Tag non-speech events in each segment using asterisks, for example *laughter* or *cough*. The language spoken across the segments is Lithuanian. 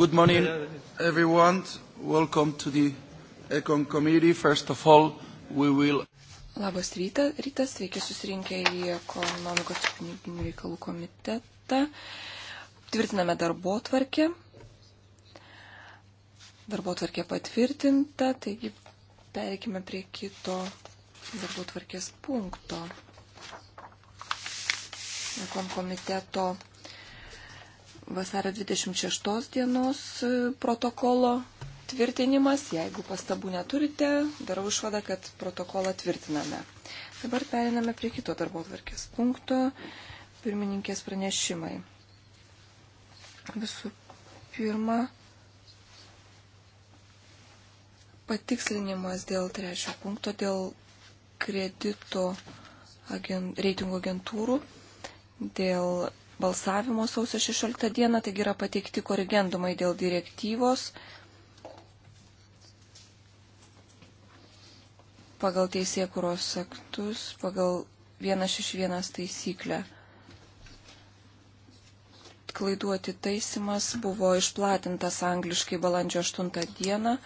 Good morning, everyone. Welcome to the Econ Committee. First of all, we will. Labas rytas, rytas, sveiki susirinkę į ekonomikos ir piniginių reikalų komitetą. Tvirtiname darbo tvarkę. Darbo tvarkė patvirtinta, taigi pereikime prie kito darbo tvarkės punkto. Ekon komiteto vasario 26 dienos e, protokolo tvirtinimas. Jeigu pastabų neturite, darau išvadą, kad protokolą tvirtiname. Dabar periname prie kito darbo tvarkės punkto - pirmininkės pranešimai. Visų pirma, patikslinimas dėl trečio punkto, dėl kredito agen, reitingų agentūrų, dėl balsavimo sausio 16 dieną, taigi yra pateikti korigendumai dėl direktyvos. pagal teisėkuros aktus, pagal 161 taisyklę. Klaidų atitaisimas buvo išplatintas angliškai balandžio 8 dieną,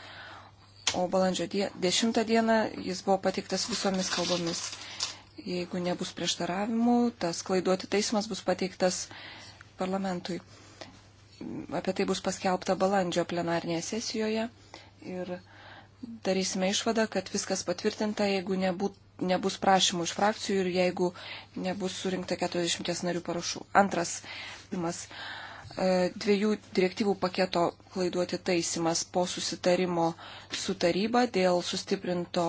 o balandžio 10 dieną jis buvo patiktas visomis kalbomis. Jeigu nebus prieštaravimų, tas klaiduoti teismas bus pateiktas parlamentui. Apie tai bus paskelbta balandžio plenarnėje sesijoje ir darysime išvadą, kad viskas patvirtinta, jeigu nebūt, nebus prašymų iš frakcijų ir jeigu nebus surinkta 40 narių parašų. Antras pirmas e, dviejų direktyvų paketo klaiduoti taisimas po susitarimo su taryba dėl sustiprinto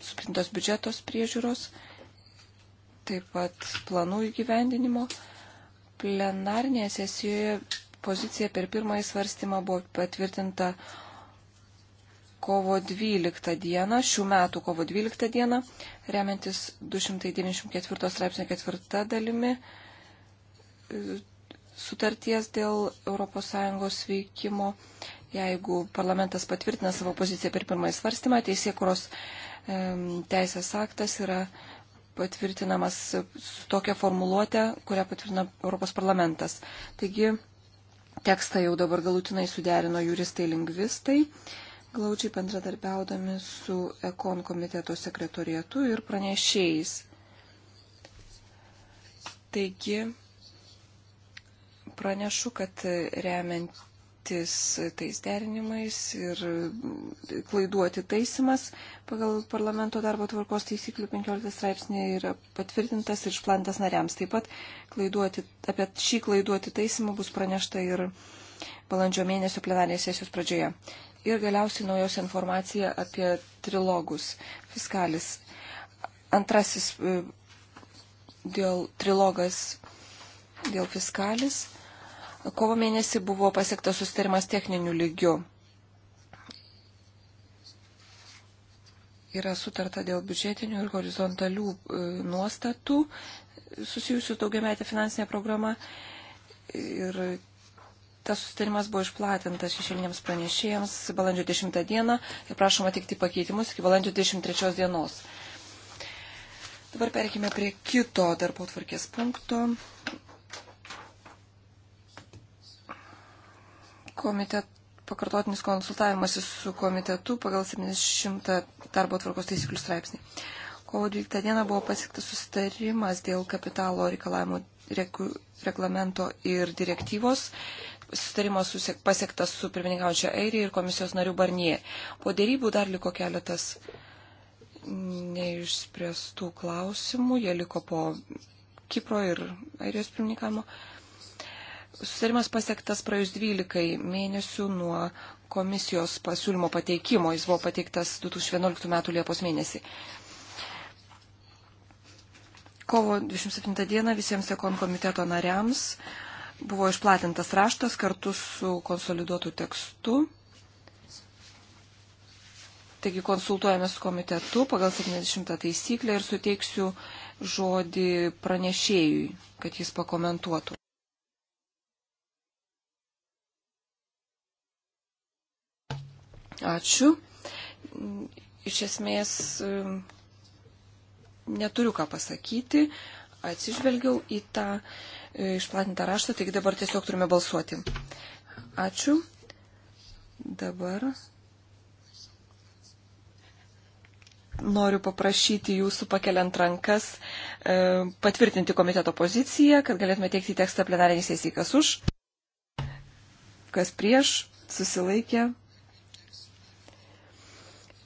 sustiprintos biudžetos priežiūros, taip pat planų įgyvendinimo. Plenarnėje sesijoje pozicija per pirmąjį svarstymą buvo patvirtinta kovo 12 dieną, šių metų kovo 12 dieną, remiantis 294 straipsnio ketvirta dalimi sutarties dėl ES veikimo. Jeigu parlamentas patvirtina savo poziciją per pirmąjį svarstymą, teisėkuros teisės aktas yra patvirtinamas su tokia formuluotė, kurią patvirtina Europos parlamentas. Taigi tekstą jau dabar galutinai suderino juristai lingvistai, glaučiai bendradarbiaudami su Ekon komiteto sekretorietu ir pranešėjais. Taigi pranešu, kad remiant remtis tais derinimais ir klaidų atitaisimas pagal parlamento darbo tvarkos taisyklių 15 straipsnį yra patvirtintas ir išplantas nariams. Taip pat klaiduoti, apie šį klaidų atitaisimą bus pranešta ir balandžio mėnesio plenarės sesijos pradžioje. Ir galiausiai naujausia informacija apie trilogus. Fiskalis. Antrasis e, dėl trilogas dėl fiskalis Kovo mėnesį buvo pasiektas sustarimas techniniu lygiu. Yra sutarta dėl biudžetinių ir horizontalių e, nuostatų susijusių daugiametę finansinę programą. Ir tas sustarimas buvo išplatintas šešėliniams pranešėjams balandžio 10 dieną ir prašoma teikti pakeitimus iki balandžio 23 dienos. Dabar perkime prie kito darbo tvarkės punkto. komitet, pakartotinis konsultavimasis su komitetu pagal 700 darbo tvarkos taisyklių straipsnį. Kovo 12 dieną buvo pasiektas susitarimas dėl kapitalo reikalavimų reglamento ir direktyvos. Susitarimas pasiektas su pirmininkaučia Airija ir komisijos narių Barnie. Po dėrybų dar liko keletas neišspręstų klausimų. Jie liko po Kipro ir Airijos pirmininkavimo. Susitarimas pasiektas praėjus 12 mėnesių nuo komisijos pasiūlymo pateikimo. Jis buvo pateiktas 2011 m. Liepos mėnesį. Kovo 27 d. visiems Ekon komiteto nariams buvo išplatintas raštas kartu su konsoliduotu tekstu. Taigi konsultuojame su komitetu pagal 70 taisyklę ir suteiksiu žodį pranešėjui, kad jis pakomentuotų. Ačiū. Iš esmės e, neturiu ką pasakyti. Atsižvelgiau į tą e, išplatintą raštą, taigi dabar tiesiog turime balsuoti. Ačiū. Dabar noriu paprašyti jūsų pakeliant rankas e, patvirtinti komiteto poziciją, kad galėtume teikti tekstą plenarinį sesiją, kas už, kas prieš, susilaikė,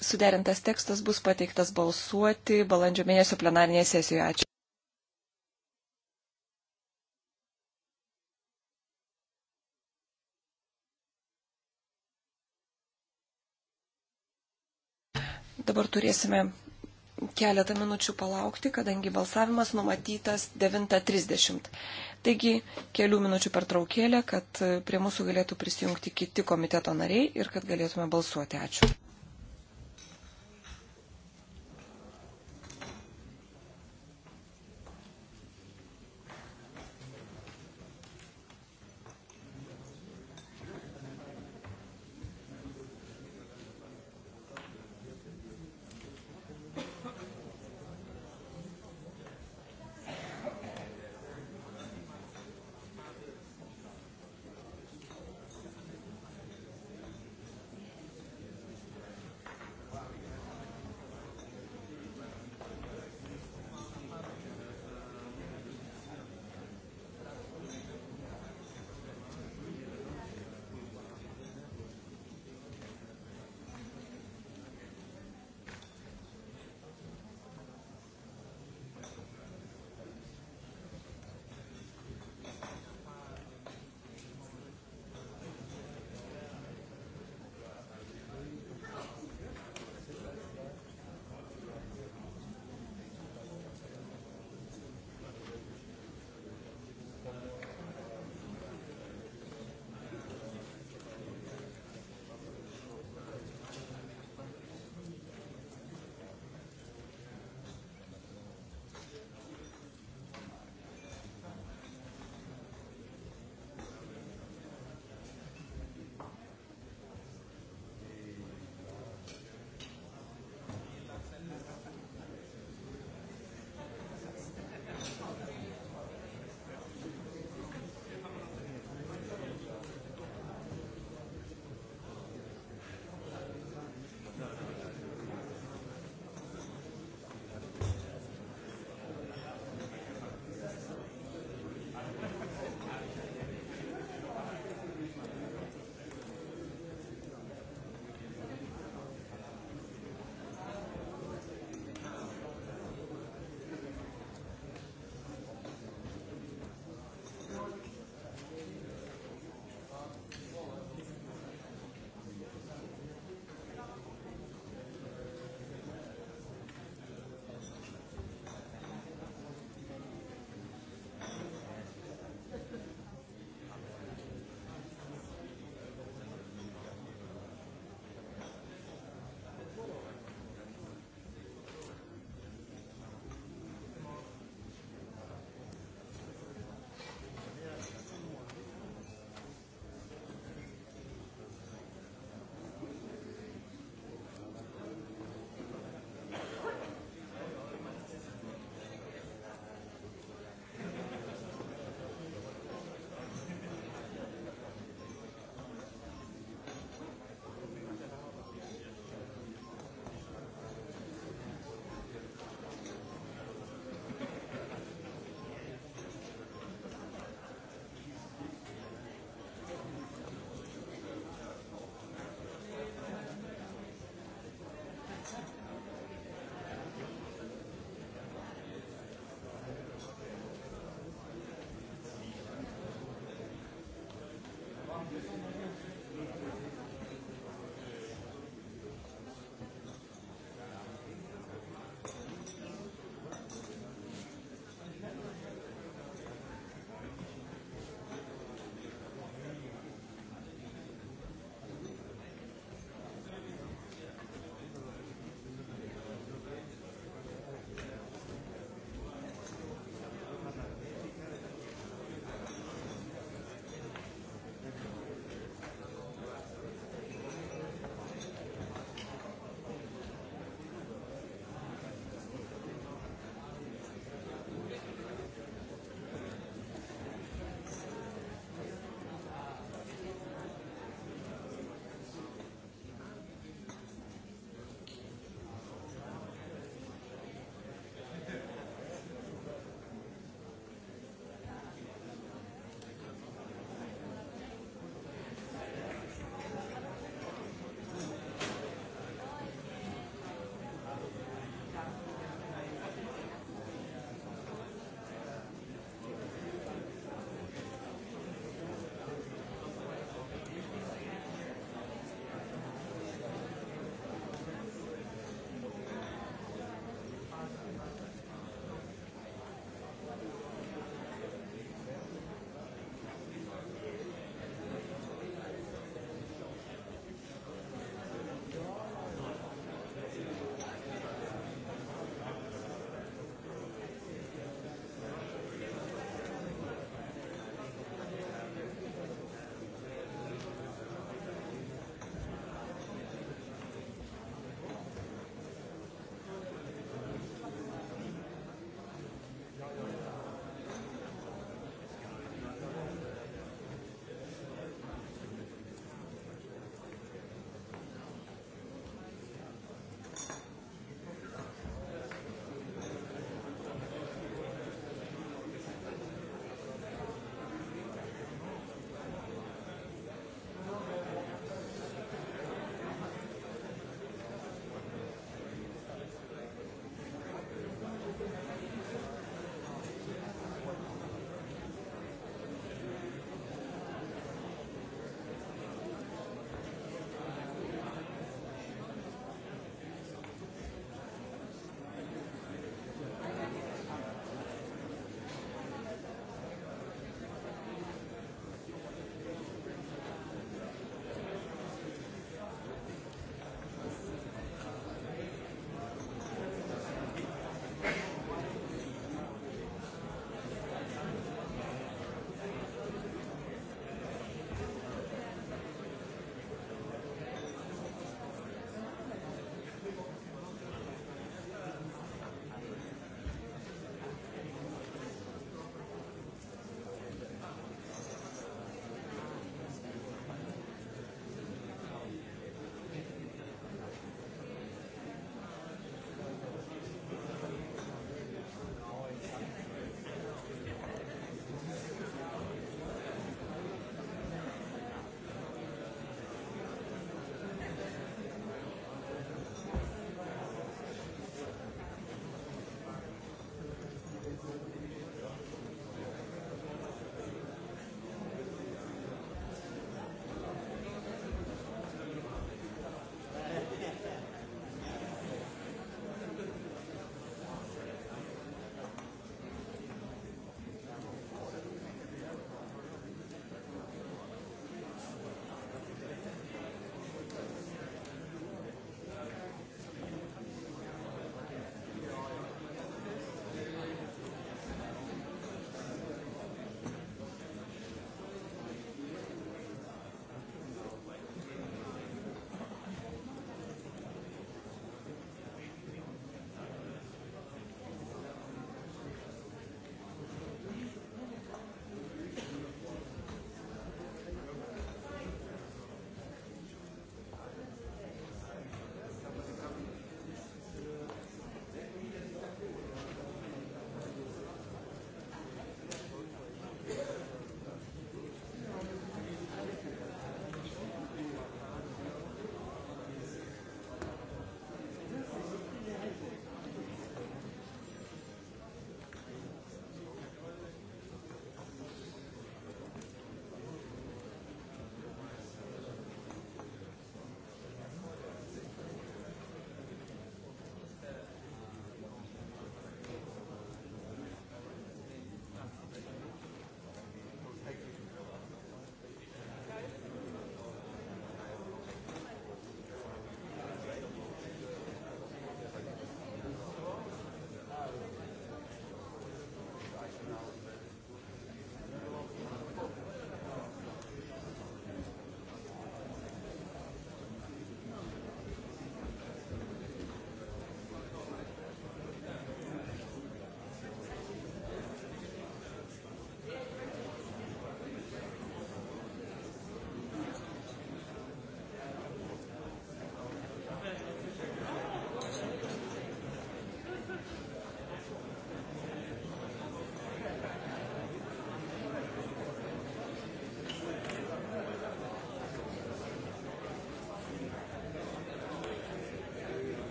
suderintas tekstas bus pateiktas balsuoti balandžio mėnesio plenarinėje sesijoje. Ačiū. Dabar turėsime keletą minučių palaukti, kadangi balsavimas numatytas 9.30. Taigi kelių minučių pertraukėlė, kad prie mūsų galėtų prisijungti kiti komiteto nariai ir kad galėtume balsuoti. Ačiū.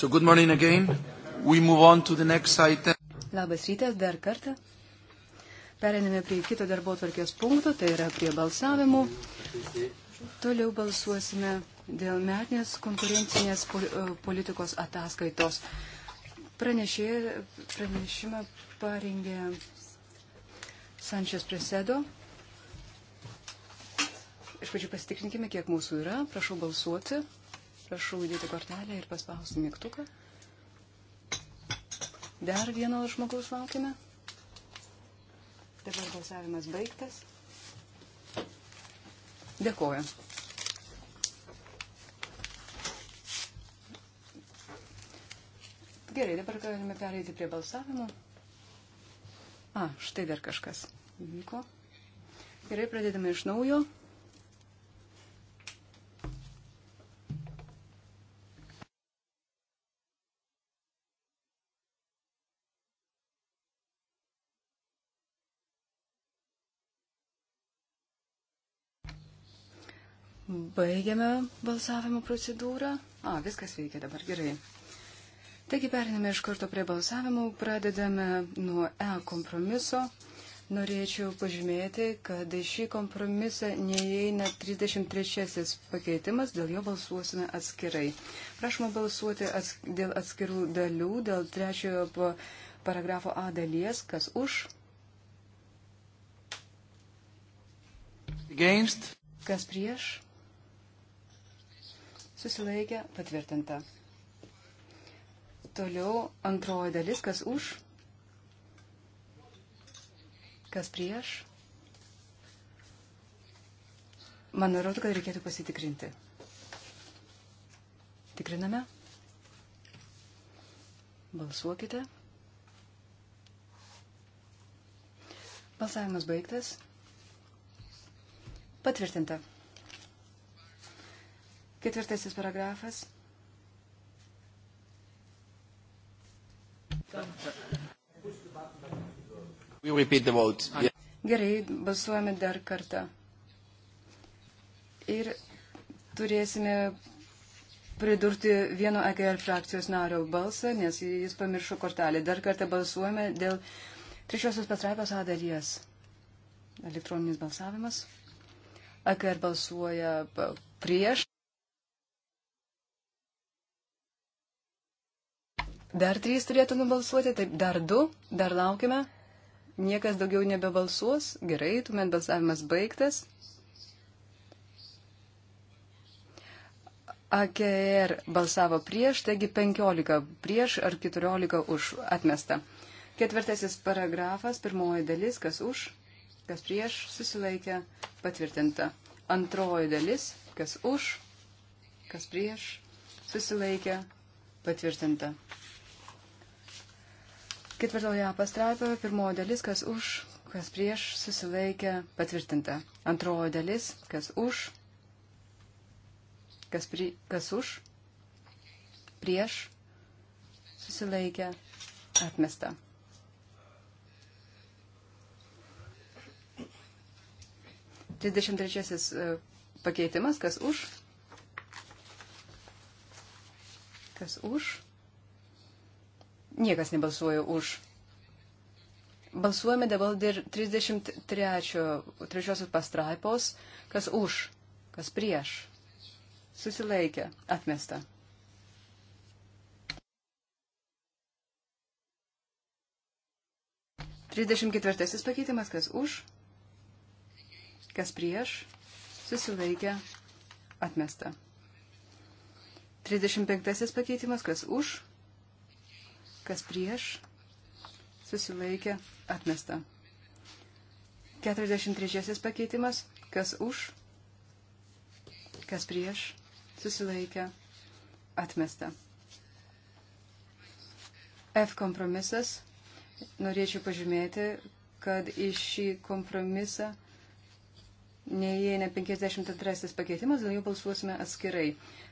So good morning again. We move on to the next item. Labas rytas dar kartą. Pereiname prie kito darbo tvarkės punkto, tai yra prie balsavimų. Toliau balsuosime dėl metinės konkurencinės e, politikos ataskaitos. Pranešė, pranešimą parengė Sančias Presedo. Iš pradžių pasitikrinkime, kiek mūsų yra. Prašau balsuoti prašau įdėti kortelę ir paspausti mygtuką. Dar vieno žmogaus laukime. Dabar balsavimas baigtas. Dėkuoju. Gerai, dabar galime pereiti prie balsavimo. A, štai dar kažkas įvyko. Gerai, pradedame iš naujo. Baigiame balsavimo procedūrą. A, viskas veikia dabar gerai. Taigi periname iš karto prie balsavimų, pradedame nuo E kompromiso. Norėčiau pažymėti, kad į šį kompromisą neįeina 33 pakeitimas, dėl jo balsuosime atskirai. Prašoma balsuoti atsk dėl atskirų dalių, dėl trečiojo paragrafo A dalies, kas už. Against. Kas prieš? susilaikė, patvirtinta. Toliau antroji dalis, kas už, kas prieš. Man atrodo, kad reikėtų pasitikrinti. Tikriname. Balsuokite. Balsavimas baigtas. Patvirtinta. Ketvirtasis paragrafas. Gerai, balsuojame dar kartą. Ir turėsime pridurti vieno EKR frakcijos nario balsą, nes jis pamiršo kortelį. Dar kartą balsuojame dėl trečiosios pastraipos A dalies. Elektroninis balsavimas. EKR balsuoja prieš. Dar trys turėtų nubalsuoti, taip, dar du, dar laukime. Niekas daugiau nebebalsuos. Gerai, tuomet balsavimas baigtas. AKR balsavo prieš, taigi 15 prieš ar 14 už atmesta. Ketvirtasis paragrafas, pirmoji dalis, kas už, kas prieš, susilaikė, patvirtinta. Antroji dalis, kas už, kas prieš, susilaikė, patvirtinta. Ketvirtoje pastraipoje pirmoji dalis, kas už, kas prieš, susilaikė patvirtinta. Antroji dalis, kas už, kas, pri, kas už, prieš, susilaikė atmesta. Trisdešimt trečiasis e, pakeitimas, kas už, kas už, Niekas nebalsuoja už. Balsuojame dabar dėl 33 pastraipos, kas už, kas prieš. Susilaikė, atmesta. Trisdešimt ketvirtasis pakeitimas, kas už, kas prieš, susilaikė, atmesta. Trisdešimt penktasis pakeitimas, kas už, kas prieš, susilaikė, atmesta. 43 pakeitimas, kas už, kas prieš, susilaikė, atmesta. F kompromisas. Norėčiau pažymėti, kad į šį kompromisą neįeina 52 pakeitimas, dėl jų balsuosime atskirai.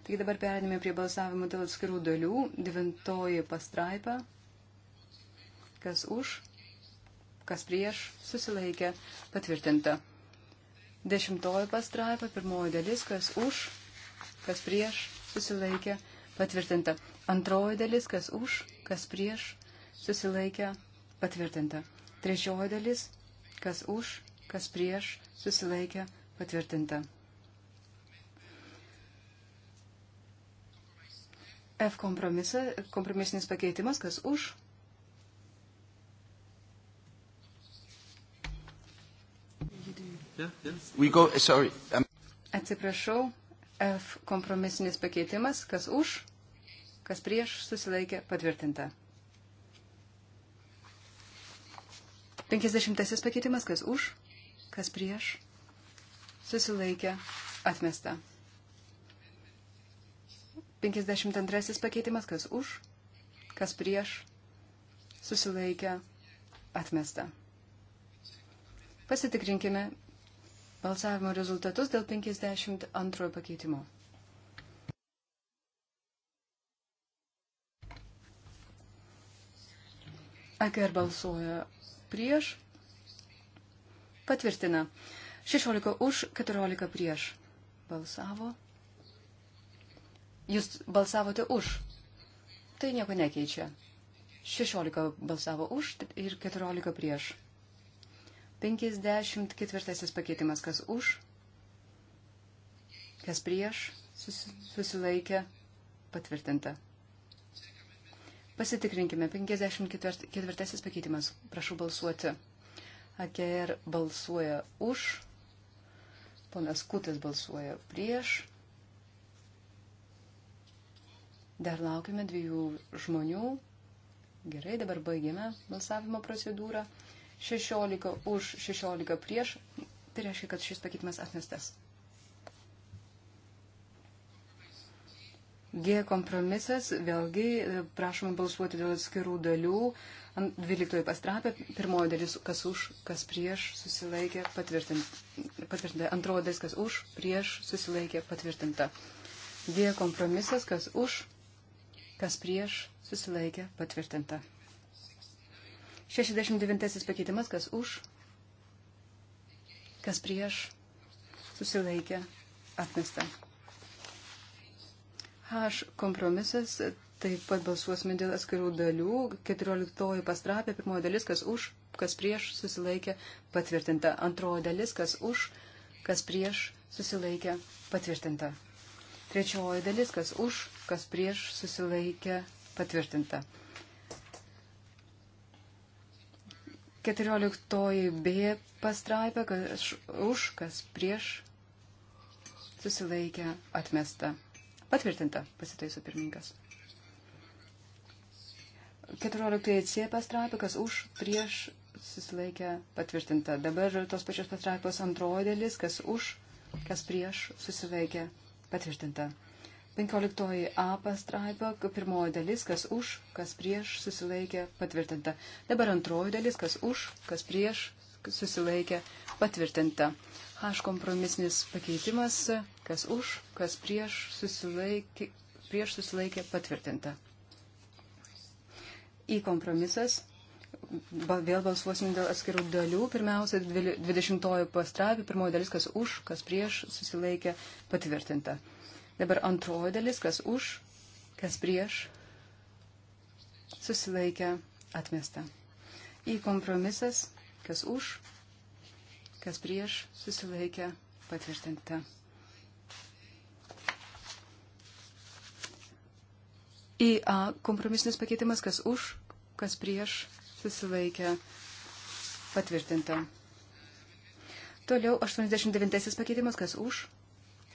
Taigi dabar perėdėme prie balsavimo dėl atskirų dalių. Devintoji pastraipa. Kas už, kas prieš, susilaikė, patvirtinta. Dešimtoji pastraipa, pirmoji dalis, kas už, kas prieš, susilaikė, patvirtinta. Antroji dalis, kas už, kas prieš, susilaikė, patvirtinta. Trečioji dalis, kas už, kas prieš, susilaikė, patvirtinta. F kompromisinis pakeitimas, kas už. Yeah, yeah. Go, sorry, um... Atsiprašau, F kompromisinis pakeitimas, kas už, kas prieš, susilaikė, patvirtinta. 50 pakeitimas, kas už, Kas prieš? Susilaikė. Atmesta. 52 pakeitimas. Kas už? Kas prieš? Susilaikė. Atmesta. Pasitikrinkime balsavimo rezultatus dėl 52 pakeitimo. Aker balsuoja prieš, patvirtina. 16 už, 14 prieš. Balsavo. Jūs balsavote už. Tai nieko nekeičia. 16 balsavo už ir 14 prieš. 54 pakeitimas, kas už, kas prieš, susilaikė, patvirtinta. Pasitikrinkime, 54 pakeitimas, prašau balsuoti. AKR balsuoja už, ponas Kutas balsuoja prieš. Dar laukime dviejų žmonių. Gerai, dabar baigėme balsavimo procedūrą. 16 už, 16 prieš. Tai reiškia, kad šis pakeitimas atmestas. G kompromisas, vėlgi prašoma balsuoti dėl atskirų dalių. 12 pastrapė, pirmoji dalis, kas už, kas prieš, susilaikė patvirtinta. Antroji dalis, kas už, prieš, susilaikė patvirtinta. D kompromisas, kas už, kas prieš, susilaikė patvirtinta. 69 pakeitimas, kas už, kas prieš, susilaikė atmesta. H kompromisas, Taip pat balsuosime dėl atskirų dalių. 14 pastrapė, pirmoji dalis, kas už, kas prieš, susilaikė, patvirtinta. Antroji dalis, kas už, kas prieš, susilaikė, patvirtinta. Trečioji dalis, kas už, kas prieš, susilaikė, patvirtinta. 14 B pastraipė, kas už, kas prieš, susilaikė, atmesta. Patvirtinta, pasitaiso pirmininkas. 14c pastraipė, kas už, prieš, susilaikė patvirtinta. Dabar tos pačios pastraipos antroji dalis, kas už, kas prieš, susilaikė patvirtinta. 15 A pastraipa, pirmoji dalis, kas už, kas prieš, susilaikė, patvirtinta. Dabar antroji dalis, kas už, kas prieš, susilaikė, patvirtinta. H kompromisinis pakeitimas, kas už, kas prieš, susilaikė, prieš susilaikė, patvirtinta į kompromisas. Vėl balsuosim dėl atskirų dalių. Pirmiausia, 20 pastrapė, pirmoji dalis, kas už, kas prieš, susilaikė patvirtinta. Dabar antroji dalis, kas už, kas prieš, susilaikė atmesta. Į kompromisas, kas už, kas prieš, susilaikė patvirtinta. Į A kompromisinis pakeitimas, kas už, kas prieš, susilaikė, patvirtinta. Toliau 89 pakeitimas, kas už,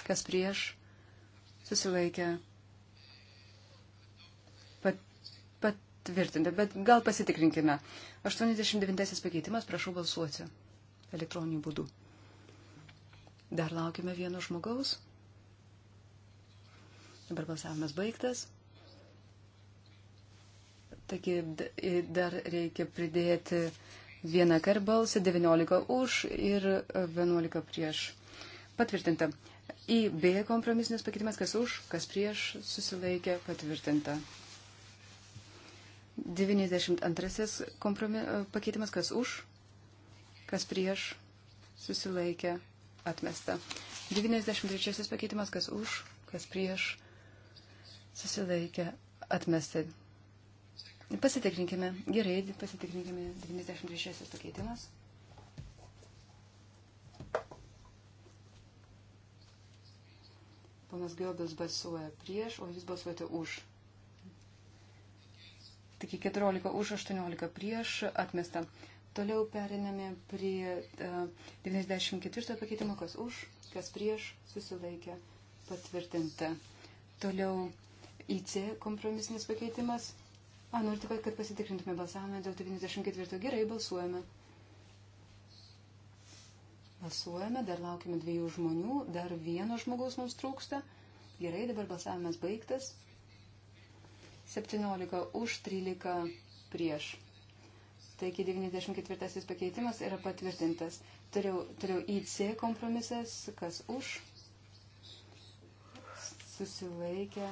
kas prieš, susilaikė, pat, patvirtinta. Bet gal pasitikrinkime. 89 pakeitimas, prašau balsuoti elektroniniu būdu. Dar laukime vieno žmogaus. Dabar balsavimas baigtas. Taigi dar reikia pridėti vieną karbalsą, 19 už ir 11 prieš. Patvirtinta. Į B kompromisinis pakeitimas, kas už, kas prieš, susilaikė patvirtinta. 92 kompromis, e, pakeitimas, kas už, kas prieš, susilaikė atmesta. 93 pakeitimas, kas už, kas prieš, susilaikė atmesta. Pasitikrinkime. Gerai, pasitikrinkime 96 pakeitimas. Ponas Giobels balsuoja prieš, o jūs balsuojate už. Tik 14 už, 18 prieš atmesta. Toliau periname prie uh, e, 94 pakeitimo, kas už, kas prieš, susilaikė, patvirtinta. Toliau IC kompromisinis pakeitimas, A, norite, kad, kad pasitikrintume balsavimą dėl 94. Gerai, balsuojame. Balsuojame, dar laukime dviejų žmonių, dar vieno žmogaus mums trūksta. Gerai, dabar balsavimas baigtas. 17 už 13 prieš. Taigi 94 pakeitimas yra patvirtintas. Turėjau, turėjau IC kompromisas, kas už susilaikė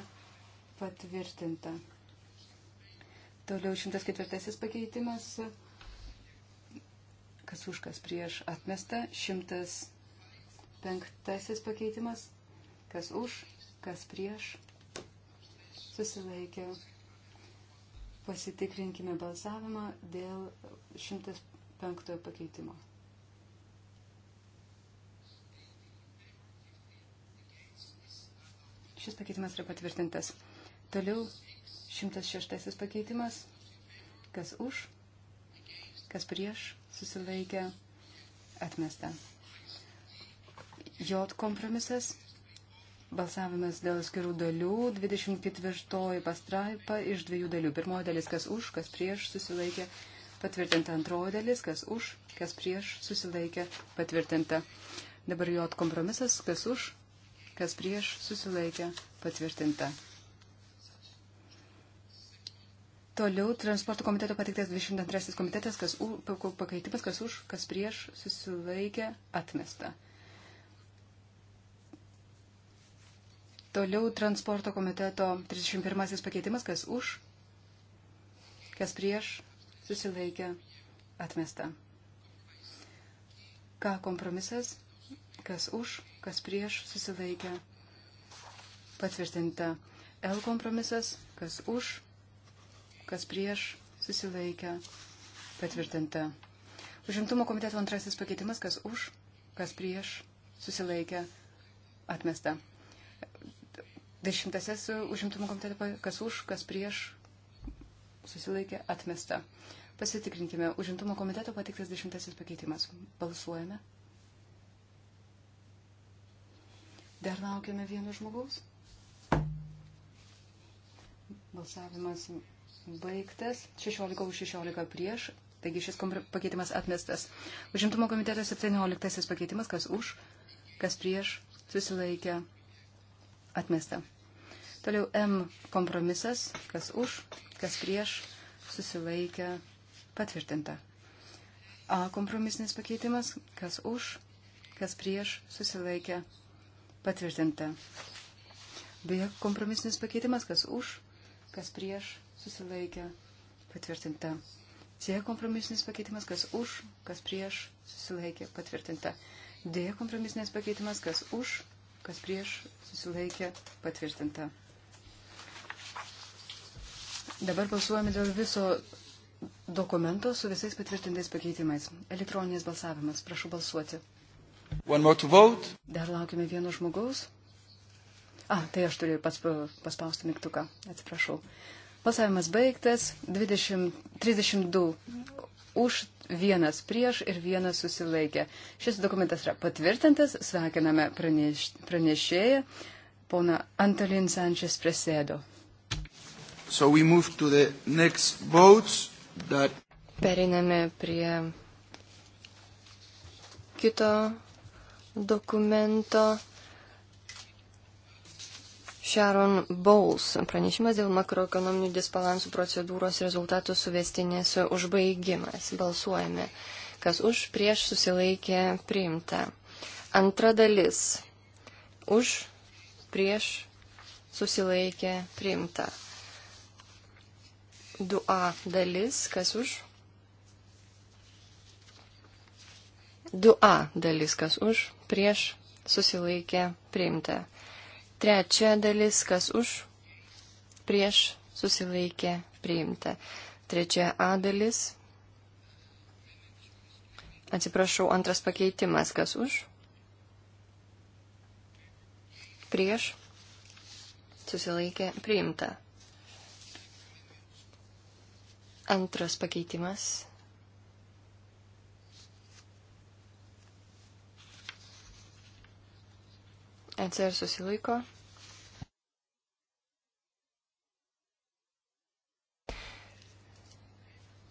patvirtinta. Toliau 104 pakeitimas. Kas už kas prieš atmesta. 105 pakeitimas. Kas už, kas prieš. Susilaikė. Pasitikrinkime balsavimą dėl 105 pakeitimo. Šis pakeitimas yra patvirtintas. Toliau 106 pakeitimas. Kas už, kas prieš, susilaikė, atmesta. J kompromisas. Balsavimas dėl skirų dalių. 24 pastraipa iš dviejų dalių. Pirmoji dalis, kas už, kas prieš, susilaikė, patvirtinta. Antroji dalis, kas už, kas prieš, susilaikė, patvirtinta. Dabar J kompromisas, kas už, kas prieš, susilaikė, patvirtinta. Toliau transporto komiteto pateiktas 22 komitetas, kas u, pakeitimas, kas už, kas prieš, susilaikė, atmesta. Toliau transporto komiteto 31 pakeitimas, kas už, kas prieš, susilaikė, atmesta. Ką kompromisas, kas už, kas prieš, susilaikė, patvirtinta. L kompromisas, kas už, kas prieš, susilaikė, patvirtinta. Užimtumo komiteto antrasis pakeitimas, kas už, kas prieš, susilaikė, atmesta. Dešimtasis užimtumo komiteto, kas už, kas prieš, susilaikė, atmesta. Pasitikrinkime, užimtumo komiteto patiktas dešimtasis pakeitimas. Balsuojame. Dar laukiame vieno žmogaus. Balsavimas baigtas. 16 už 16 prieš. Taigi šis pakeitimas atmestas. Užimtumo komiteto 17 pakeitimas, kas už, kas prieš, susilaikė, atmesta. Toliau M kompromisas, kas už, kas prieš, susilaikė, patvirtinta. A kompromisinis pakeitimas, kas už, kas prieš, susilaikė, patvirtinta. B kompromisinis pakeitimas, kas už, kas prieš, susilaikė, patvirtinta. C kompromisinis pakeitimas, kas už, kas prieš, susilaikė, patvirtinta. D kompromisinis pakeitimas, kas už, kas prieš, susilaikė, patvirtinta. Dabar balsuojame dėl viso dokumento su visais patvirtintais pakeitimais. Elektroninis balsavimas. Prašau balsuoti. Dar laukime vieno žmogaus. A, tai aš turėjau pats paspausti mygtuką. Atsiprašau. Balsavimas baigtas. 20, 32 už vienas prieš ir vienas susilaikė. Šis dokumentas yra patvirtintas. Sveikiname praneš, pranešėją, pona Antolin Sančias Presėdo. So that... Periname prie kito dokumento. Sharon Bowles pranešimas dėl makroekonominių disbalansų procedūros rezultatų suvestinės užbaigimas. Balsuojame, kas už prieš susilaikė priimta. Antra dalis. Už prieš susilaikė priimta. 2A dalis, kas už? 2A dalis, kas už, prieš susilaikė priimta. Trečia dalis, kas už, prieš, susilaikė, priimta. Trečia A dalis. Atsiprašau, antras pakeitimas, kas už, prieš, susilaikė, priimta. Antras pakeitimas. NCR susilaiko.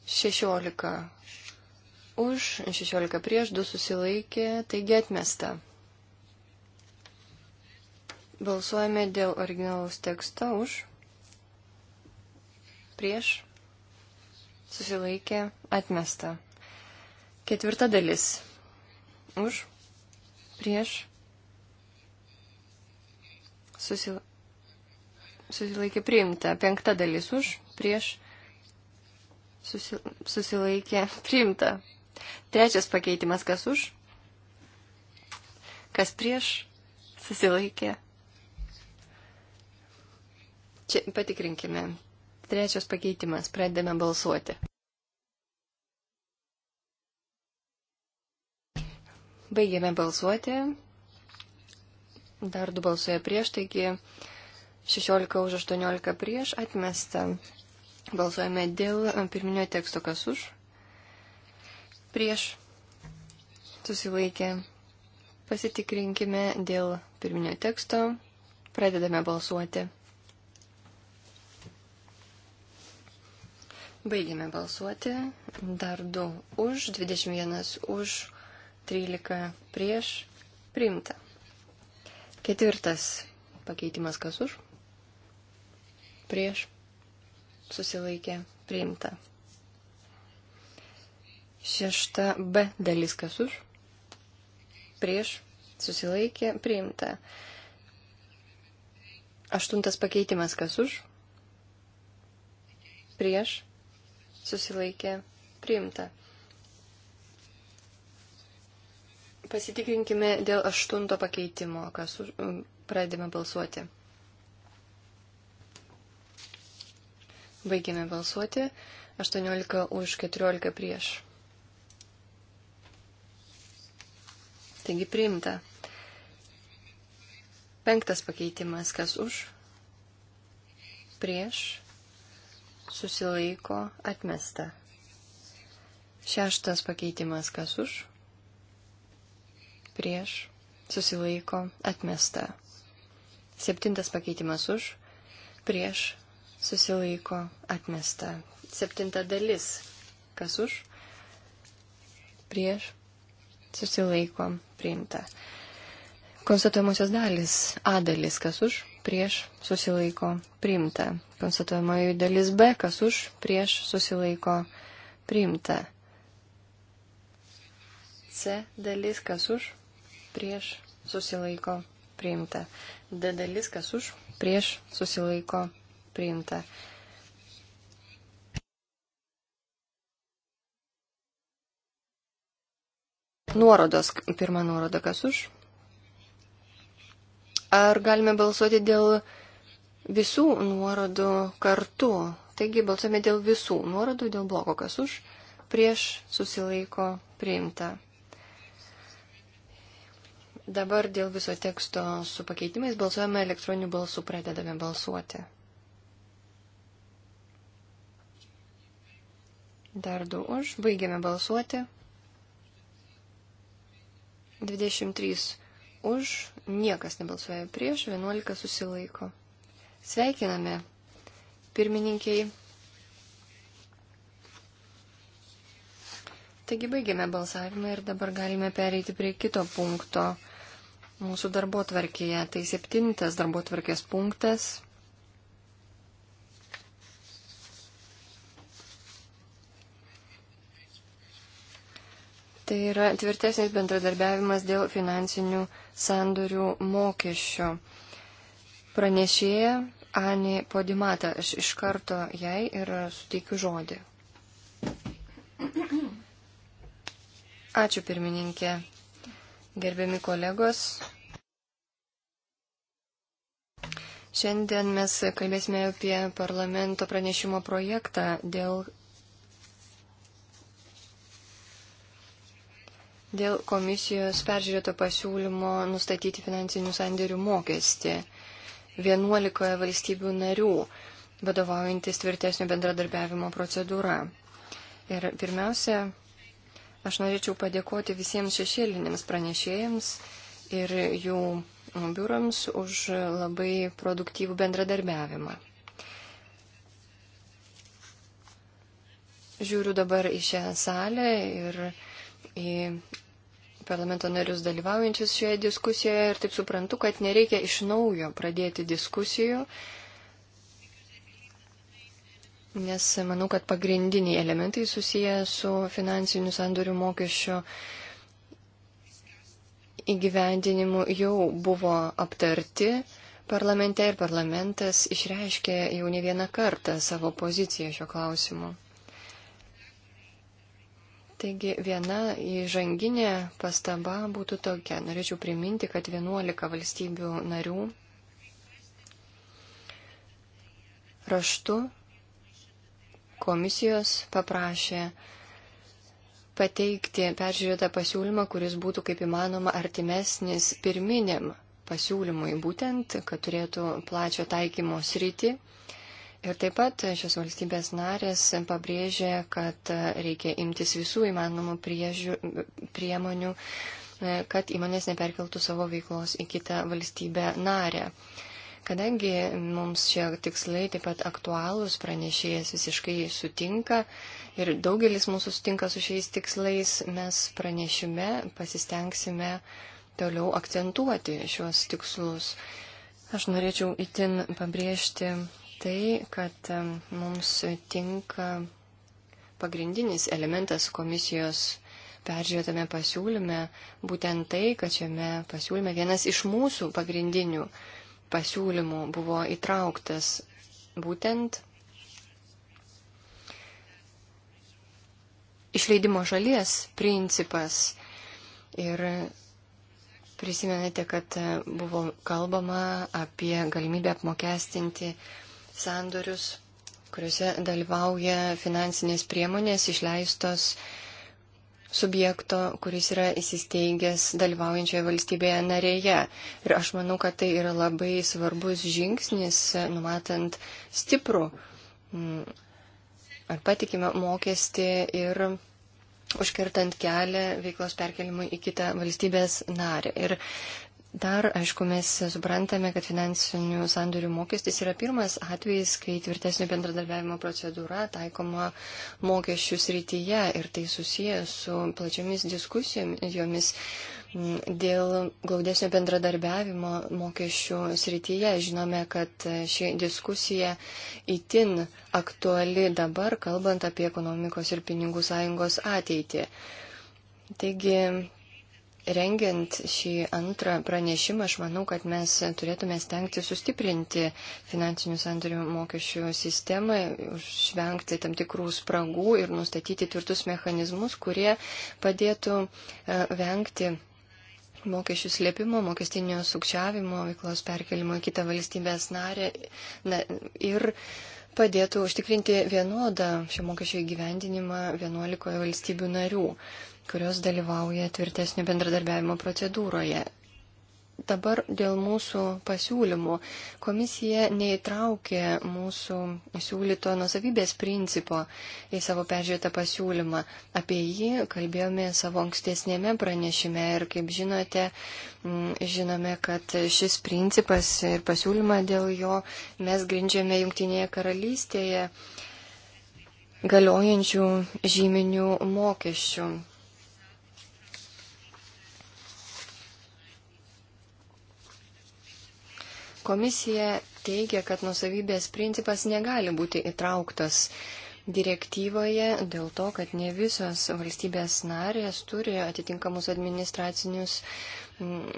Šešiolika už, šešiolika prieš, du susilaikė, taigi atmesta. Balsuojame dėl originalaus teksto už, prieš, susilaikė, atmesta. Ketvirta dalis. Už, prieš, susil... susilaikė priimta. Penkta dalis už, prieš susil... susilaikė *laughs* priimta. Trečias pakeitimas kas už, kas prieš susilaikė. Čia patikrinkime. Trečias pakeitimas. Pradedame balsuoti. Baigėme balsuoti. Dar du balsuoja prieš, taigi 16 už 18 prieš atmesta. Balsuojame dėl e, pirminio teksto, kas už. Prieš susilaikė. Pasitikrinkime dėl pirminio teksto. Pradedame balsuoti. Baigėme balsuoti. Dar 2 už, 21 už, 13 prieš. Primta. Ketvirtas pakeitimas kas už? Prieš. Susilaikė. Priimta. Šešta B dalis kas už? Prieš. Susilaikė. Priimta. Aštuntas pakeitimas kas už? Prieš. Susilaikė. Priimta. Pasitikrinkime dėl aštunto pakeitimo, kas už, pradėme balsuoti. Baigėme balsuoti. 18 už 14 prieš. Taigi priimta. Penktas pakeitimas, kas už, prieš, susilaiko, atmesta. Šeštas pakeitimas, kas už, prieš, susilaiko, atmesta. Septintas pakeitimas už, prieš, susilaiko, atmesta. Septinta dalis, kas už, prieš, susilaiko, priimta. Konstatuojamosios dalis, A dalis, kas už, prieš, susilaiko, priimta. Konstatuojamoji dalis B, kas už, prieš, susilaiko, priimta. C dalis, kas už, prieš susilaiko priimta. D dalis, kas už, prieš susilaiko priimta. Nuorodos, pirma nuoroda, kas už. Ar galime balsuoti dėl visų nuorodų kartu? Taigi balsuojame dėl visų nuorodų, dėl bloko, kas už, prieš susilaiko priimta. Dabar dėl viso teksto su pakeitimais balsuojame elektroniniu balsu, pradedame balsuoti. Dar du už, baigiame balsuoti. 23 už, niekas nebalsuoja prieš, 11 susilaiko. Sveikiname pirmininkiai. Taigi baigiame balsavimą ir dabar galime pereiti prie kito punkto mūsų darbo tvarkėje. Tai septintas darbo tvarkės punktas. Tai yra tvirtesnis bendradarbiavimas dėl finansinių sandorių mokesčio. Pranešėja Ani Podimata, aš iš karto jai ir suteikiu žodį. Ačiū pirmininkė. Gerbiami kolegos, šiandien mes kalbėsime apie parlamento pranešimo projektą dėl, dėl komisijos peržiūrėto pasiūlymo nustatyti finansinių sandėrių mokestį 11 valstybių narių, vadovaujantis tvirtesnio bendradarbiavimo procedūra. Ir pirmiausia, Aš norėčiau padėkoti visiems šešėlinėms pranešėjams ir jų biurams už labai produktyvų bendradarbiavimą. Žiūriu dabar į šią salę ir į parlamento narius dalyvaujančius šioje diskusijoje ir taip suprantu, kad nereikia iš naujo pradėti diskusijų, nes manau, kad pagrindiniai elementai susiję su finansinių sandorių mokesčio įgyvendinimu jau buvo aptarti parlamente ir parlamentas išreiškė jau ne vieną kartą savo poziciją šio klausimu. Taigi viena įžanginė pastaba būtų tokia. Norėčiau priminti, kad 11 valstybių narių raštu komisijos paprašė pateikti peržiūrėtą pasiūlymą, kuris būtų kaip įmanoma artimesnis pirminiam pasiūlymui, būtent, kad turėtų plačio taikymo sritį. Ir taip pat šios valstybės narės pabrėžė, kad reikia imtis visų įmanomų priežių, priemonių, kad įmonės neperkeltų savo veiklos į kitą valstybę narę. Kadangi mums šie tikslai taip pat aktualūs, pranešėjas visiškai sutinka ir daugelis mūsų sutinka su šiais tikslais, mes pranešime pasistengsime toliau akcentuoti šiuos tikslus. Aš norėčiau itin pabrėžti tai, kad mums tinka pagrindinis elementas komisijos peržiūrėtame pasiūlyme, būtent tai, kad šiame pasiūlyme vienas iš mūsų pagrindinių pasiūlymų buvo įtrauktas būtent išleidimo šalies principas. Ir prisimenate, kad buvo kalbama apie galimybę apmokestinti sandorius, kuriuose dalyvauja finansinės priemonės išleistos uh, subjekto, kuris yra įsisteigęs dalyvaujančioje valstybėje narėje. Ir aš manau, kad tai yra labai svarbus žingsnis, numatant stiprų mm, ar patikimą mokestį ir užkirtant kelią veiklos perkelimui į kitą valstybės narę. Ir Dar, aišku, mes suprantame, kad finansinių sandorių mokestis yra pirmas atvejis, kai tvirtesnio bendradarbiavimo procedūra taikoma mokesčių srityje ir tai susiję su plačiomis diskusijomis dėl glaudesnio bendradarbiavimo mokesčių srityje. Žinome, kad ši diskusija įtin aktuali dabar, kalbant apie ekonomikos ir pinigų sąjungos ateitį. Taigi Rengiant šį antrą pranešimą, aš manau, kad mes turėtume stengti sustiprinti finansinių sandorių mokesčių sistemą, užvengti tam tikrų spragų ir nustatyti tvirtus mechanizmus, kurie padėtų e, vengti mokesčių slėpimo, mokestinio sukčiavimo, veiklos perkelimo į kitą valstybės narę na, ir padėtų užtikrinti vienodą šio mokesčio įgyvendinimą 11 valstybių narių kurios dalyvauja tvirtesnio bendradarbiavimo procedūroje. Dabar dėl mūsų pasiūlymų. Komisija neįtraukė mūsų siūlyto nusavybės principo į savo peržiūrėtą pasiūlymą. Apie jį kalbėjome savo ankstesnėme pranešime ir, kaip žinote, žinome, kad šis principas ir pasiūlymą dėl jo mes grindžiame Junktinėje karalystėje galiojančių žyminių mokesčių. Komisija teigia, kad nusavybės principas negali būti įtrauktas direktyvoje dėl to, kad ne visos valstybės narės turi atitinkamus administracinius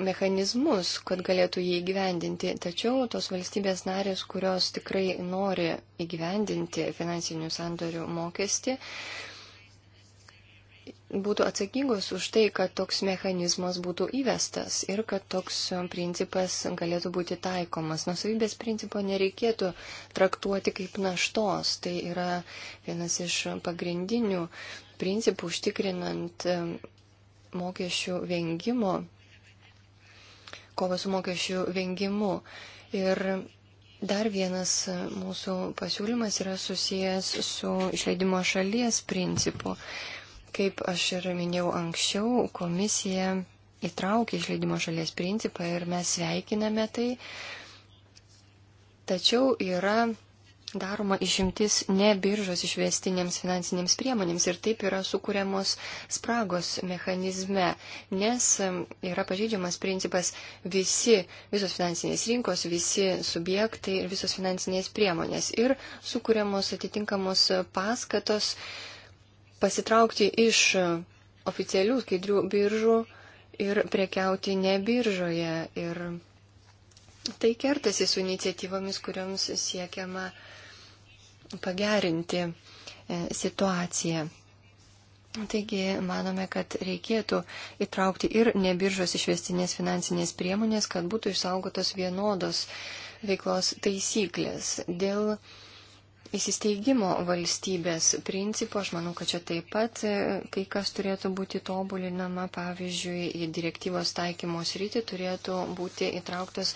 mechanizmus, kad galėtų jį įgyvendinti. Tačiau tos valstybės narės, kurios tikrai nori įgyvendinti finansinių sandorių mokestį, būtų atsakingos už tai, kad toks mechanizmas būtų įvestas ir kad toks principas galėtų būti taikomas. Nusavybės principo nereikėtų traktuoti kaip naštos. Tai yra vienas iš pagrindinių principų užtikrinant mokesčių vengimo, kovą su mokesčių vengimu. Ir Dar vienas mūsų pasiūlymas yra susijęs su išleidimo šalies principu. Kaip aš ir minėjau anksčiau, komisija įtraukia išleidimo šalies principą ir mes sveikiname tai. Tačiau yra daroma išimtis ne biržos išvestinėms finansinėms priemonėms ir taip yra sukūriamos spragos mechanizme, nes yra pažeidžiamas principas visi, visos finansinės rinkos, visi subjektai ir visos finansinės priemonės ir sukūriamos atitinkamos paskatos pasitraukti iš oficialių skaidrių biržų ir prekiauti ne biržoje. Ir tai kertasi su iniciatyvomis, kuriams siekiama pagerinti e, situaciją. Taigi manome, kad reikėtų įtraukti ir nebiržos išvestinės finansinės priemonės, kad būtų išsaugotos vienodos veiklos taisyklės. Dėl uh, įsisteigimo valstybės principo. Aš manau, kad čia taip pat e, kai kas turėtų būti tobulinama. Pavyzdžiui, į direktyvos taikymos rytį turėtų būti įtrauktas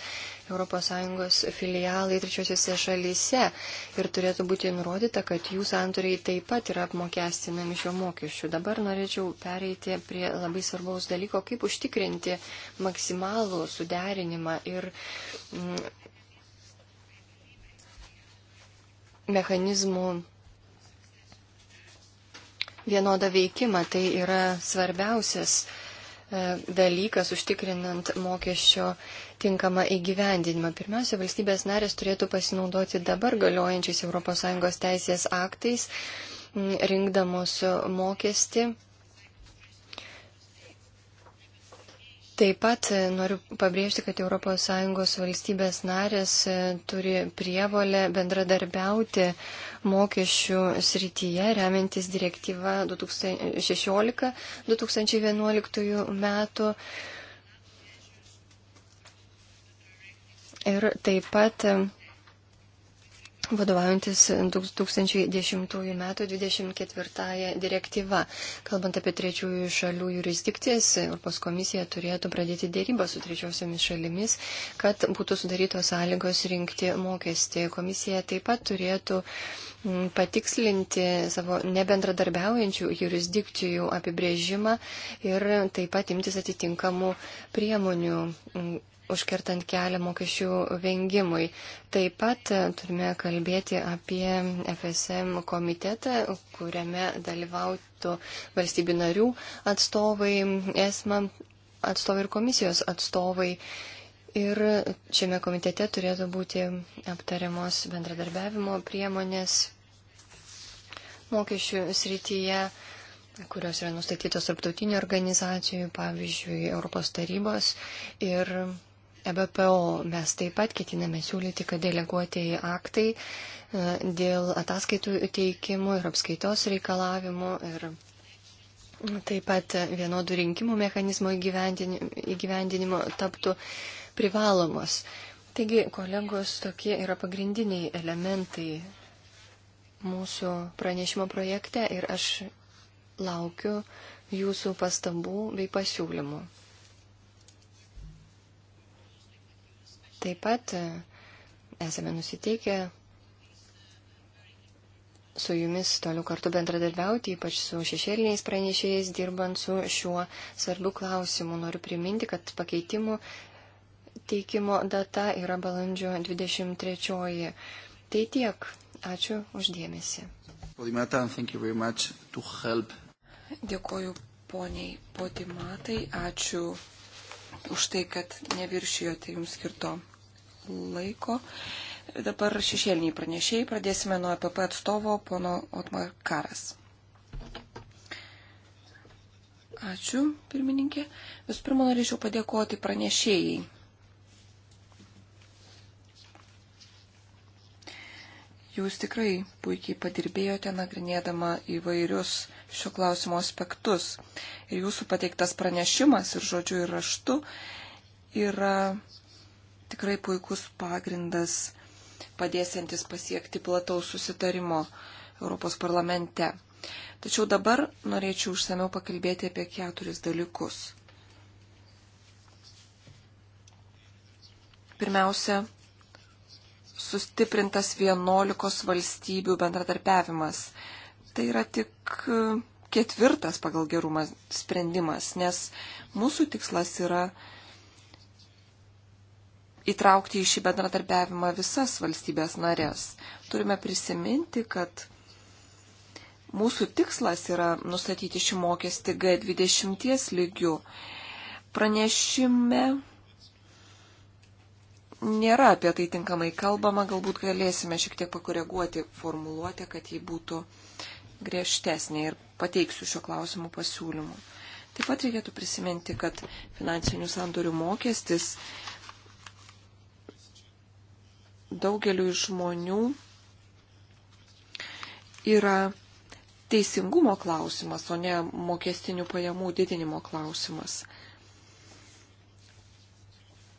ES filialai trečiosiuose šalyse ir turėtų būti nurodyta, kad jų santoriai taip pat yra apmokestinami šiuo mokesčiu. Dabar norėčiau pereiti prie labai svarbaus dalyko, kaip užtikrinti maksimalų suderinimą ir. Mm, mechanizmų vienodą veikimą. Tai yra svarbiausias e, dalykas užtikrinant mokesčio tinkamą įgyvendinimą. Pirmiausia, valstybės narės turėtų pasinaudoti dabar galiojančiais ES teisės aktais, rinkdamos mokestį Taip pat e, noriu pabrėžti, kad ES valstybės narės e, turi prievolę bendradarbiauti mokesčių srityje, remiantis direktyva 2016-2011 metų. Ir taip pat e, vadovaujantis 2010 m. 24 direktyva. Kalbant apie trečiųjų šalių jurisdikcijas, Europos komisija turėtų pradėti dėrybą su trečiosiomis šalimis, kad būtų sudarytos sąlygos rinkti mokestį. Komisija taip pat turėtų mm, patikslinti savo nebendradarbiaujančių jurisdikcijų apibrėžimą ir taip pat imtis atitinkamų priemonių mm, užkertant kelią mokesčių vengimui. Taip pat e, turime kalbėti apie FSM komitetą, kuriame dalyvautų valstybių narių atstovai, esmą atstovai ir komisijos atstovai. Ir šiame komitete turėtų būti aptariamos bendradarbiavimo priemonės mokesčių srityje kurios yra nustatytos tarptautinių organizacijų, pavyzdžiui, Europos tarybos. Ir EBPO mes taip pat ketiname siūlyti, kad deleguotieji aktai e, dėl ataskaitų teikimų ir apskaitos reikalavimų ir taip pat vienodų rinkimų mechanizmo įgyvendinimo taptų privalomos. Taigi, kolegos, tokie yra pagrindiniai elementai mūsų pranešimo projekte ir aš laukiu jūsų pastabų bei pasiūlymų. Taip pat e, esame nusiteikę su jumis toliau kartu bendradarbiauti, ypač su šešėliniais pranešėjais, dirbant su šiuo svarbiu klausimu. Noriu priminti, kad pakeitimų teikimo data yra balandžio 23. Tai tiek. Ačiū uždėmesi. Dėkoju poniai Podimatai, ačiū už tai, kad neviršijote jums skirto laiko. Dabar šešėliniai pranešėjai. Pradėsime nuo EPP atstovo, pono Otmar Karas. Ačiū, pirmininkė. Visų pirma, norėčiau padėkoti pranešėjai. Jūs tikrai puikiai padirbėjote nagrinėdama įvairius šio klausimo aspektus. Ir jūsų pateiktas pranešimas ir žodžiu ir raštu yra tikrai puikus pagrindas padėsiantis pasiekti plataus susitarimo Europos parlamente. Tačiau dabar norėčiau užsameu pakalbėti apie keturis dalykus. Pirmiausia, sustiprintas 11 valstybių bendradarbiavimas tai yra tik e, ketvirtas pagal gerumą sprendimas, nes mūsų tikslas yra įtraukti į šį bendradarbiavimą visas valstybės narės. Turime prisiminti, kad mūsų tikslas yra nustatyti šį mokestį G20 lygių. Pranešime nėra apie tai tinkamai kalbama, galbūt galėsime šiek tiek pakoreguoti formuluotę, kad jį būtų uh, griežtesnė ir pateiksiu šio klausimų pasiūlymų. Taip pat reikėtų prisiminti, kad finansinių sandorių mokestis daugeliu žmonių yra teisingumo klausimas, o ne mokestinių pajamų didinimo klausimas.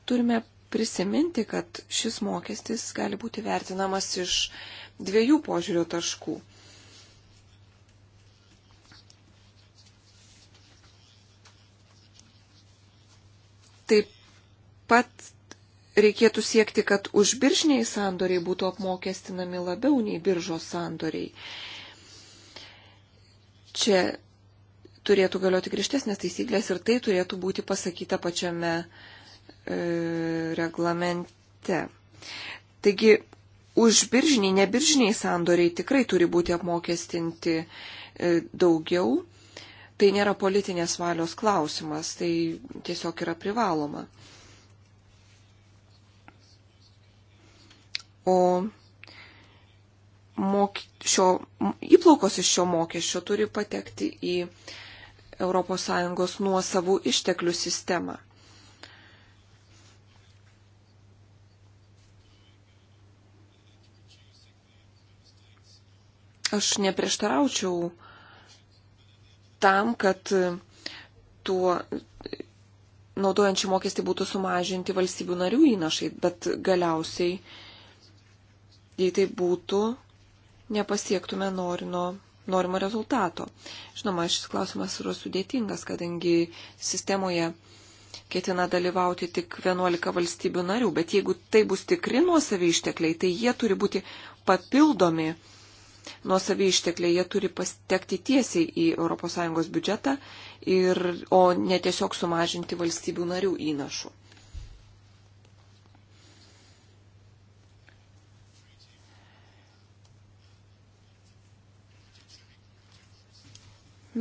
Turime prisiminti, kad šis mokestis gali būti vertinamas iš dviejų požiūrio taškų. Taip pat reikėtų siekti, kad užbiržiniai sandoriai būtų apmokestinami labiau nei biržos sandoriai. Čia turėtų galioti griežtesnės taisyklės ir tai turėtų būti pasakyta pačiame e, reglamente. Taigi, užbiržiniai, nebiržiniai sandoriai tikrai turi būti apmokestinti e, daugiau tai nėra politinės valios klausimas, tai tiesiog yra privaloma. O mok, šio, įplaukos iš šio mokesčio turi patekti į ES nuosavų išteklių sistemą. Aš neprieštaraučiau tam, kad tuo naudojant šį mokestį būtų sumažinti valstybių narių įnašai, bet galiausiai, jei tai būtų, nepasiektume norino, norimo rezultato. Žinoma, šis klausimas yra sudėtingas, kadangi sistemoje ketina dalyvauti tik 11 valstybių narių, bet jeigu tai bus tikri nuosavi ištekliai, tai jie turi būti papildomi nuosavį ištekliai, jie turi pastekti tiesiai į ES biudžetą, ir, o ne tiesiog sumažinti valstybių narių įnašų.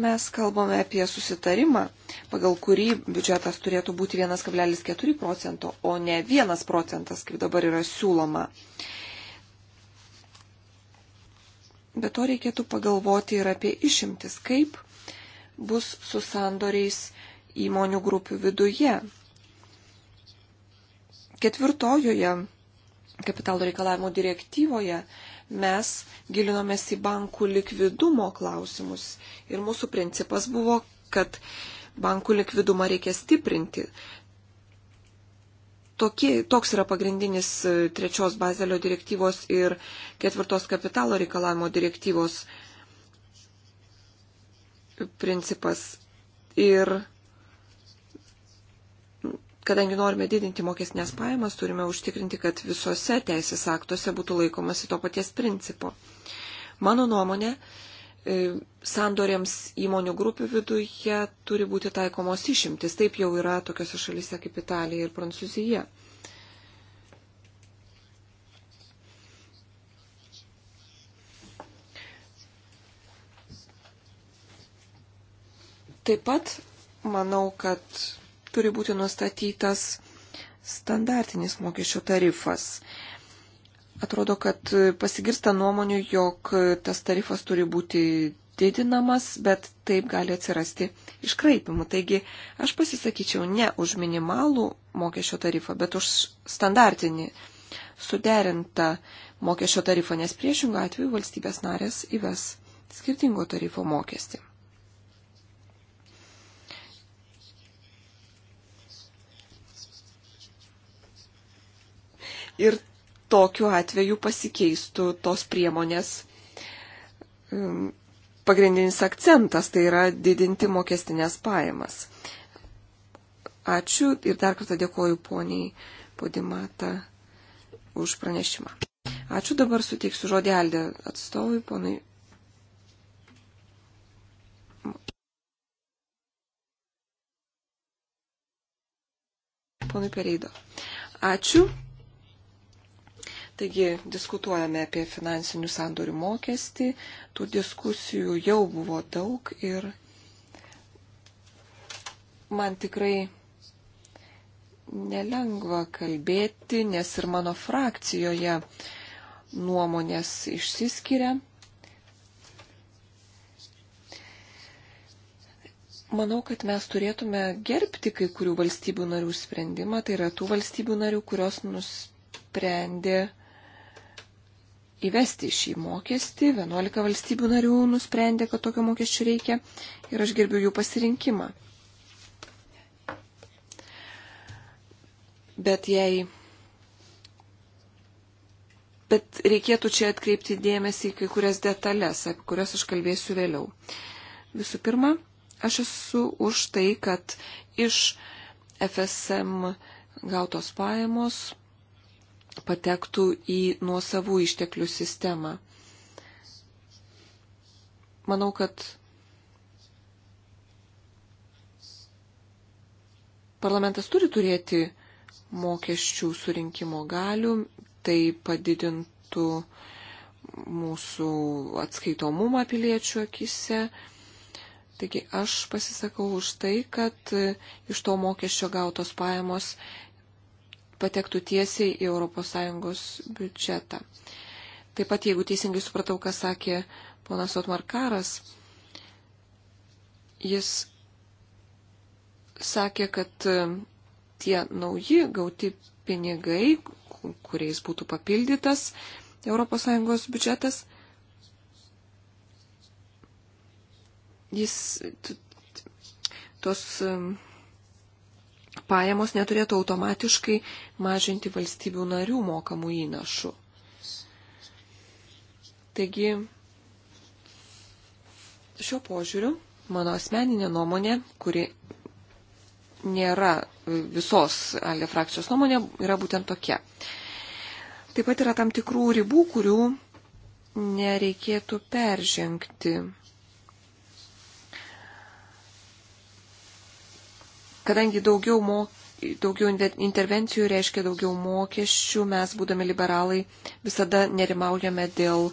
Mes kalbame apie susitarimą, pagal kurį biudžetas turėtų būti 1,4 procento, o ne 1 procentas, kaip dabar yra siūloma. Uh, Be to reikėtų pagalvoti ir apie išimtis, kaip bus su sandoriais įmonių grupių viduje. Ketvirtojoje kapitalo reikalavimo direktyvoje mes gilinomės į bankų likvidumo klausimus ir mūsų principas buvo, kad bankų likvidumą reikia stiprinti. Tokie, toks yra pagrindinis e, trečios bazelio direktyvos ir ketvirtos kapitalo reikalavimo direktyvos principas. Ir kadangi norime didinti mokesnės pajamas, turime užtikrinti, kad visose teisės aktuose būtų laikomasi to paties principo. Mano nuomonė, E, sandoriams įmonių grupių viduje turi būti taikomos išimtis. Taip jau yra tokiose šalise kaip Italija ir Prancūzija. Taip pat manau, kad turi būti nustatytas standartinis mokesčio tarifas. Atrodo, kad pasigirsta nuomonių, jog tas tarifas turi būti didinamas, bet taip gali atsirasti iškraipimų. Taigi aš pasisakyčiau ne už minimalų mokesčio tarifą, bet už standartinį suderintą mokesčio tarifą, nes priešingų atveju valstybės narės įves skirtingo tarifo mokestį. Ir tokiu atveju pasikeistų tos priemonės pagrindinis akcentas, tai yra didinti mokestinės pajamas. Ačiū ir dar kartą dėkoju poniai Podimata už pranešimą. Ačiū dabar suteiksiu žodį Aldė atstovui, ponai. Ponui Pereido. Ačiū. Taigi diskutuojame apie finansinių sandorių mokestį, tų diskusijų jau buvo daug ir man tikrai nelengva kalbėti, nes ir mano frakcijoje nuomonės išsiskiria. Manau, kad mes turėtume gerbti kai kurių valstybių narių sprendimą, tai yra tų valstybių narių, kurios nusprendė įvesti šį mokestį. 11 valstybių narių nusprendė, kad tokio mokesčio reikia ir aš gerbiu jų pasirinkimą. Bet jei. Bet reikėtų čia atkreipti dėmesį į kai kurias detalės, apie kurias aš kalbėsiu vėliau. Visų pirma, aš esu už tai, kad iš FSM gautos pajamos patektų į nuosavų išteklių sistemą. Manau, kad parlamentas turi turėti mokesčių surinkimo galių, tai padidintų mūsų atskaitomumą piliečių akise. Taigi aš pasisakau už tai, kad iš to mokesčio gautos pajamos patektų tiesiai į ES biudžetą. Taip pat, jeigu teisingai supratau, ką sakė ponas Otmarkaras, jis sakė, kad um, tie nauji gauti pinigai, kuriais būtų papildytas ES biudžetas, jis tos um, pajamos neturėtų automatiškai mažinti valstybių narių mokamų įnašų. Taigi, šiuo požiūriu, mano asmeninė nuomonė, kuri nėra visos ALDE frakcijos nuomonė, yra būtent tokia. Taip pat yra tam tikrų ribų, kurių nereikėtų peržengti kadangi daugiau, mok, daugiau intervencijų reiškia daugiau mokesčių, mes, būdami liberalai, visada nerimaujame dėl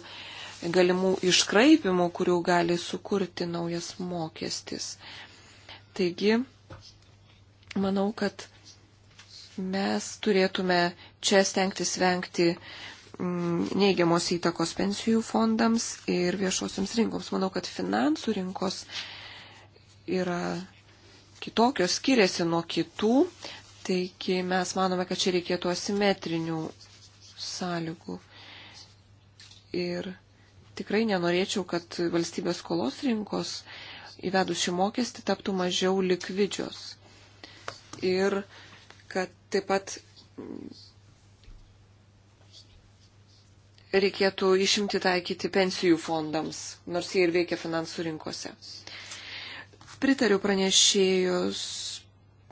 galimų iškraipimų, kurių gali sukurti naujas mokestis. Taigi, manau, kad mes turėtume čia stengtis vengti mm, neigiamos įtakos pensijų fondams ir viešosiams rinkoms. Manau, kad finansų rinkos yra kitokios, skiriasi nuo kitų, taigi mes manome, kad čia reikėtų asimetrinių sąlygų. Ir tikrai nenorėčiau, kad valstybės skolos rinkos įvedus šį mokestį taptų mažiau likvidžios. Ir kad taip pat reikėtų išimti taikyti pensijų fondams, nors jie ir veikia finansų rinkose pritariu pranešėjus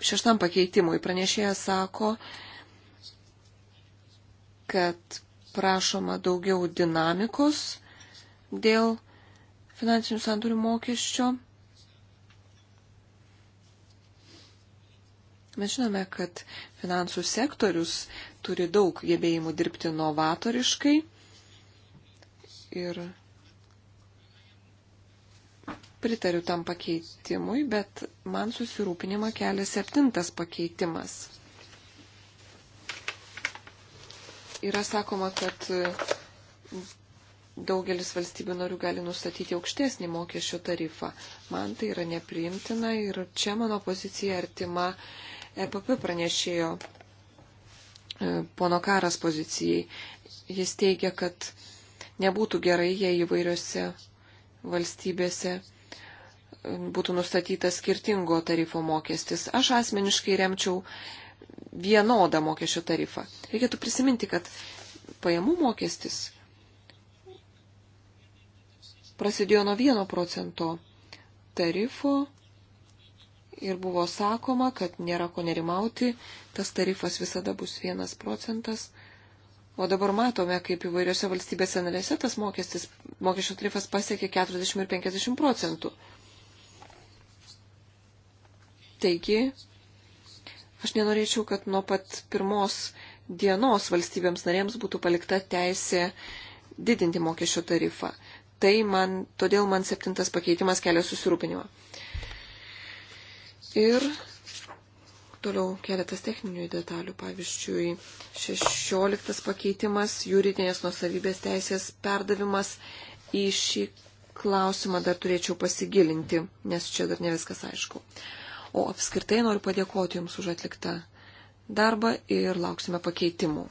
šeštam pakeitimui. Pranešėjas sako, kad prašoma daugiau dinamikos dėl finansinių sandorių mokesčio. Mes žinome, kad finansų sektorius turi daug gebėjimų dirbti novatoriškai ir pritariu tam pakeitimui, bet man susirūpinimą kelia septintas pakeitimas. Yra sakoma, kad daugelis valstybių norių gali nustatyti aukštesnį mokesčio tarifą. Man tai yra nepriimtina ir čia mano pozicija artima EPP pranešėjo e, pono karas pozicijai. Jis teigia, kad nebūtų gerai, jei įvairiose valstybėse būtų nustatytas skirtingo tarifo mokestis. Aš asmeniškai remčiau vienodą mokesčio tarifą. Reikėtų prisiminti, kad pajamų mokestis prasidėjo nuo 1 procento tarifo ir buvo sakoma, kad nėra ko nerimauti, tas tarifas visada bus 1 procentas. O dabar matome, kaip įvairiose valstybėse narėse tas mokestis, mokesčio tarifas pasiekė 40 ir 50 procentų. Taigi, aš nenorėčiau, kad nuo pat pirmos dienos valstybėms narėms būtų palikta teisė didinti mokesčio tarifą. Tai man, todėl man septintas pakeitimas kelia susirūpinimą. Ir toliau keletas techninių detalių. Pavyzdžiui, šešioliktas pakeitimas, juridinės nusavybės teisės perdavimas į šį klausimą dar turėčiau pasigilinti, nes čia dar ne viskas aišku. Uh, O apskritai noriu padėkoti Jums už atliktą darbą ir lauksime pakeitimų.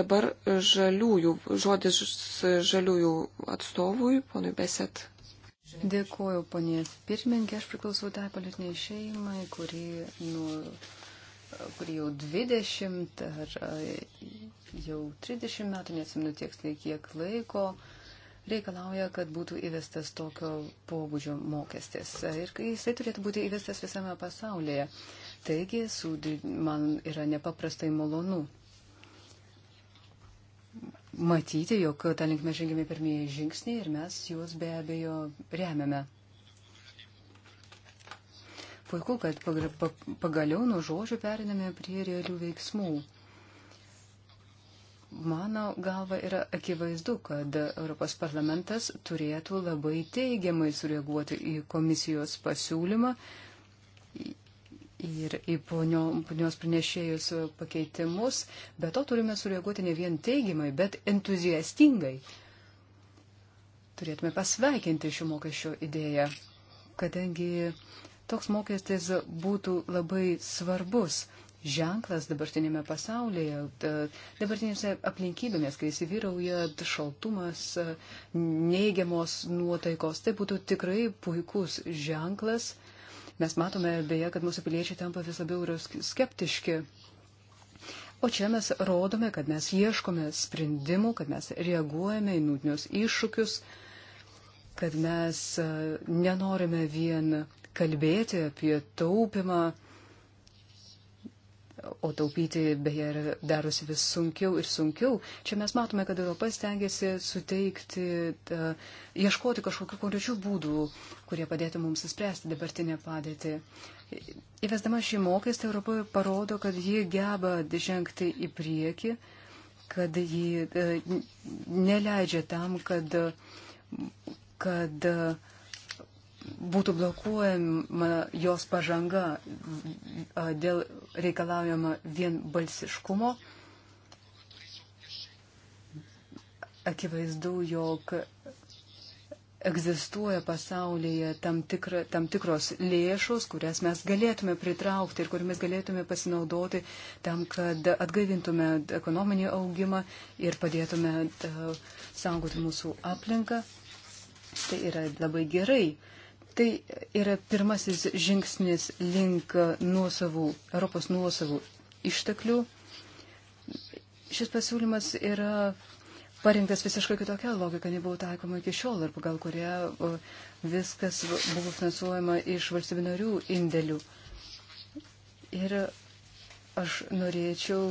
Dabar žaliųjų, žodis žaliųjų atstovui, ponui Beset. Dėkuoju, ponė pirmininkė, aš priklausau tai politiniai šeimai, kuri, nu, kuri jau 20 ar jau 30 metų, nesimnu tiek kiek laiko, uh, reikalauja, kad būtų įvestas tokio pobūdžio mokestis. Ir jisai turėtų būti įvestas visame pasaulyje. Taigi, su, man yra nepaprastai malonu matyti, jog tą linkmę žengėme pirmieji žingsniai ir mes juos be abejo remiame. Puiku, kad pagaliau nuo žodžių periname prie realių veiksmų. Mano galva yra akivaizdu, kad Europos parlamentas turėtų labai teigiamai sureaguoti į komisijos pasiūlymą ir į ponio, ponios pranešėjus pakeitimus. Be to turime sureaguoti ne vien teigiamai, bet entuziastingai. Turėtume pasveikinti šių mokesčio idėją, kadangi toks mokestis būtų labai svarbus ženklas dabartinėme pasaulyje, dabartinėse aplinkybėmis, kai įsivyrauja šaltumas, neigiamos nuotaikos, tai būtų tikrai puikus ženklas. Mes matome beje, kad mūsų piliečiai tampa vis labiau skeptiški. O čia mes rodome, kad mes ieškome sprendimų, kad mes reaguojame į nūtinius iššūkius, kad mes nenorime vien kalbėti apie taupimą, o taupyti beje darosi vis sunkiau ir sunkiau. Čia mes matome, kad Europa stengiasi suteikti, ta, ieškoti kažkokių konkrečių būdų, kurie padėtų mums įspręsti dabartinę padėtį. Įvesdama šį mokestį Europoje parodo, kad ji geba žengti į priekį, kad ji e, neleidžia tam, kad, kad uh, būtų blokuojama jos pažanga dėl reikalaujama vienbalsiškumo, akivaizdu, jog egzistuoja pasaulyje tam, tikra, tam tikros lėšos, kurias mes galėtume pritraukti ir kuriomis galėtume pasinaudoti tam, kad atgaivintume ekonominį augimą ir padėtume saugoti mūsų aplinką. Tai yra labai gerai. Uh, Tai yra pirmasis žingsnis link nuosavų, Europos nuosavų išteklių. Šis pasiūlymas yra parinktas visiškai kitokia logika, nebuvo taikoma iki šiol ir pagal kurią viskas buvo finansuojama iš valstybinarių indėlių. Ir aš norėčiau,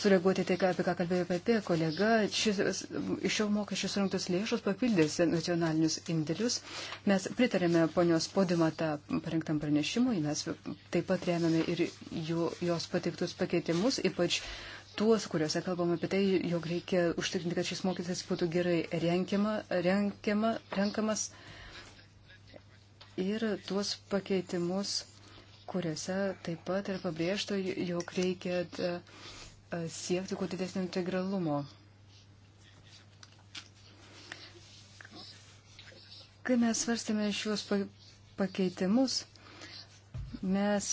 sureaguoti tai, apie ką kalbėjo PP kolega. Šis, iš šio mokesčio surinktos lėšos papildys nacionalinius indėlius. Mes pritarėme ponios podimatą parengtam pranešimui, mes taip pat remiame ir jų, jos pateiktus pakeitimus, ypač tuos, kuriuose kalbame apie tai, jog reikia užtikrinti, kad šis mokestis būtų gerai renkiama, renkiama, renkamas. Ir tuos pakeitimus, kuriuose taip pat yra pabrėžta, jog reikia. Da, siekti kuo didesnio integralumo. Kai mes svarstėme šiuos pakeitimus, mes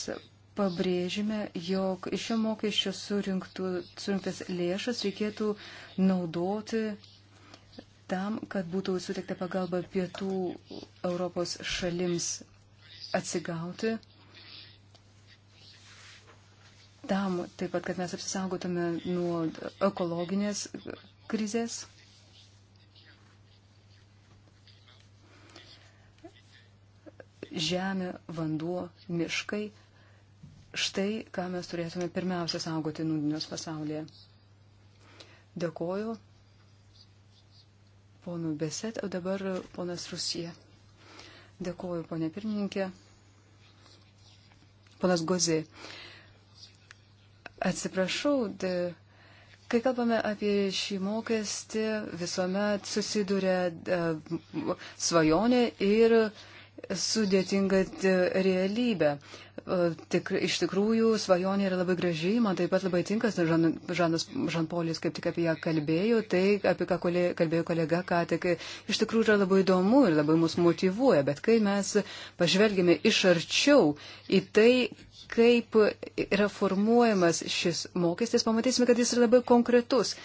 pabrėžime, jog iš šio mokesčio surinktas lėšas reikėtų naudoti tam, kad būtų suteikta pagalba pietų Europos šalims atsigauti tam taip pat, kad mes apsisaugotume nuo ekologinės krizės. Žemė, vanduo, miškai. Štai, ką mes turėtume pirmiausia saugoti nūdinios pasaulyje. Dėkoju ponų Beset, o dabar ponas Rusija. Dėkoju, ponė pirmininkė. Ponas Gozė. Atsiprašau, de, kai kalbame apie šį mokestį, visuomet susiduria de, svajonė ir uh, sudėtingą realybę. Tik, iš tikrųjų, svajonė yra labai graži, man taip pat labai tinkas, Žan, Žanas Žanpolis kaip tik apie ją kalbėjo, tai apie ką kolė, kalbėjo kolega ką tik, iš tikrųjų yra labai įdomu ir labai mus motivuoja, bet kai mes pažvelgime iš arčiau į tai, kaip yra formuojamas šis mokestis, pamatysime, kad jis yra labai konkretus.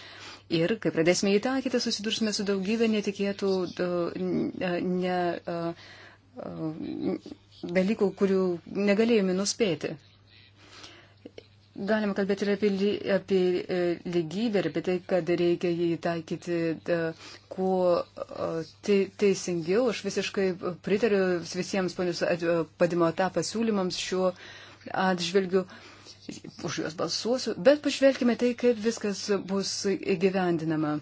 Ir kai pradėsime jį taikyti, susidursime su daugybė netikėtų, ne. ne dalykų, kurių negalėjome nuspėti. Galima kalbėti ir apie, apie e, lygybę, apie tai, kad reikia jį taikyti e, kuo e, te, teisingiau. Aš visiškai pritariu visiems ponius padimota pasiūlymams šiuo atžvilgiu. Už juos balsuosiu, bet pažvelkime tai, kaip viskas bus įgyvendinama.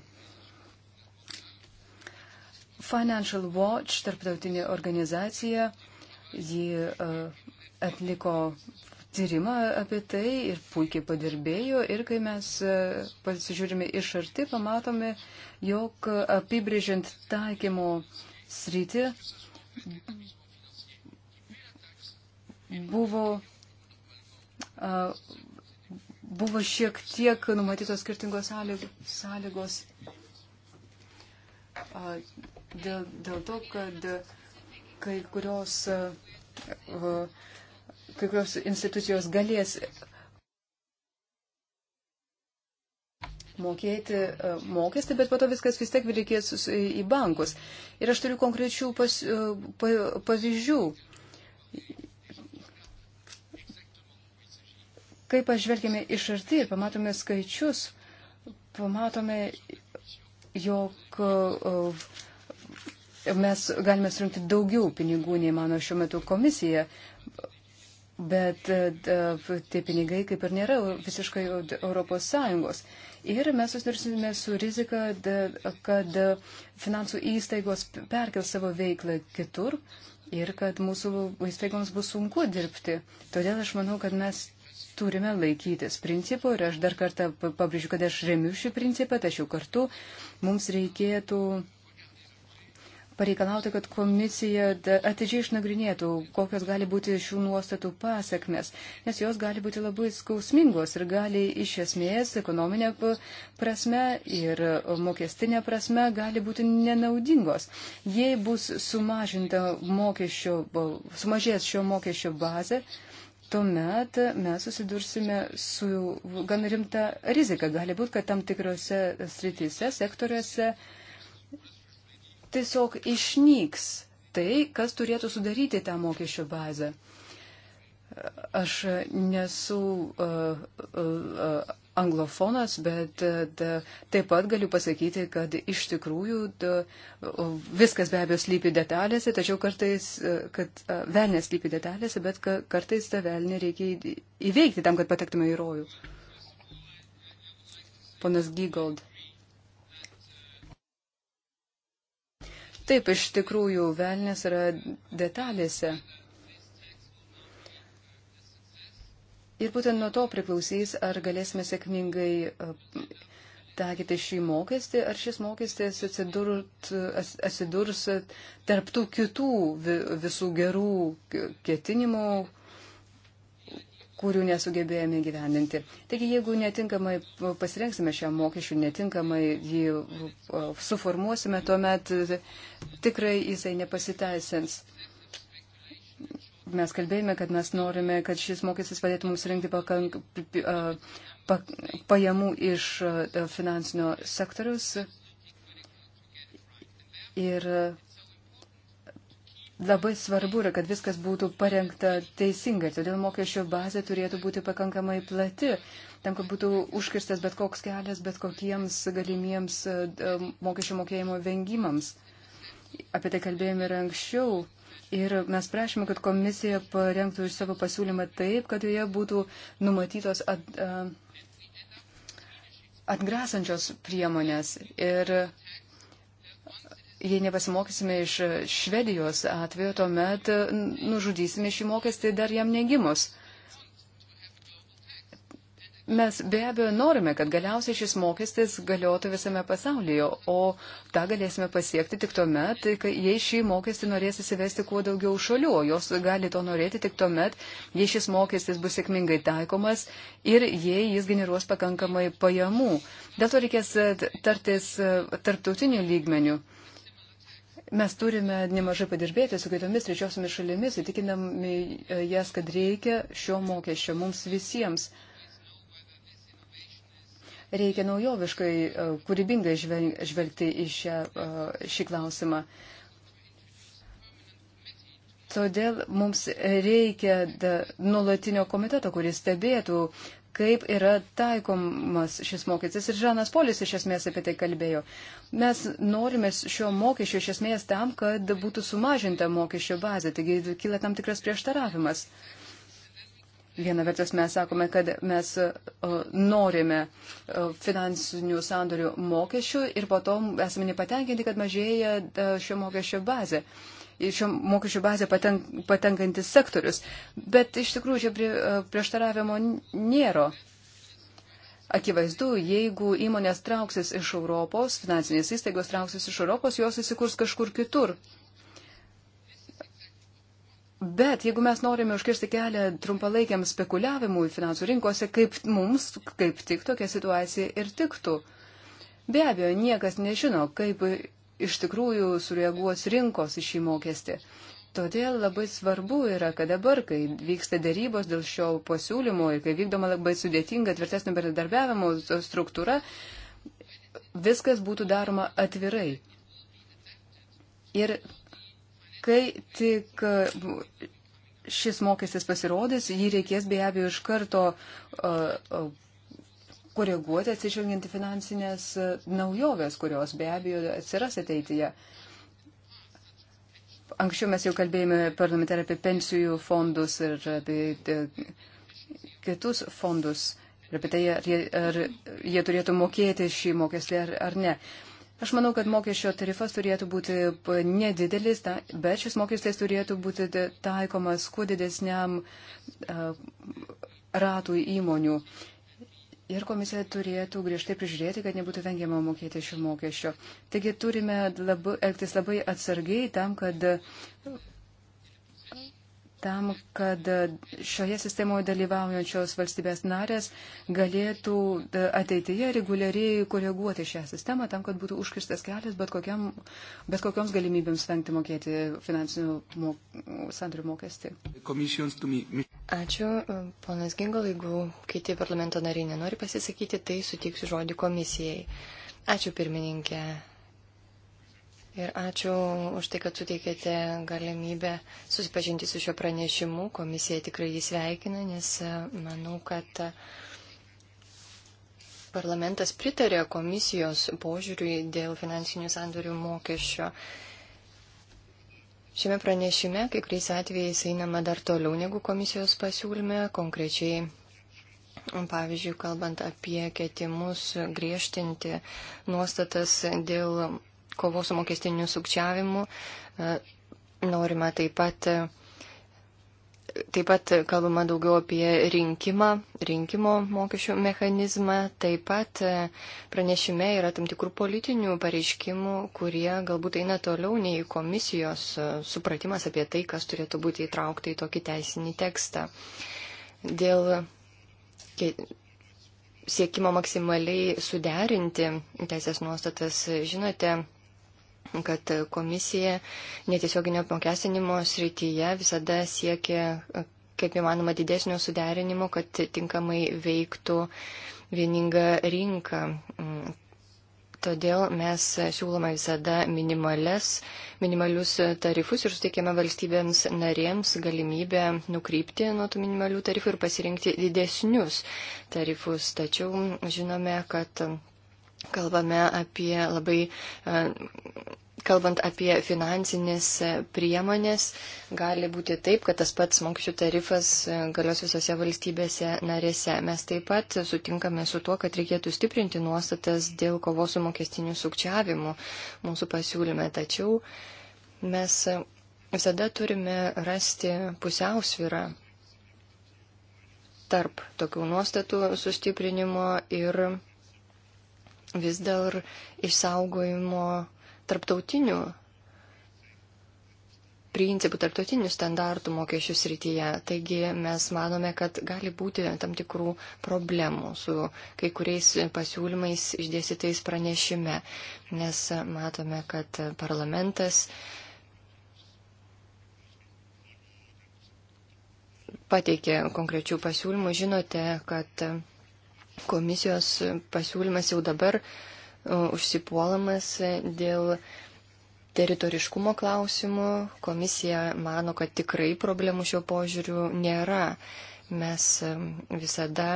Financial Watch, tarptautinė organizacija, ji e, atliko tyrimą apie tai ir puikiai padirbėjo. Ir kai mes e, pasižiūrime iš arti, pamatome, jog apibrėžiant taikymo sritį buvo, buvo šiek tiek numatytos skirtingos sąlygos. sąlygos dėl, dėl to, kad kai kurios, e, kai kurios institucijos galės mokėti e, mokestį, bet po to viskas vis tiek reikės į bankus. Ir aš turiu konkrečių pas, e, pa, pavyzdžių. Kai pažvelgėme iš arti ir pamatome skaičius, pamatome, jog uh, mes galime surinkti daugiau pinigų, nei mano šiuo metu komisija, bet e, e, tie pinigai kaip ir nėra visiškai Europos Sąjungos. Ir mes susidursime su rizika, kad finansų įstaigos perkel savo veiklą kitur ir kad mūsų įstaigoms bus sunku dirbti. Todėl aš manau, kad mes turime laikytis principų ir aš dar kartą pabrėžiu, kad aš remiu šį principą, tačiau kartu mums reikėtų pareikalauti, kad komisija atidžiai išnagrinėtų, kokios gali būti šių nuostatų pasiekmes, nes jos gali būti labai skausmingos ir gali iš esmės ekonominė prasme ir mokestinė prasme gali būti nenaudingos. Jei bus sumažinta mokesčio, sumažės šio mokesčio bazė, tuomet mes susidursime su gan rimta rizika. Gali būti, kad tam tikrose srityse, sektoriuose tiesiog išnyks tai, kas turėtų sudaryti tą mokesčių bazę. Aš nesu uh, uh, anglofonas, bet uh, taip pat galiu pasakyti, kad iš tikrųjų uh, viskas be abejo slypi detalėse, tačiau kartais, uh, kad uh, velnė slypi detalėse, bet ka, kartais tą velnę reikia įveikti tam, kad patektume į rojų. Ponas Gygold. Taip, iš tikrųjų, velnės yra detalėse. Ir būtent nuo to priklausys, ar galėsime sėkmingai e, taikyti šį mokestį, ar šis mokestis atsidurt, atsidurs tarptų kitų visų gerų ketinimų kurių nesugebėjome gyveninti. Taigi, jeigu netinkamai pasirengsime šią mokesčių, netinkamai jį suformuosime, tuomet tikrai jisai nepasiteisins. Mes kalbėjome, kad mes norime, kad šis mokestis padėtų mums rinkti pakank, pa, pajamų iš finansinio sektoriaus. Ir Labai svarbu yra, kad viskas būtų parengta teisingai, todėl mokesčio bazė turėtų būti pakankamai plati, tam, kad būtų užkirstas bet koks kelias, bet kokiems galimiems e, mokesčio mokėjimo vengimams. Apie tai kalbėjome ir anksčiau. Ir mes prašome, kad komisija parengtų iš savo pasiūlymą taip, kad joje būtų numatytos at, e, atgrasančios priemonės. Ir jei nepasimokysime iš Švedijos atveju, tuomet e, nužudysime šį mokestį dar jam negimus. Mes be abejo norime, kad galiausiai šis mokestis galiotų visame pasaulyje, o tą galėsime pasiekti tik tuomet, jei šį mokestį norės įsivesti kuo daugiau šalių, o jos gali to norėti tik tuomet, jei šis mokestis bus sėkmingai taikomas ir jei jis generuos pakankamai pajamų. Dėl to reikės e, tartis e, tarptautinių lygmenių. Mes turime nemažai padirbėti su kitomis trečiosiomis šalimis, įtikinami e, jas, kad reikia šio mokesčio mums visiems. Reikia naujoviškai, e, kūrybingai žvelgti į šią, e, šį klausimą. Todėl mums reikia nulatinio komiteto, kuris stebėtų kaip yra taikomas šis mokestis. Ir Žanas Polis iš esmės apie tai kalbėjo. Mes norime šio mokesčio iš esmės tam, kad būtų sumažinta mokesčio bazė. Taigi kyla tam tikras prieštaravimas. Viena vertus mes sakome, kad mes norime finansinių sandorių mokesčių ir po to esame nepatenkinti, kad mažėja e, šio mokesčio bazė. Uh, šio mokesčių bazę patenk, patenkantis sektorius. Bet iš tikrųjų čia prie, e, prieštaravimo nėra. Akivaizdu, jeigu įmonės trauksis iš Europos, finansinės įstaigos trauksis iš Europos, jos įsikurs kažkur kitur. Bet jeigu mes norime užkirsti kelią trumpalaikiam spekuliavimui finansų rinkose, kaip mums, kaip tik tokia situacija ir tiktų. Be abejo, niekas nežino, kaip iš tikrųjų sureaguos rinkos į šį mokestį. Todėl labai svarbu yra, kad dabar, kai vyksta dėrybos dėl šio pasiūlymo ir kai vykdoma labai sudėtinga tvirtesnio bendradarbiavimo struktūra, viskas būtų daroma atvirai. Ir kai tik šis mokestis pasirodys, jį reikės be abejo iš karto uh, uh, koreguoti atsižvelgiant į finansinės e, naujoves, kurios be abejo atsiras ateityje. Anksčiau mes jau kalbėjome parlamentare apie pensijų fondus ir apie e, kitus fondus ir apie tai, ar jie, ar jie turėtų mokėti šį mokestį ar, ar ne. Aš manau, kad mokesčio tarifas turėtų būti nedidelis, na, bet šis mokestis turėtų būti taikomas kuo didesniam uh, ratui įmonių. Uh, Ir komisija turėtų griežtai prižiūrėti, kad nebūtų vengiama mokėti šio mokesčio. Taigi turime labai, elgtis labai atsargiai tam, kad tam, kad e, šioje sistemoje dalyvaujančios valstybės narės galėtų e, ateityje reguliariai koreguoti šią sistemą, tam, kad būtų užkirstas kelias bet, kokiam, bet kokioms galimybėms vengti mokėti finansinių mok sandrių mokestį. Ačiū, e, ponas Gingal, jeigu kiti parlamento nariai nenori pasisakyti, tai sutiksiu žodį komisijai. Ačiū, pirmininkė. Ir ačiū už tai, kad suteikėte galimybę susipažinti su šio pranešimu. Komisija tikrai jį sveikina, nes e, manau, kad e, parlamentas pritarė komisijos požiūriui dėl finansinių sandorių mokesčio. Šiame pranešime kai kuriais atvejais einama dar toliau negu komisijos pasiūlyme, konkrečiai Pavyzdžiui, kalbant apie ketimus griežtinti nuostatas dėl kovos su mokestiniu sukčiavimu. E, norima taip pat, e, taip pat kalbama daugiau apie rinkimą, rinkimo mokesčių mechanizmą. Taip pat e, pranešime yra tam tikrų politinių pareiškimų, kurie galbūt eina toliau nei komisijos supratimas apie tai, kas turėtų būti įtraukta į tokį teisinį tekstą. Dėl siekimo maksimaliai suderinti teisės nuostatas, žinote, kad komisija netiesioginio apmokestinimo srityje visada siekia kaip įmanoma didesnio suderinimo, kad tinkamai veiktų vieninga rinka. Todėl mes siūlome visada minimalius tarifus ir suteikėme valstybėms narėms galimybę nukrypti nuo tų minimalių tarifų ir pasirinkti didesnius tarifus. Tačiau žinome, kad Kalbame apie labai e, kalbant apie finansinės priemonės, gali būti taip, kad tas pats mokesčių tarifas e, galios visose valstybėse narėse. Mes taip pat sutinkame su tuo, kad reikėtų stiprinti nuostatas dėl kovos su mokestiniu sukčiavimu mūsų pasiūlyme. Tačiau mes visada turime rasti pusiausvyrą tarp tokių nuostatų sustiprinimo ir vis dar išsaugojimo tarptautinių principų, tarptautinių standartų mokesčių srityje. Taigi mes manome, kad gali būti tam tikrų problemų su kai kuriais pasiūlymais išdėstytais pranešime, nes matome, kad parlamentas pateikė konkrečių pasiūlymų. Žinote, kad Komisijos pasiūlymas jau dabar e, užsipuolamas dėl teritoriškumo klausimų. Komisija mano, kad tikrai problemų šio požiūriu nėra. Mes e, visada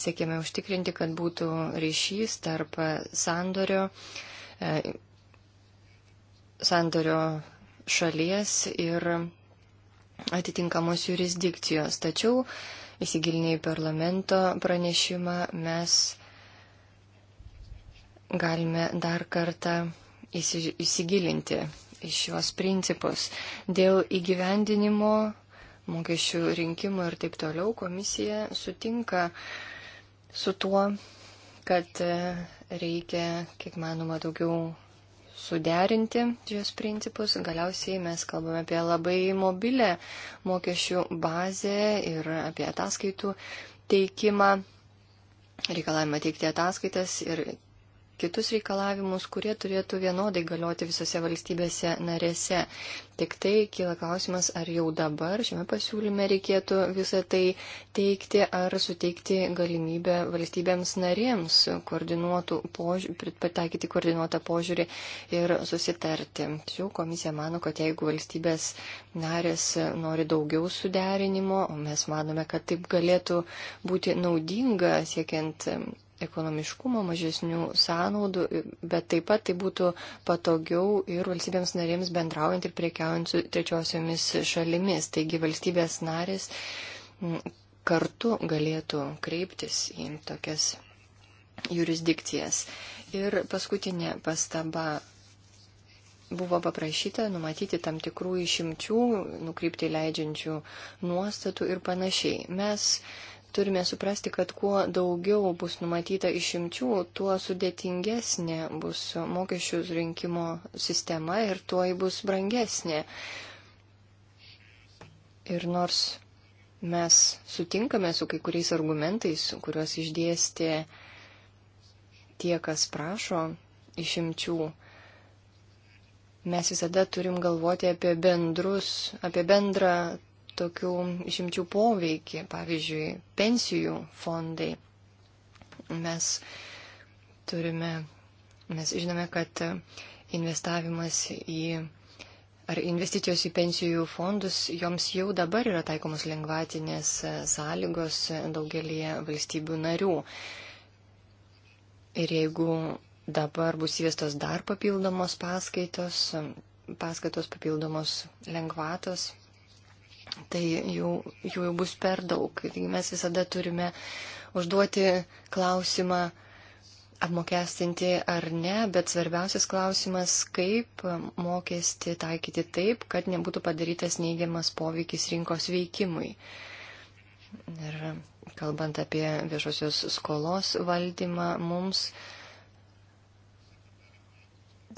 siekėme užtikrinti, kad būtų ryšys tarp sandorio, e, sandorio šalies ir atitinkamos jurisdikcijos. Tačiau įsigilinę į parlamento pranešimą, mes galime dar kartą įsigilinti į šios principus. Dėl įgyvendinimo, mokesčių rinkimo ir taip toliau komisija sutinka su tuo, kad e, reikia, kiek manoma, daugiau suderinti šios principus. Galiausiai mes kalbame apie labai mobilę mokesčių bazę ir apie ataskaitų teikimą, reikalavimą teikti ataskaitas ir kitus reikalavimus, kurie turėtų vienodai galioti visose valstybėse narėse. Tik tai kyla klausimas, ar jau dabar šiame pasiūlyme reikėtų visą tai teikti ar suteikti galimybę valstybėms narėms požiūrį, pritaikyti koordinuotą požiūrį ir susitarti. Tačiau komisija mano, kad jeigu valstybės narės nori daugiau suderinimo, o mes manome, kad taip galėtų būti naudinga siekiant ekonomiškumo, mažesnių sąnaudų, bet taip pat tai būtų patogiau ir valstybėms narėms bendraujant ir priekiaujant su trečiosiomis šalimis. Taigi valstybės narės kartu galėtų kreiptis į tokias jurisdikcijas. Ir paskutinė pastaba. Buvo paprašyta numatyti tam tikrų išimčių, nukrypti leidžiančių nuostatų ir panašiai. Mes Turime suprasti, kad kuo daugiau bus numatyta išimčių, tuo sudėtingesnė bus mokesčių rinkimo sistema ir tuo ji bus brangesnė. Ir nors mes sutinkame su kai kuriais argumentais, kuriuos išdėstė tie, kas prašo išimčių, mes visada turim galvoti apie bendrus, apie bendrą tokių išimčių poveikį, pavyzdžiui, pensijų fondai. Mes turime, mes žinome, kad investavimas į ar investicijos į pensijų fondus, joms jau dabar yra taikomos lengvatinės sąlygos daugelie valstybių narių. Ir jeigu dabar bus įvestos dar papildomos paskaitos, paskaitos papildomos lengvatos, tai jų, jų jau bus per daug. Taigi mes visada turime užduoti klausimą, apmokestinti ar ne, bet svarbiausias klausimas, kaip mokestį taikyti taip, kad nebūtų padarytas neigiamas poveikis rinkos veikimui. Ir kalbant apie viešosios skolos valdymą, mums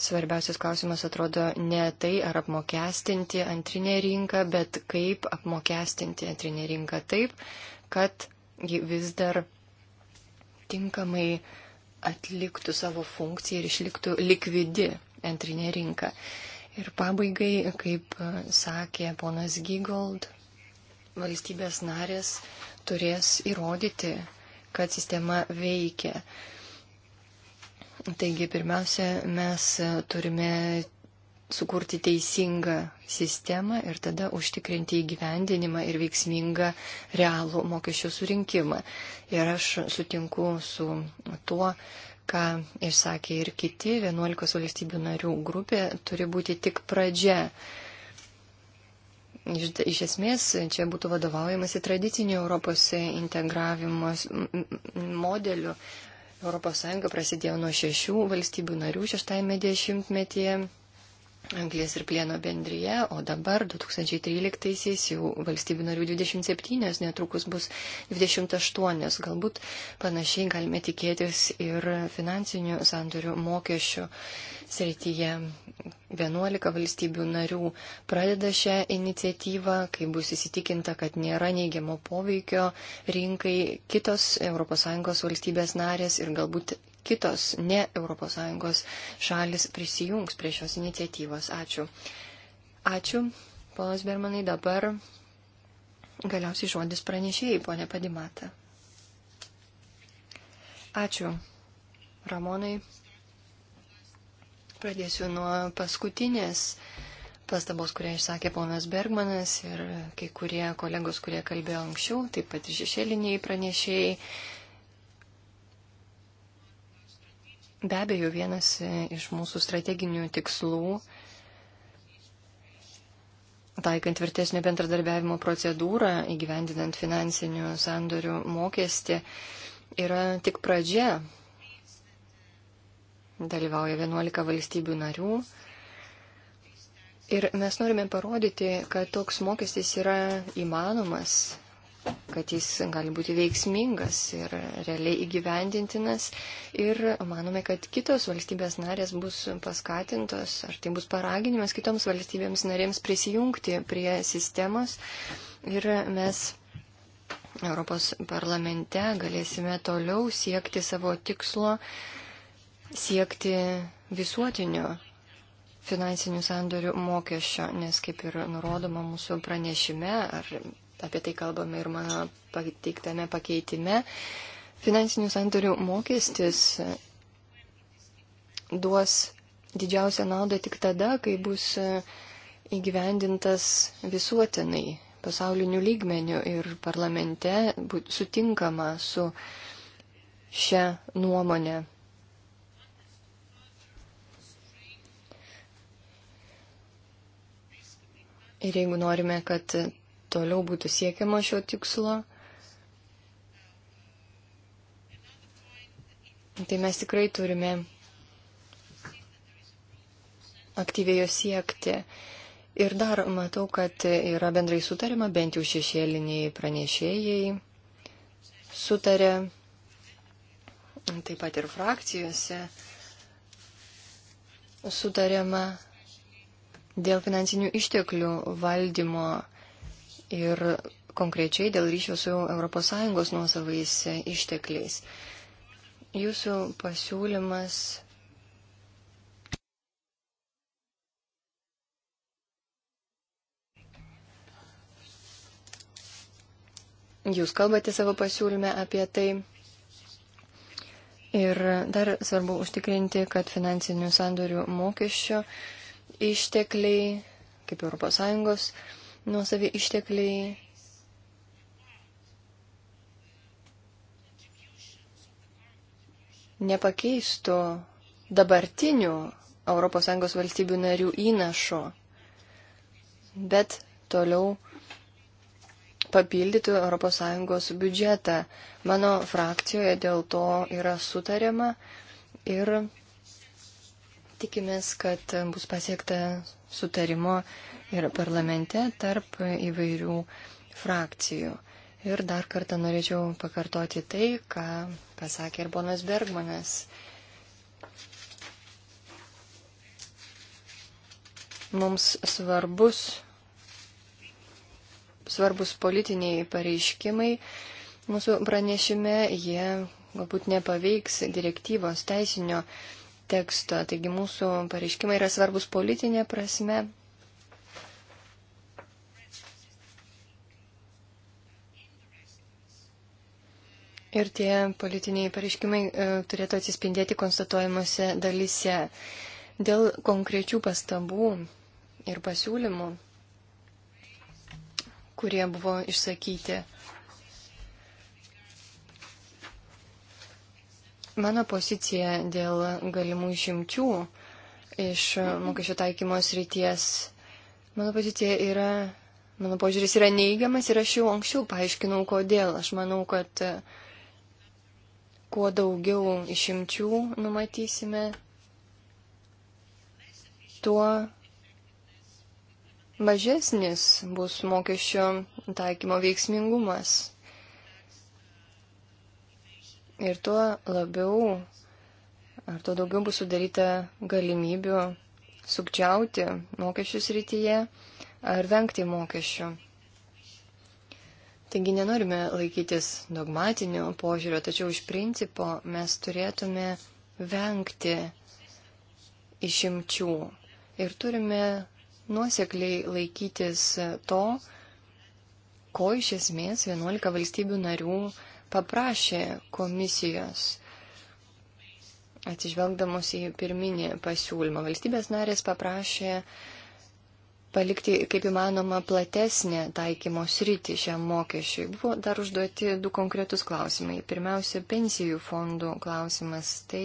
svarbiausias klausimas atrodo ne tai, ar apmokestinti antrinę rinką, bet kaip apmokestinti antrinę rinką taip, kad ji vis dar tinkamai atliktų savo funkciją ir išliktų likvidi antrinė rinka. Ir pabaigai, kaip e, sakė ponas Gygold, valstybės narės turės įrodyti, kad sistema veikia. Taigi, pirmiausia, mes e, turime sukurti teisingą sistemą ir tada užtikrinti įgyvendinimą ir veiksmingą realų mokesčių surinkimą. Ir aš sutinku su tuo, ką išsakė ir kiti 11 valstybių narių grupė, turi būti tik pradžia. Iš, iš esmės, čia būtų vadovaujamasi tradiciniu Europos integravimo modeliu, ES prasidėjo nuo šešių valstybių narių šeštajame dešimtmetyje anglės ir plieno bendryje, o dabar 2013-aisiais jau valstybių narių 27, netrukus bus 28. Galbūt panašiai galime tikėtis ir finansinių sandorių mokesčių srityje. 11 valstybių narių pradeda šią iniciatyvą, kai bus įsitikinta, kad nėra neigiamo poveikio rinkai kitos ES valstybės narės ir galbūt kitos ne ES šalis prisijungs prie šios iniciatyvos. Ačiū. Ačiū, ponas Bermanai, dabar galiausiai žodis pranešėjai, ponė Padimata. Ačiū, Ramonai. Pradėsiu nuo paskutinės pastabos, kurią išsakė ponas Bergmanas ir kai kurie kolegos, kurie kalbėjo anksčiau, taip pat šešėliniai pranešėjai. Be abejo, vienas iš mūsų strateginių tikslų, taikant tvirtesnio bendradarbiavimo procedūrą, įgyvendinant finansinių sandorių mokestį, yra tik pradžia. Dalyvauja 11 valstybių narių. Ir mes norime parodyti, kad toks mokestis yra įmanomas kad jis gali būti veiksmingas ir realiai įgyvendintinas. Ir manome, kad kitos valstybės narės bus paskatintos, ar tai bus paraginimas kitoms valstybėms narėms prisijungti prie sistemos. Ir mes Europos parlamente galėsime toliau siekti savo tikslo, siekti visuotinio finansinių sandorių mokesčio, nes kaip ir nurodoma mūsų pranešime ar apie tai kalbame ir mano pateiktame pakeitime. Finansinių sandorių mokestis duos didžiausią naudą tik tada, kai bus įgyvendintas visuotinai pasauliniu lygmeniu ir parlamente sutinkama su šią nuomonę. Ir jeigu norime, kad toliau būtų siekiama šio tikslo. Tai mes tikrai turime aktyviai jo siekti. Ir dar matau, kad yra bendrai sutarima, bent jau šešėliniai pranešėjai sutarė, taip pat ir frakcijose sutarėma dėl finansinių išteklių valdymo ir konkrečiai dėl ryšio su ES nuosavais ištekliais. Jūsų pasiūlymas Jūs kalbate savo pasiūlyme apie tai. Ir dar svarbu užtikrinti, kad finansinių sandorių mokesčio ištekliai, kaip ES, nuosavi ištekliai. nepakeistų dabartinių ES valstybių narių įnašo, bet toliau papildytų ES biudžetą. Mano frakcijoje dėl to yra sutariama ir Tikimės, kad bus pasiekta sutarimo ir parlamente tarp įvairių frakcijų. Ir dar kartą norėčiau pakartoti tai, ką pasakė ir ponas Bergmanas. Mums svarbus svarbus politiniai pareiškimai mūsų pranešime, jie galbūt nepaveiks direktyvos teisinio teksto. Taigi mūsų pareiškimai yra svarbus politinė prasme. Ir tie politiniai pareiškimai e, turėtų atsispindėti konstatuojimuose dalyse. Dėl konkrečių pastabų ir pasiūlymų, kurie buvo išsakyti Mano pozicija dėl galimų išimčių iš mokesčio taikymos ryties, mano pozicija yra, mano požiūris yra neįgiamas ir aš jau anksčiau paaiškinau, kodėl. Aš manau, kad e, kuo daugiau išimčių numatysime, tuo mažesnis bus mokesčio taikymo veiksmingumas ir tuo labiau ar tuo daugiau bus sudaryta galimybių sukčiauti mokesčių srityje ar vengti mokesčių. Taigi nenorime laikytis dogmatinio požiūrio, tačiau iš principo mes turėtume vengti išimčių ir turime nuosekliai laikytis to, ko iš esmės 11 valstybių narių paprašė komisijos atsižvelgdamos į pirminį pasiūlymą. Valstybės narės paprašė palikti kaip įmanoma platesnę taikymo sritį šiam mokesčiui. Buvo dar užduoti du konkretus klausimai. Pirmiausia, pensijų fondų klausimas. Tai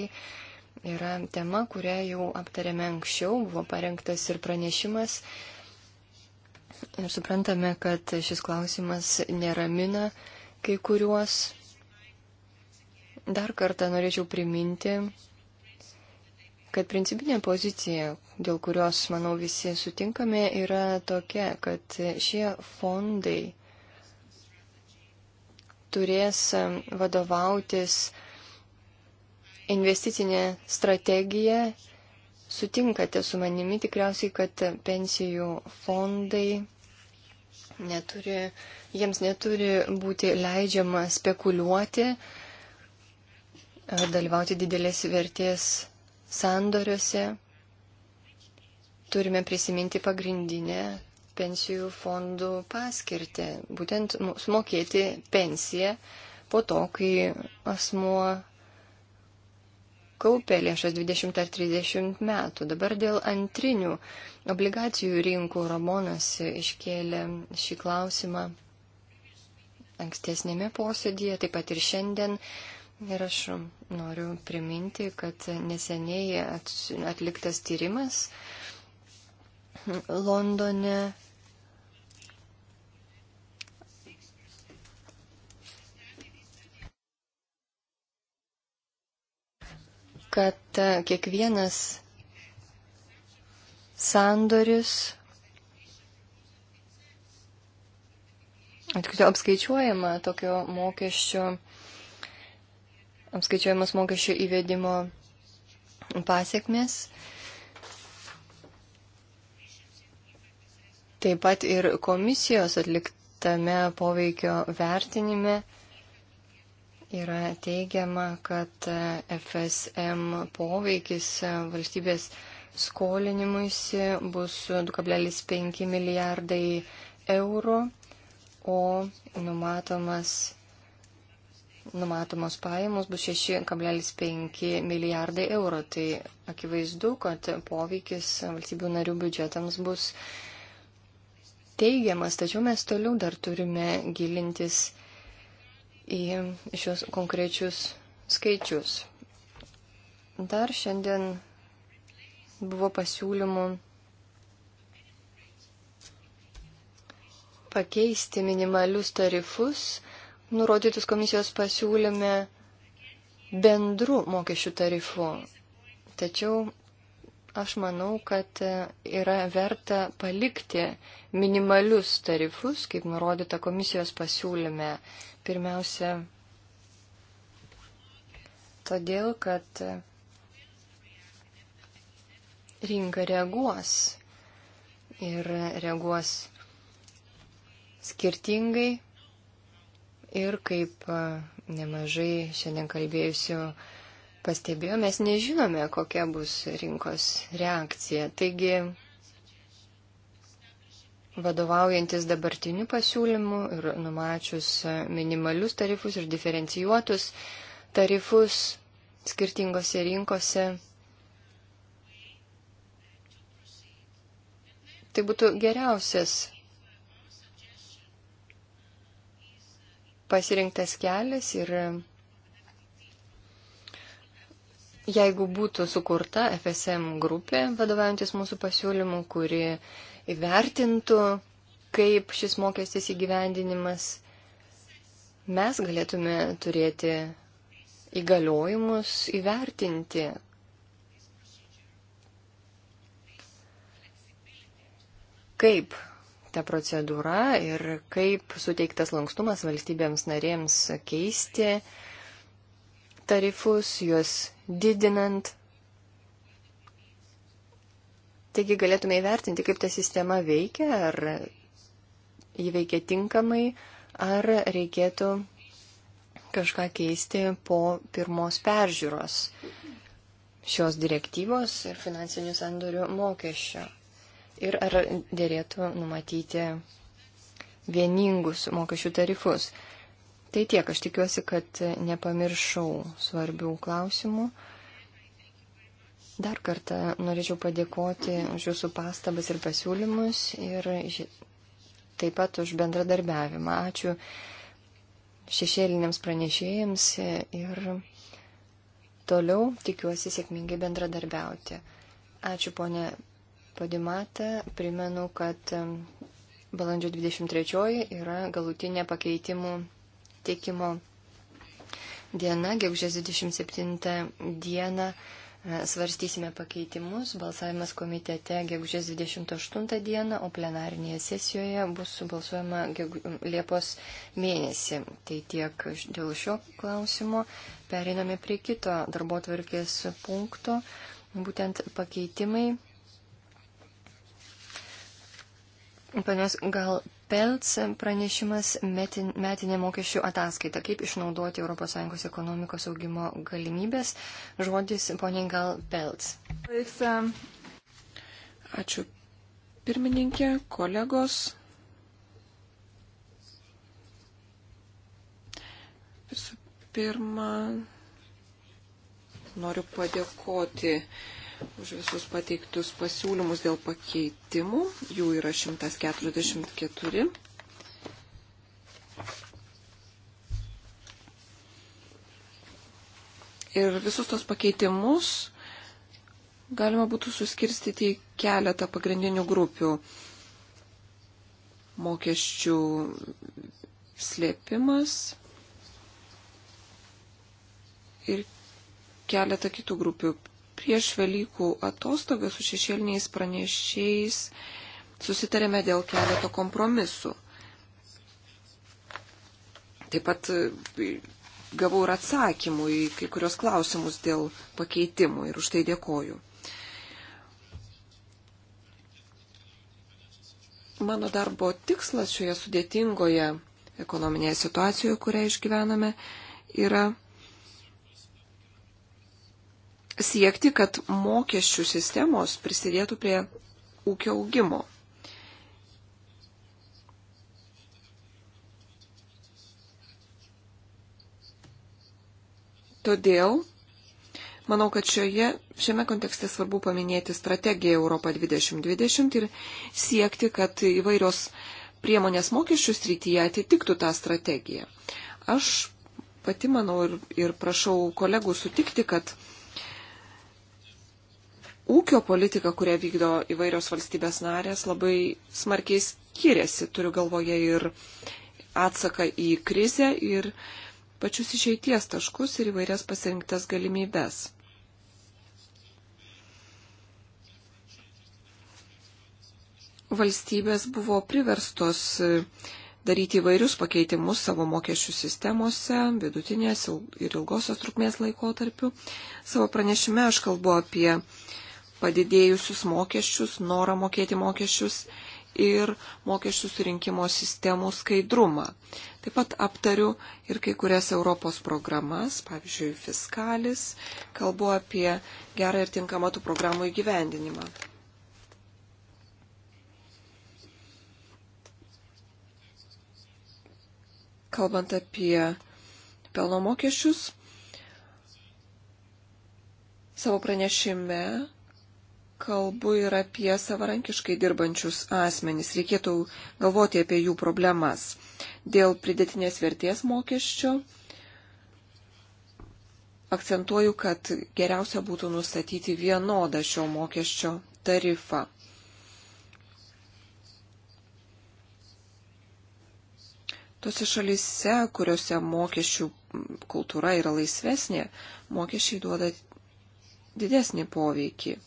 yra tema, kurią jau aptarėme anksčiau, buvo parengtas ir pranešimas. Ir suprantame, kad šis klausimas neramina. Uh, kai kuriuos. Dar kartą norėčiau priminti, kad principinė pozicija, dėl kurios, manau, visi sutinkame, yra tokia, kad šie fondai turės vadovautis investicinė strategija. Sutinkate su manimi tikriausiai, kad pensijų fondai neturi, jiems neturi būti leidžiama spekuliuoti ar dalyvauti didelės vertės sandoriuose. Turime prisiminti pagrindinę pensijų fondų paskirtį. Būtent sumokėti pensiją po to, kai asmuo kaupė lėšas 20 ar 30 metų. Dabar dėl antrinių obligacijų rinkų Ramonas iškėlė šį klausimą ankstesnėme posėdėje, taip pat ir šiandien. Ir aš noriu priminti, kad neseniai atliktas tyrimas Londone kad e, kiekvienas sandoris apskaičiuojama tokio mokesčio, apskaičiuojamas mokesčio įvedimo pasiekmes. Taip pat ir komisijos atliktame poveikio vertinime yra teigiama, kad FSM poveikis valstybės skolinimuisi bus 2,5 milijardai eurų, o numatomas, numatomos pajamos bus 6,5 milijardai eurų. Tai akivaizdu, kad poveikis valstybių narių biudžetams bus teigiamas, tačiau mes toliau dar turime gilintis į šios konkrečius skaičius. Dar šiandien buvo pasiūlymų pakeisti minimalius tarifus, nurodytus komisijos pasiūlyme bendrų mokesčių tarifų. Tačiau aš manau, kad yra verta palikti minimalius tarifus, kaip nurodyta komisijos pasiūlyme, Pirmiausia, todėl, kad rinka reaguos ir reaguos skirtingai ir kaip nemažai šiandien kalbėjusių pastebėjo, mes nežinome, kokia bus rinkos reakcija. Taigi vadovaujantis dabartiniu pasiūlymu ir numačius minimalius tarifus ir diferencijuotus tarifus skirtingose rinkose. Tai būtų geriausias pasirinktas kelias ir jeigu būtų sukurta FSM grupė, vadovaujantis mūsų pasiūlymu, kuri įvertintų, kaip šis mokestis įgyvendinimas, mes galėtume turėti įgaliojimus įvertinti. Kaip ta procedūra ir kaip suteiktas lankstumas valstybėms narėms keisti tarifus, juos didinant Taigi galėtume įvertinti, kaip ta sistema veikia, ar jį veikia tinkamai, ar reikėtų kažką keisti po pirmos peržiūros šios direktyvos ir finansinių sandorių mokesčio. Ir ar dėrėtų numatyti vieningus mokesčių tarifus. Tai tiek, aš tikiuosi, kad nepamiršau svarbių klausimų. Dar kartą norėčiau padėkoti už jūsų pastabas ir pasiūlymus ir taip pat už bendradarbiavimą. Ačiū šešėliniams pranešėjams ir toliau tikiuosi sėkmingai bendradarbiauti. Ačiū ponė Padimata. Primenu, kad balandžio 23 yra galutinė pakeitimų teikimo diena, gegužės 27 diena. Svarstysime pakeitimus, balsavimas komitete gegužės 28 dieną, o plenarinėje sesijoje bus balsuojama gegu... Liepos mėnesį. Tai tiek dėl šio klausimo. Pereiname prie kito darbo tvarkės punkto, būtent pakeitimai. Panios, gal Pelts pranešimas metin, metinė mokesčių ataskaita, kaip išnaudoti ES ekonomikos augimo galimybės. Žodis poniai gal Pelts. Um, Ačiū pirmininkė, kolegos. Visų pirma, noriu padėkoti uh, už visus pateiktus pasiūlymus dėl pakeitimų. Jų yra 144. Ir visus tos pakeitimus galima būtų suskirstyti į keletą pagrindinių grupių. Mokesčių slėpimas ir keletą kitų grupių prieš Velykų atostogą su šešėliniais pranešiais susitarėme dėl keleto kompromisų. Taip pat e, gavau ir atsakymų į kai kurios klausimus dėl pakeitimų ir už tai dėkoju. Mano darbo tikslas šioje sudėtingoje ekonominėje situacijoje, kurią išgyvename, yra siekti, kad mokesčių sistemos prisidėtų prie ūkio augimo. Todėl Manau, kad šioje, šiame kontekste svarbu paminėti strategiją Europą 2020 ir siekti, kad įvairios priemonės mokesčių srityje atitiktų tą strategiją. Aš pati manau ir, ir prašau kolegų sutikti, kad ūkio politika, kurią vykdo įvairios valstybės narės, labai smarkiai skiriasi. Turiu galvoje ir atsaką į krizę, ir pačius išeities taškus, ir įvairias pasirinktas galimybės. Valstybės buvo priverstos daryti įvairius pakeitimus savo mokesčių sistemose, vidutinės ir ilgosios trukmės laikotarpių. Savo pranešime aš kalbu apie padidėjusius mokesčius, norą mokėti mokesčius ir mokesčių surinkimo sistemų skaidrumą. Taip pat aptariu ir kai kurias Europos programas, pavyzdžiui, fiskalis, kalbu apie gerą ir tinkamą tų programų įgyvendinimą. Kalbant apie pelno mokesčius, savo pranešime kalbu ir apie savarankiškai dirbančius asmenys. Reikėtų galvoti apie jų problemas. Dėl pridėtinės vertės mokesčio akcentuoju, kad geriausia būtų nustatyti vienodą šio mokesčio tarifą. Tose šalise, kuriuose mokesčių kultūra yra laisvesnė, mokesčiai duoda didesnį poveikį.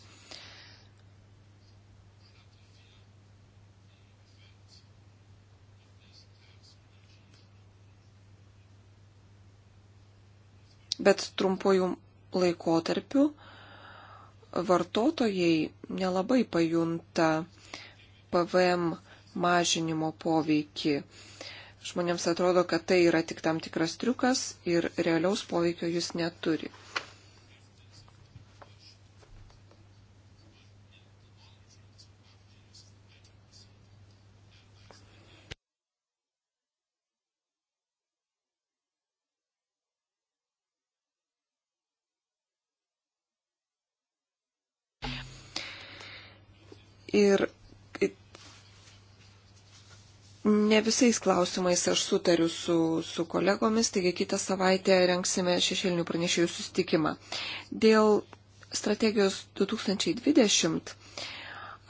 bet trumpuoju laikotarpiu vartotojai nelabai pajunta PVM mažinimo poveikį. Žmonėms atrodo, kad tai yra tik tam tikras triukas ir realiaus poveikio jis neturi. Ir ne visais klausimais aš sutariu su, su kolegomis, taigi kitą savaitę renksime šešėlinių pranešėjų sustikimą. Dėl strategijos 2020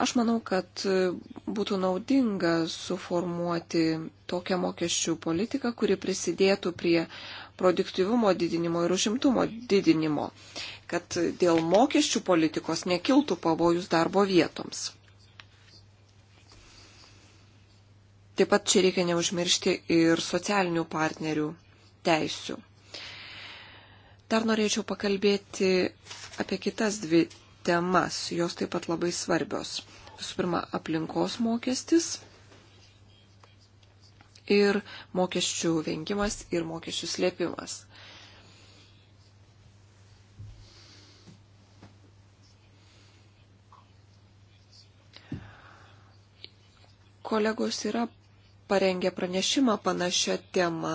Aš manau, kad būtų naudinga suformuoti tokią mokesčių politiką, kuri prisidėtų prie produktivumo didinimo ir užimtumo didinimo, kad dėl mokesčių politikos nekiltų pavojus darbo vietoms. Taip pat čia reikia neužmiršti ir socialinių partnerių teisių. Dar norėčiau pakalbėti apie kitas dvi temas, jos taip pat labai svarbios. Visų pirma, aplinkos mokestis ir mokesčių vengimas ir mokesčių slėpimas. Kolegos yra parengė pranešimą panašią temą.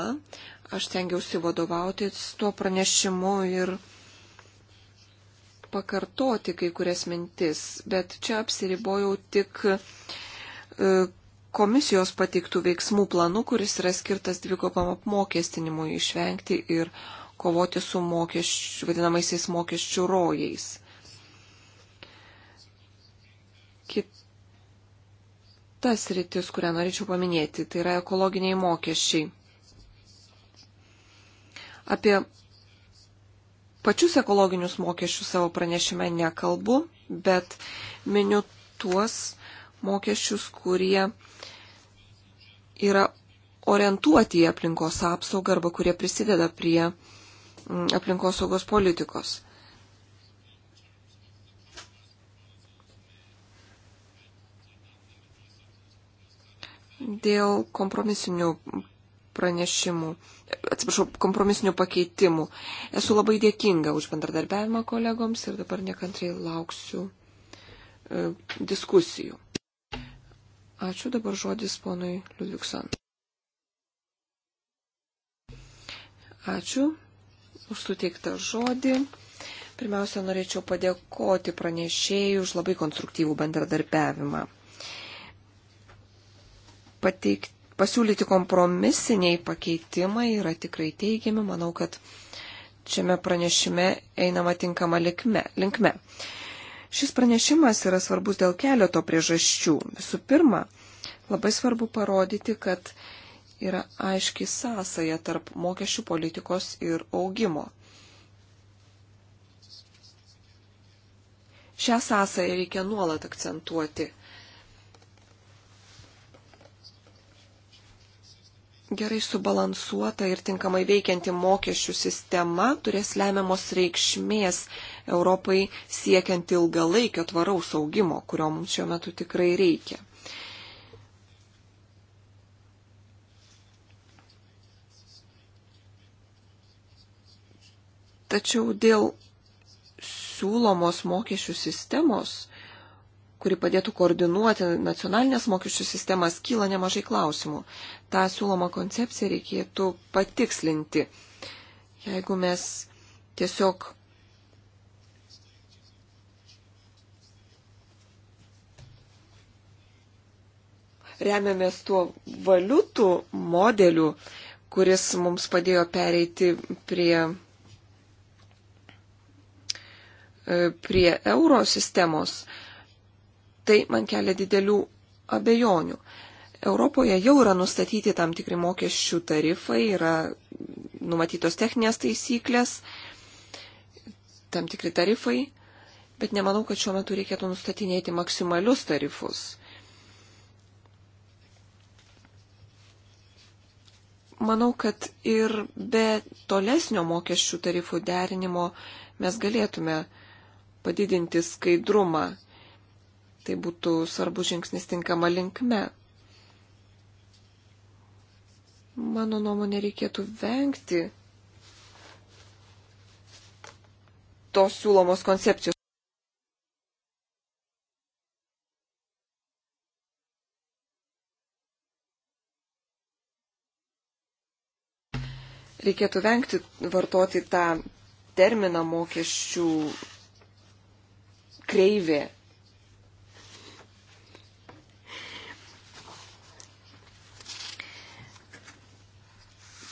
Aš tengiausi vadovautis tuo pranešimu ir pakartoti kai kurias mintis, bet čia apsiribojau tik e, komisijos pateiktų veiksmų planu, kuris yra skirtas dvigubam apmokestinimui išvengti ir kovoti su mokesčių, vadinamaisiais mokesčių rojais. Kit kitas rytis, kurią norėčiau paminėti, tai yra ekologiniai mokesčiai. Apie pačius ekologinius mokesčius savo pranešime nekalbu, bet miniu tuos mokesčius, kurie yra orientuoti į aplinkos apsaugą arba kurie prisideda prie mm, aplinkosaugos politikos. dėl kompromisinių pranešimų, atsiprašau, kompromisinių pakeitimų. Esu labai dėkinga už bendradarbiavimą kolegoms ir dabar nekantrai lauksiu e, diskusijų. Ačiū dabar žodis ponui Liudvikson. Ačiū už suteiktą žodį. Pirmiausia, norėčiau padėkoti pranešėjai už labai konstruktyvų bendradarbiavimą pateikti, pasiūlyti kompromisiniai pakeitimai yra tikrai teigiami. Manau, kad šiame pranešime einama tinkama likme, linkme. Šis pranešimas yra svarbus dėl keleto priežasčių. Visų pirma, labai svarbu parodyti, kad yra aiški sąsaja tarp mokesčių politikos ir augimo. Šią sąsają reikia nuolat akcentuoti. gerai subalansuota ir tinkamai veikianti mokesčių sistema turės lemiamos reikšmės Europai siekiant ilgalaikio tvaraus augimo, kurio mums šiuo metu tikrai reikia. Tačiau dėl siūlomos mokesčių sistemos kuri padėtų koordinuoti nacionalinės mokesčių sistemas, kyla nemažai klausimų. Ta siūloma koncepcija reikėtų patikslinti. Jeigu mes tiesiog remiamės tuo valiutų modeliu, kuris mums padėjo pereiti prie, e, prie euro sistemos, tai man kelia didelių abejonių. Europoje jau yra nustatyti tam tikri mokesčių tarifai, yra numatytos techninės taisyklės, tam tikri tarifai, bet nemanau, kad šiuo metu reikėtų nustatinėti maksimalius tarifus. Manau, kad ir be tolesnio mokesčių tarifų derinimo mes galėtume padidinti skaidrumą Tai būtų svarbus žingsnis tinkama linkme. Mano nuomonė reikėtų vengti tos siūlomos koncepcijos. reikėtų vengti vartoti tą terminą mokesčių kreivė.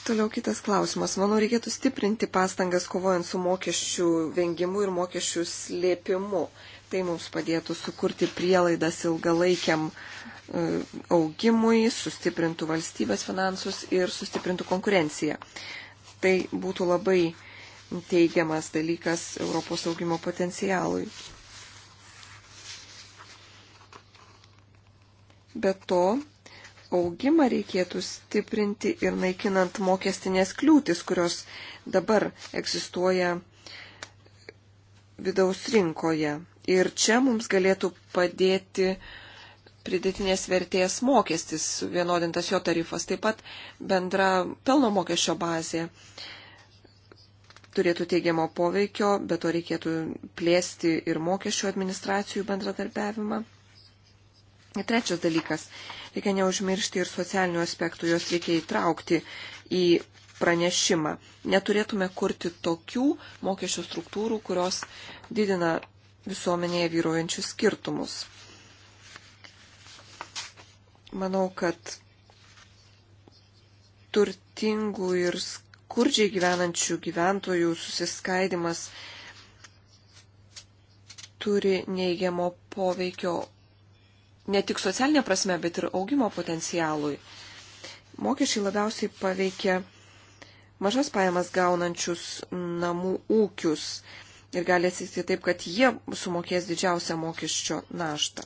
Toliau kitas klausimas. Manau, reikėtų stiprinti pastangas kovojant su mokesčių vengimu ir mokesčių slėpimu. Tai mums padėtų sukurti prielaidas ilgalaikiam e, augimui, sustiprintų valstybės finansus ir sustiprintų konkurenciją. Tai būtų labai teigiamas dalykas Europos augimo potencialui. Be to, augimą reikėtų stiprinti ir naikinant mokestinės kliūtis, kurios dabar egzistuoja vidaus rinkoje. Ir čia mums galėtų padėti pridėtinės vertės mokestis, vienodintas jo tarifas, taip pat bendra pelno mokesčio bazė turėtų teigiamo poveikio, bet to reikėtų plėsti ir mokesčių administracijų bendradarbiavimą. Trečias dalykas. Reikia neužmiršti ir socialinių aspektų, juos reikia įtraukti į pranešimą. Neturėtume kurti tokių mokesčių struktūrų, kurios didina visuomenėje vyruojančius skirtumus. Manau, kad turtingų ir skurdžiai gyvenančių gyventojų susiskaidimas turi neigiamo poveikio ne tik socialinė prasme, bet ir augimo potencialui. Mokesčiai labiausiai paveikia mažas pajamas gaunančius namų ūkius ir gali atsitikti taip, kad jie sumokės didžiausią mokesčio naštą.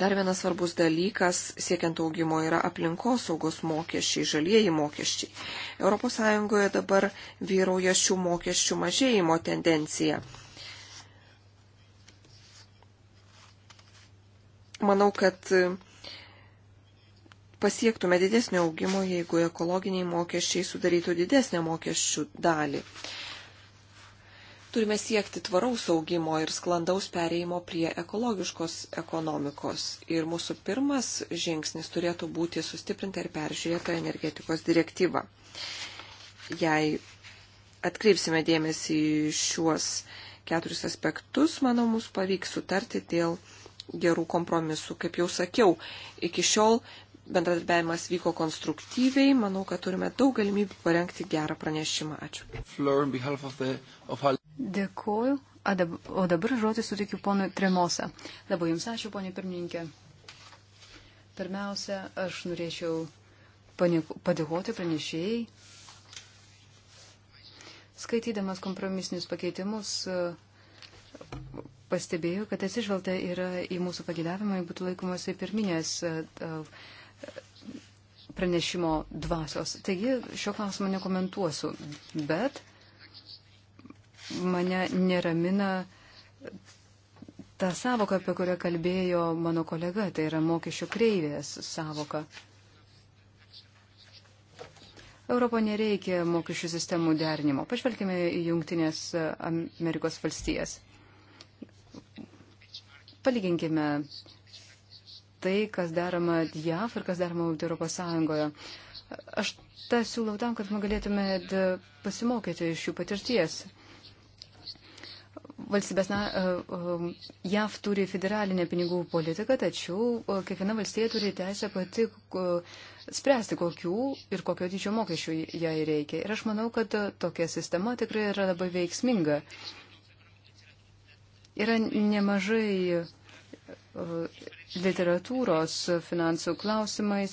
Dar vienas svarbus dalykas siekiant augimo yra aplinkosaugos mokesčiai, žalieji mokesčiai. ES dabar vyrauja šių mokesčių mažėjimo tendencija. manau, kad e, pasiektume didesnio augimo, jeigu ekologiniai mokesčiai sudarytų didesnę mokesčių dalį. Turime siekti tvaraus augimo ir sklandaus pereimo prie ekologiškos ekonomikos. Ir mūsų pirmas žingsnis turėtų būti sustiprinta ir peržiūrėta energetikos direktyva. Jei atkreipsime dėmesį į šiuos keturis aspektus, manau, mums pavyks sutarti dėl gerų kompromisų. Kaip jau sakiau, iki šiol bendradarbiavimas vyko konstruktyviai. Manau, kad turime daug galimybių parengti gerą pranešimą. Ačiū. Dėkuoju. O dabar žodį sutikiu ponui Tremosa. Labai jums ačiū, ponė pirmininkė. Pirmiausia, aš norėčiau padėkoti pranešėjai. Skaitydamas kompromisinius pakeitimus, pastebėjo, kad atsižvelgta yra į mūsų pagėdavimą, jeigu būtų laikomasi pirminės e, e, pranešimo dvasios. Taigi šio klausimo nekomentuosiu, bet mane neramina ta savoka, apie kurią kalbėjo mano kolega, tai yra mokesčių kreivės savoka. Europo nereikia mokesčių sistemų derinimo. Pažvelkime į Junktinės Amerikos valstijas. Palyginkime tai, kas daroma JAV ir kas daroma Europos Sąjungoje. Aš tą siūlau tam, kad mes galėtume pasimokyti iš jų patirties. Valstybės, na, e, e, JAV turi federalinę pinigų politiką, tačiau e, kiekviena valstija turi teisę pati spręsti, kokių ir kokio dydžio mokesčių jai reikia. Ir aš manau, kad tokia sistema tikrai yra labai veiksminga. Uh, Yra nemažai e, literatūros finansų klausimais,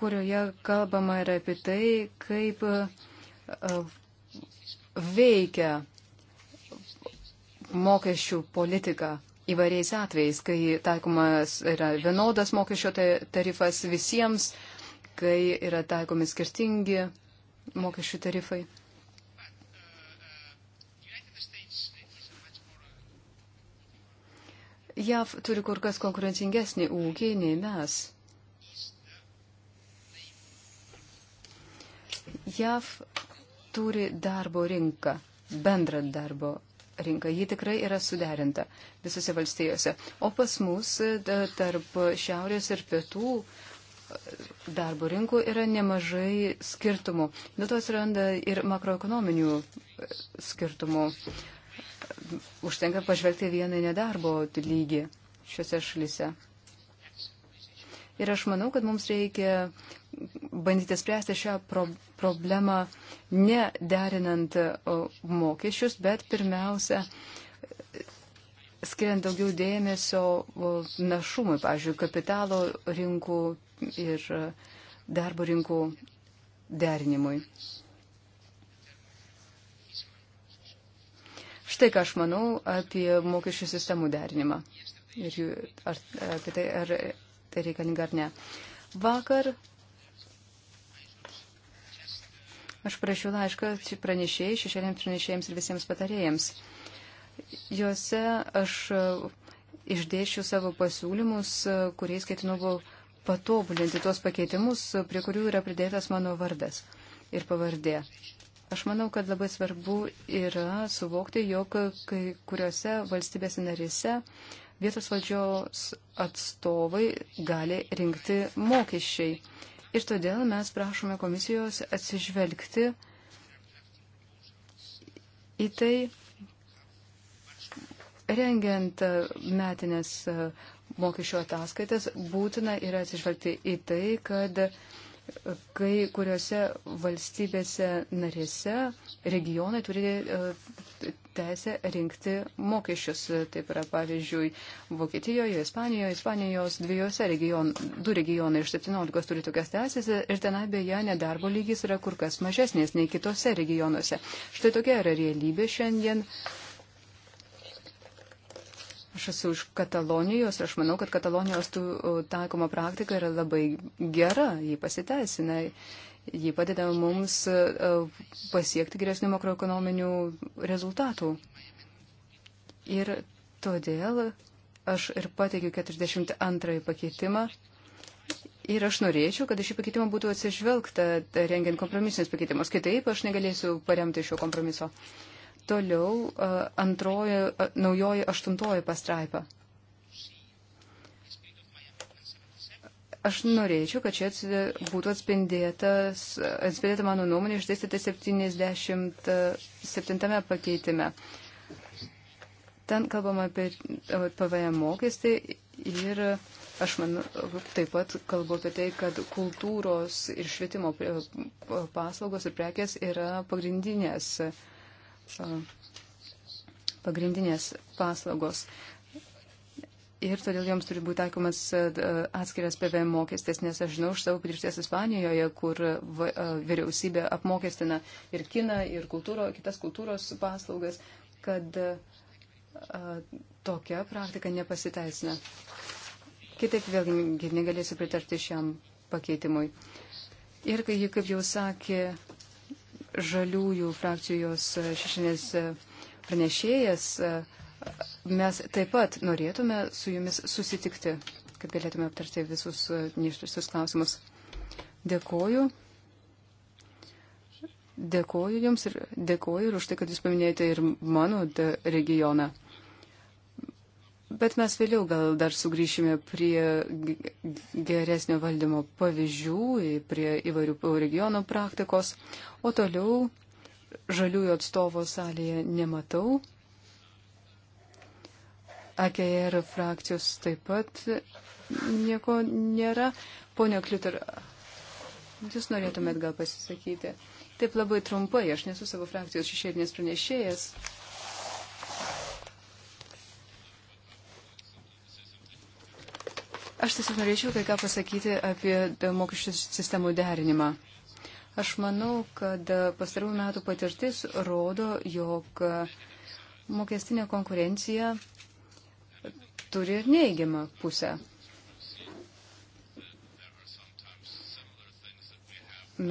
kurioje kalbama ir apie tai, kaip e, veikia mokesčių politika įvairiais atvejais, kai taikomas yra vienodas mokesčio tarifas visiems, kai yra taikomi skirtingi mokesčių tarifai. JAV turi kur kas konkurencingesnį ūkį nei mes. JAV turi darbo rinką, bendrą darbo rinką. Ji tikrai yra suderinta visose valstijose. O pas mus e, tarp šiaurės ir pietų e, darbo rinkų yra nemažai skirtumų. Dėl to atsiranda ir makroekonominių e, skirtumų. Užtenka pažvelgti vieną nedarbo lygį šiuose šalyse. Ir aš manau, kad mums reikia bandyti spręsti šią pro problemą nederinant mokesčius, bet pirmiausia, skiriant daugiau dėmesio našumui, pavyzdžiui, kapitalo rinkų ir darbo rinkų derinimui. Štai ką aš manau apie mokesčių sistemų derinimą. Ir jų, ar, apie tai, ar tai reikalinga ar ne. Vakar aš prašiau laišką pranešėjai, šešėlėms pranešėjams ir visiems patarėjams. Juose aš išdėšiu savo pasiūlymus, kuriais ketinu patobulinti tuos pakeitimus, prie kurių yra pridėtas mano vardas ir pavardė. Aš manau, kad labai svarbu yra suvokti, jog kai kuriuose valstybėse narise vietos valdžios atstovai gali rinkti mokesčiai. Ir todėl mes prašome komisijos atsižvelgti į tai, rengiant metinės mokesčio ataskaitas, būtina yra atsižvelgti į tai, kad kai kuriuose valstybėse narėse regionai turi e, teisę rinkti mokesčius. Taip yra, pavyzdžiui, Vokietijoje, Ispanijoje, Ispanijos dviejose region, du regionai iš 17 turi tokias teisės ir tenai beje nedarbo lygis yra kur kas mažesnės nei kitose regionuose. Štai tokia yra realybė šiandien. Uh, Aš esu iš Katalonijos ir aš manau, kad Katalonijos tų taikoma praktika yra labai gera, jį pasiteisina, jį padeda mums e, pasiekti geresnių makroekonominių rezultatų. Ir todėl aš ir pateikiu 42 pakeitimą. Ir aš norėčiau, kad šį pakeitimą būtų atsižvelgta rengiant kompromisinius pakeitimus. Kitaip aš negalėsiu paremti šio kompromiso. Uh, Toliau antroji, naujoji aštuntoji pastraipa. Aš norėčiau, kad čia būtų atspindėtas, atspindėta mano nuomonė išdėstyta 77 pakeitime. Ten kalbama apie PVM mokestį ir aš man taip pat kalbu apie tai, kad kultūros ir švietimo paslaugos ir prekės yra pagrindinės uh, pagrindinės paslaugos. Ir todėl joms turi būti taikomas atskiras PVM mokestis, nes aš žinau iš savo patirties Ispanijoje, kur vyriausybė apmokestina ir kiną, ir kultūro, kitas kultūros paslaugas, kad tokia praktika nepasiteisina. Kitaip vėlgi negalėsiu pritarti šiam pakeitimui. Ir kai, kaip jau sakė žaliųjų frakcijos šešinės pranešėjas, mes taip pat norėtume su jumis susitikti, kad galėtume aptarti visus neištusius klausimus. Dėkoju. Dėkoju Jums ir dėkoju ir už tai, kad Jūs paminėjote ir mano regioną. Bet mes vėliau gal dar sugrįšime prie geresnio valdymo pavyzdžių, prie įvairių regionų praktikos. O toliau žaliųjų atstovo salėje nematau. AKR frakcijos taip pat nieko nėra. Pone Kliuter, jūs norėtumėt gal pasisakyti? Taip labai trumpai, aš nesu savo frakcijos šešėlinės pranešėjas. Aš tiesiog norėčiau kai ką pasakyti apie mokesčių sistemų derinimą. Aš manau, kad pastarųjų metų patirtis rodo, jog mokestinė konkurencija turi ir neįgimą pusę.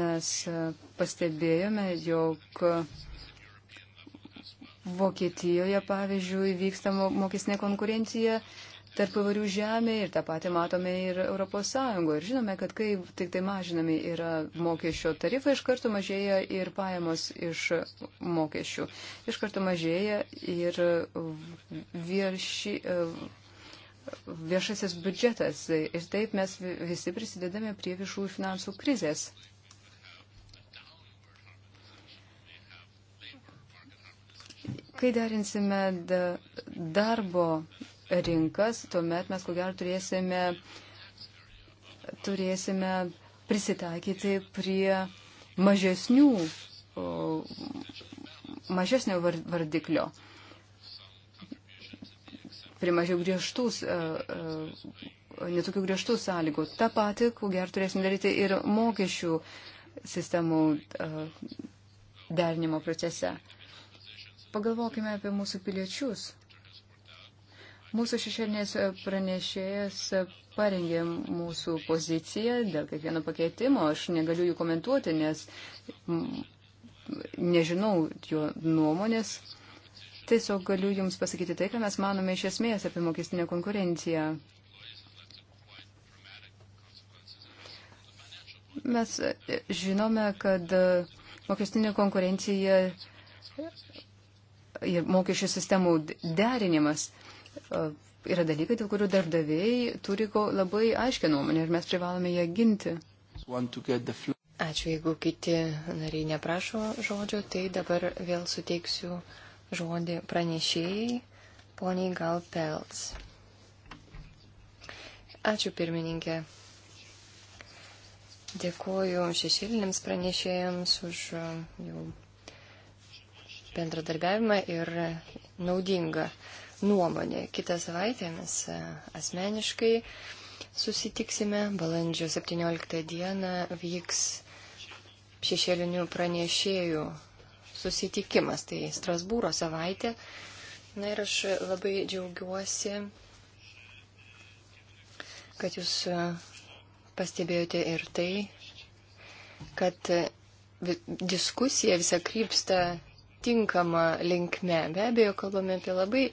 Mes pastebėjome, jog Vokietijoje, pavyzdžiui, vyksta mokestinė konkurencija tarp įvairių žemė ir tą patį matome ir ES. Ir žinome, kad kai tik tai mažinami yra mokesčio tarifai, iš karto mažėja ir pajamos iš mokesčių. Iš karto mažėja ir virši, viešasis biudžetas. Ir taip mes visi prisidedame prie viešųjų finansų krizės. Kai derinsime darbo rinkas, tuomet mes ko gero turėsime, turėsime prisitaikyti prie mažesnių, mažesnio vardiklio, prie mažiau griežtų, e, e, netokių griežtų sąlygų. Ta pati, ko gero, turėsim daryti ir mokesčių sistemų e, derinimo procese. Pagalvokime apie mūsų piliečius. Mūsų šešėlinės pranešėjas parengė mūsų poziciją dėl kiekvieno pakeitimo. Aš negaliu jų komentuoti, nes nežinau jo nuomonės. Tiesiog galiu Jums pasakyti tai, ką mes manome iš esmės apie mokestinę konkurenciją. Mes e, žinome, kad e, mokestinė konkurencija ir mokesčių sistemų derinimas E, yra dalykai, dėl kurių darbdaviai turi labai aiškę nuomonę ir mes privalome ją ginti. Ačiū, jeigu kiti nariai neprašo žodžio, tai dabar vėl suteiksiu žodį pranešėjai, poniai Gal Pels. Ačiū, pirmininkė. Dėkuoju šešėlinėms pranešėjams už e, jų bendradarbiavimą ir naudingą uh, nuomonė. Kitą savaitę mes e, asmeniškai susitiksime. Balandžio 17 dieną vyks šešėlinių pranešėjų susitikimas, tai Strasbūro savaitė. Na ir aš labai džiaugiuosi, kad jūs e, pastebėjote ir tai, kad diskusija visą krypsta tinkama linkme. Be abejo, kalbame apie labai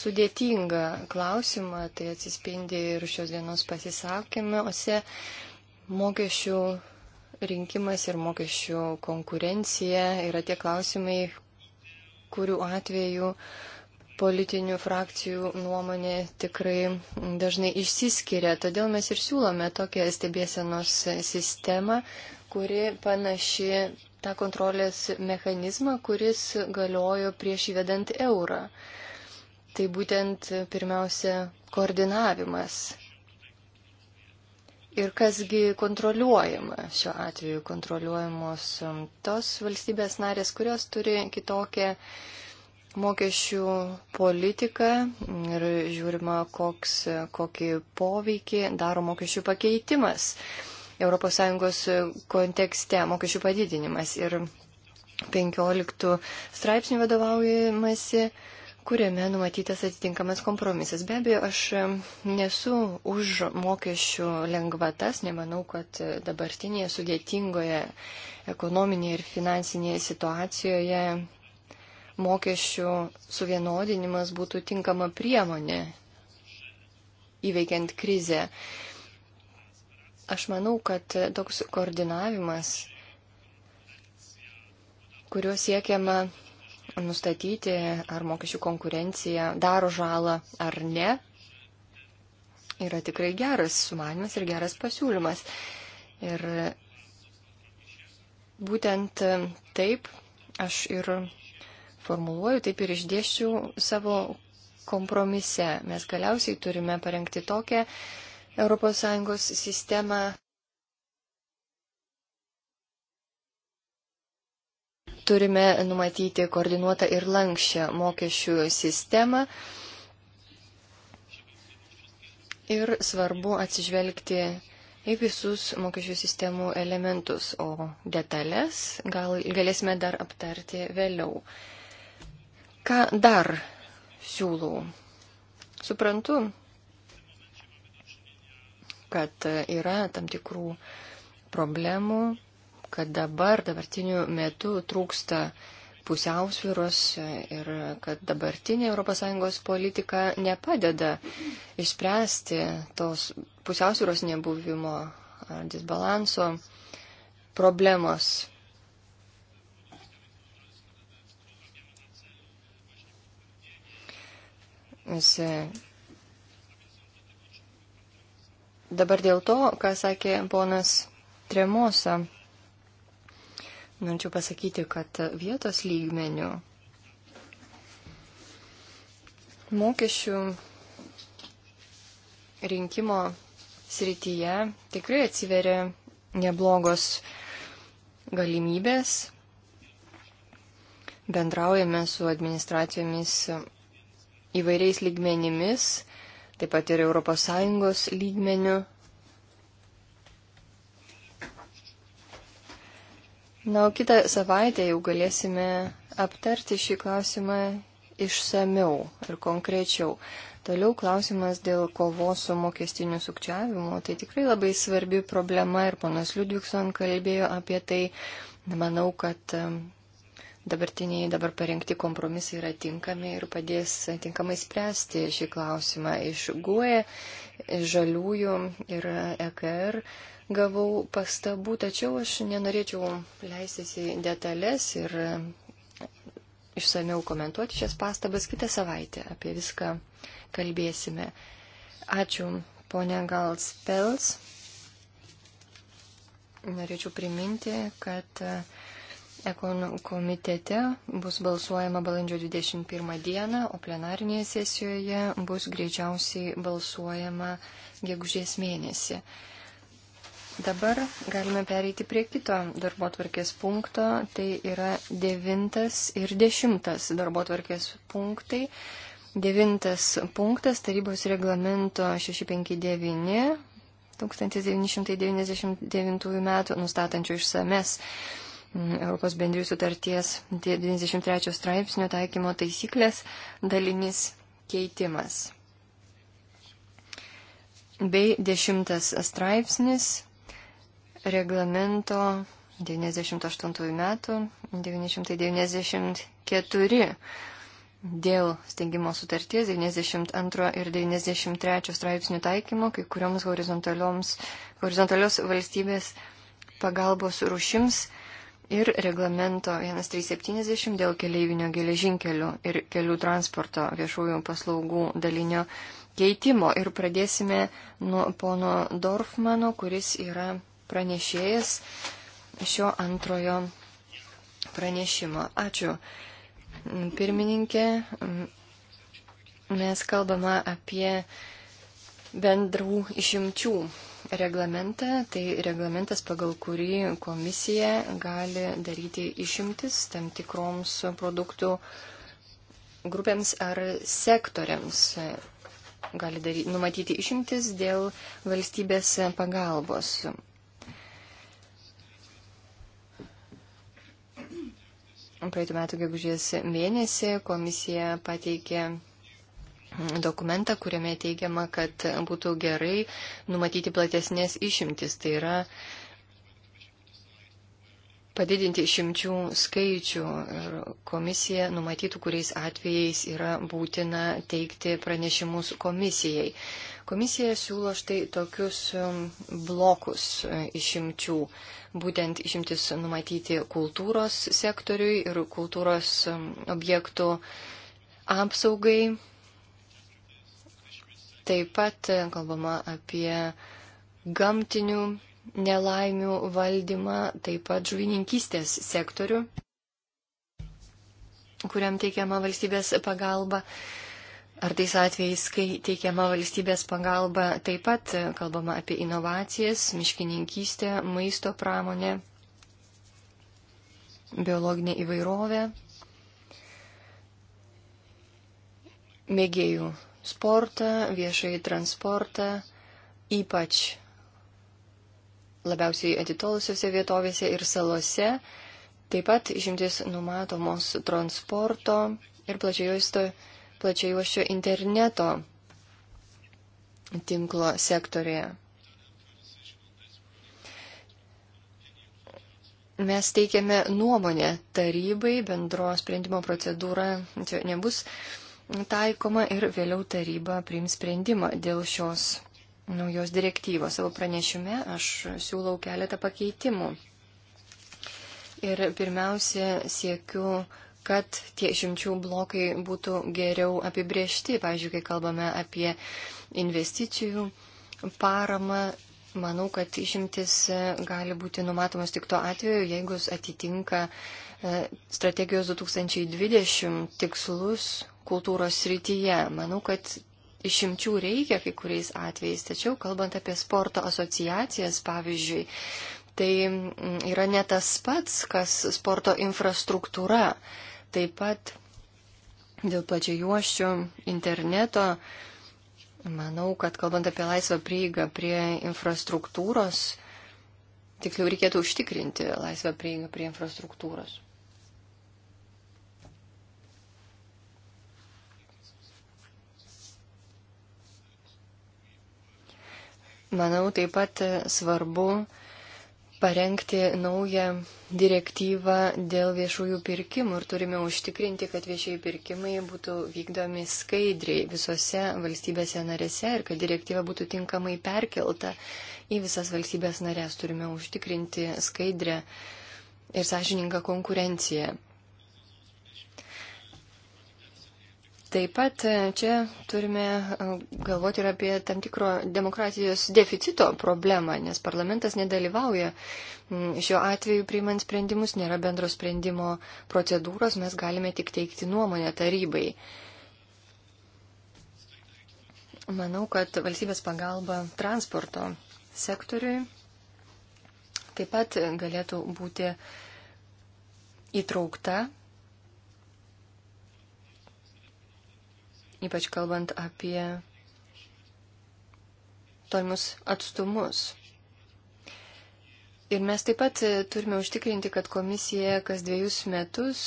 sudėtingą klausimą, tai atsispindi ir šios dienos pasisakymuose mokesčių rinkimas ir mokesčių konkurencija yra tie klausimai, kurių atveju politinių frakcijų nuomonė tikrai dažnai išsiskiria. Todėl mes ir siūlome tokią stebėsenos sistemą, kuri panaši tą kontrolės mechanizmą, kuris galiojo prieš įvedant eurą. Tai būtent pirmiausia koordinavimas. Ir kasgi kontroliuojama šiuo atveju, kontroliuojamos um, tos valstybės narės, kurios turi kitokią mokesčių politiką ir žiūrima, koks, kokį poveikį daro mokesčių pakeitimas ES kontekste mokesčių padidinimas. Ir 15 straipsnių vadovaujamasi kuriame numatytas atitinkamas kompromisas. Be abejo, aš nesu už mokesčių lengvatas, nemanau, kad dabartinėje sudėtingoje ekonominėje ir finansinėje situacijoje mokesčių suvienodinimas būtų tinkama priemonė įveikiant krizę. Aš manau, kad toks koordinavimas, kuriuo siekiama nustatyti, ar mokesčių konkurencija daro žalą ar ne, yra tikrai geras sumanimas ir geras pasiūlymas. Ir būtent taip aš ir formuluoju, taip ir išdėščiau savo kompromise. Mes galiausiai turime parengti tokią ES sistemą turime numatyti koordinuotą ir lankščią mokesčių sistemą. Ir svarbu atsižvelgti į visus mokesčių sistemų elementus, o detalės gal, galėsime dar aptarti vėliau. Ką dar siūlau? Suprantu, kad e, yra tam tikrų problemų, kad dabar, dabartiniu metu trūksta pusiausvyros ir kad dabartinė ES politika nepadeda išspręsti tos pusiausvyros nebuvimo ar disbalanso problemos. Mes e, Dabar dėl to, ką sakė ponas Tremosa, norėčiau pasakyti, kad vietos lygmenių mokesčių rinkimo srityje tikrai atsiveria neblogos galimybės. Bendraujame su administracijomis įvairiais lygmenimis taip pat ir ES lygmenių. Na, o kitą savaitę jau galėsime aptarti šį klausimą išsameu ir konkrečiau. Toliau klausimas dėl kovos su mokestiniu sukčiavimu. Tai tikrai labai svarbi problema ir ponas Liudvikson kalbėjo apie tai. Manau, kad dabartiniai dabar parengti kompromisai yra tinkami ir padės tinkamai spręsti šį klausimą. Iš GUE, žaliųjų ir EKR gavau pastabų, tačiau aš nenorėčiau leistis į detalės ir išsameu komentuoti šias pastabas kitą savaitę. Apie viską kalbėsime. Ačiū, ponia Galspels. Norėčiau priminti, kad uh, Ekon komitete bus balsuojama balandžio 21 dieną, o plenarinėje sesijoje bus greičiausiai balsuojama gegužės mėnesį. Dabar galime pereiti prie kito darbo tvarkės punkto, tai yra devintas ir dešimtas darbo tvarkės punktai. Devintas punktas tarybos reglamento 659 1999 metų nustatančių išsames Europos bendrių sutarties 93 straipsnio taikymo taisyklės dalinis keitimas. Bei 10 straipsnis reglamento 98 metų 994 dėl steigimo sutarties 92 ir 93 straipsnių taikymo kai kurioms horizontalioms valstybės pagalbos rušims ir reglamento 1370 dėl keleivinio geležinkelių ir kelių transporto viešųjų paslaugų dalinio keitimo. Ir pradėsime nuo pono Dorfmano, kuris yra pranešėjas šio antrojo pranešimo. Ačiū. Pirmininkė, mes kalbame apie bendrų išimčių reglamentą. Tai reglamentas, pagal kurį komisija gali daryti išimtis tam tikroms produktų grupėms ar sektoriams. Gali daryti, numatyti išimtis dėl valstybės pagalbos. Praeitų metų gegužės mėnesį komisija pateikė dokumentą, kuriame teigiama, kad būtų gerai numatyti platesnės išimtis. Tai yra padidinti išimčių skaičių ir komisija numatytų, kuriais atvejais yra būtina teikti pranešimus komisijai. Komisija siūlo štai tokius um, blokus uh, išimčių. Būtent išimtis numatyti kultūros sektoriui ir kultūros um, objektų apsaugai Taip pat e, kalbama apie gamtinių nelaimių valdymą, taip pat žuvininkystės sektorių, kuriam teikiama valstybės pagalba. Ar tais atvejais, kai teikiama valstybės pagalba, taip pat e, kalbama apie inovacijas, miškininkystę, maisto pramonę, biologinę įvairovę, mėgėjų sportą, viešai transportą, ypač labiausiai atitolusiuose vietovėse ir salose. Taip pat išimtis numatomos transporto ir plačiajuoščio interneto tinklo sektorėje. Mes teikiame nuomonę tarybai, bendro sprendimo procedūra nebus taikoma ir vėliau taryba priims sprendimą dėl šios naujos direktyvos. Savo pranešime aš siūlau keletą pakeitimų. Ir pirmiausia, siekiu, kad tie šimčių blokai būtų geriau apibriešti. Pavyzdžiui, kai kalbame apie investicijų paramą, manau, kad išimtis e, gali būti numatomas tik tuo atveju, jeigu atitinka e, strategijos 2020 tikslus, kultūros srityje. Manau, kad išimčių reikia kai kuriais atvejais, tačiau kalbant apie sporto asociacijas, pavyzdžiui, tai mm, yra ne tas pats, kas sporto infrastruktūra. Taip pat dėl plačiajuoščių interneto, manau, kad kalbant apie laisvą prieigą prie infrastruktūros, tiksliau reikėtų užtikrinti laisvą prieigą prie infrastruktūros. Manau, taip pat svarbu parengti naują direktyvą dėl viešųjų pirkimų ir turime užtikrinti, kad viešieji pirkimai būtų vykdomi skaidriai visose valstybėse narėse ir kad direktyva būtų tinkamai perkelta į visas valstybės narės. Turime užtikrinti skaidrę ir sąžininką konkurenciją. Taip pat e, čia turime e, galvoti ir apie tam tikro demokratijos deficito problemą, nes parlamentas nedalyvauja šiuo atveju priimant sprendimus, nėra bendro sprendimo procedūros, mes galime tik teikti nuomonę tarybai. Manau, kad valstybės pagalba transporto sektoriui taip pat galėtų būti įtraukta ypač kalbant apie tolimus atstumus. Ir mes taip pat turime užtikrinti, kad komisija kas dviejus metus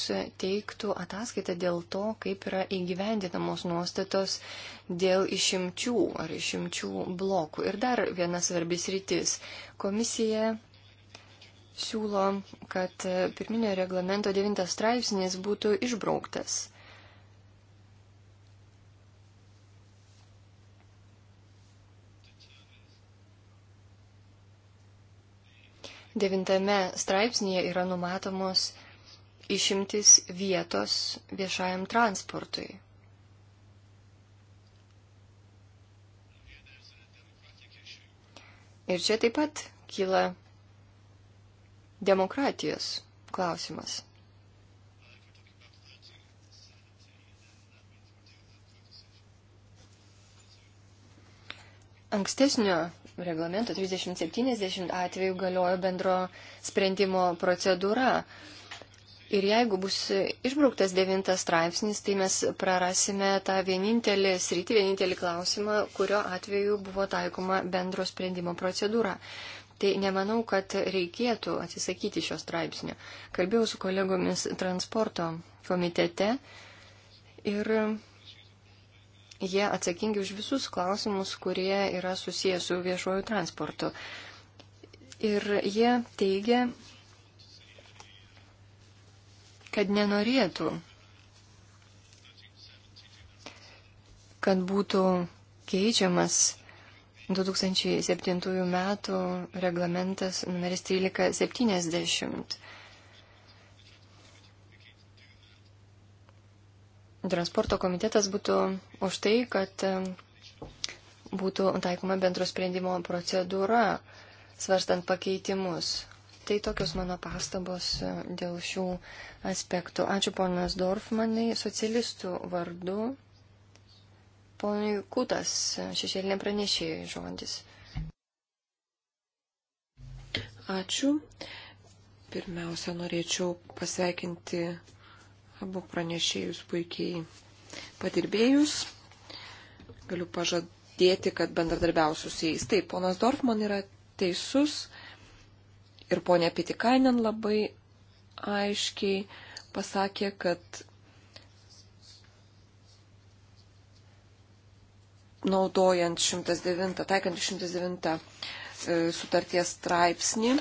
teiktų ataskaitą dėl to, kaip yra įgyvendinamos nuostatos dėl išimčių ar išimčių blokų. Ir dar vienas svarbis rytis. Komisija siūlo, kad pirminio reglamento devintas straipsnis būtų išbrauktas. Devintame straipsnėje yra numatomos išimtis vietos viešajam transportui. Ir čia taip pat kyla demokratijos klausimas. ankstesnio reglamento 3070 atveju galiojo bendro sprendimo procedūra. Ir jeigu bus išbrauktas devintas straipsnis, tai mes prarasime tą vienintelį sritį, vienintelį klausimą, kurio atveju buvo taikoma bendro sprendimo procedūra. Tai nemanau, kad reikėtų atsisakyti šio straipsnio. Kalbėjau su kolegomis transporto komitete ir Jie atsakingi už visus klausimus, kurie yra susijęs su viešuoju transportu. Ir jie teigia, kad nenorėtų, kad būtų keičiamas 2007 metų reglamentas numeris 1370. transporto komitetas būtų už tai, kad e, būtų taikoma bendro sprendimo procedūra, svarstant pakeitimus. Tai tokios mano pastabos e, dėl šių aspektų. Ačiū ponas Dorfmanai, socialistų vardu. Ponui Kutas, šešėlinė pranešėjai žodis. Ačiū. Pirmiausia, norėčiau pasveikinti abu pranešėjus puikiai padirbėjus. Galiu pažadėti, kad bendradarbiausiu su jais. Taip, ponas Dorfman yra teisus ir ponė Pitikainen labai aiškiai pasakė, kad naudojant 109, taikant 109 e, sutarties straipsnį,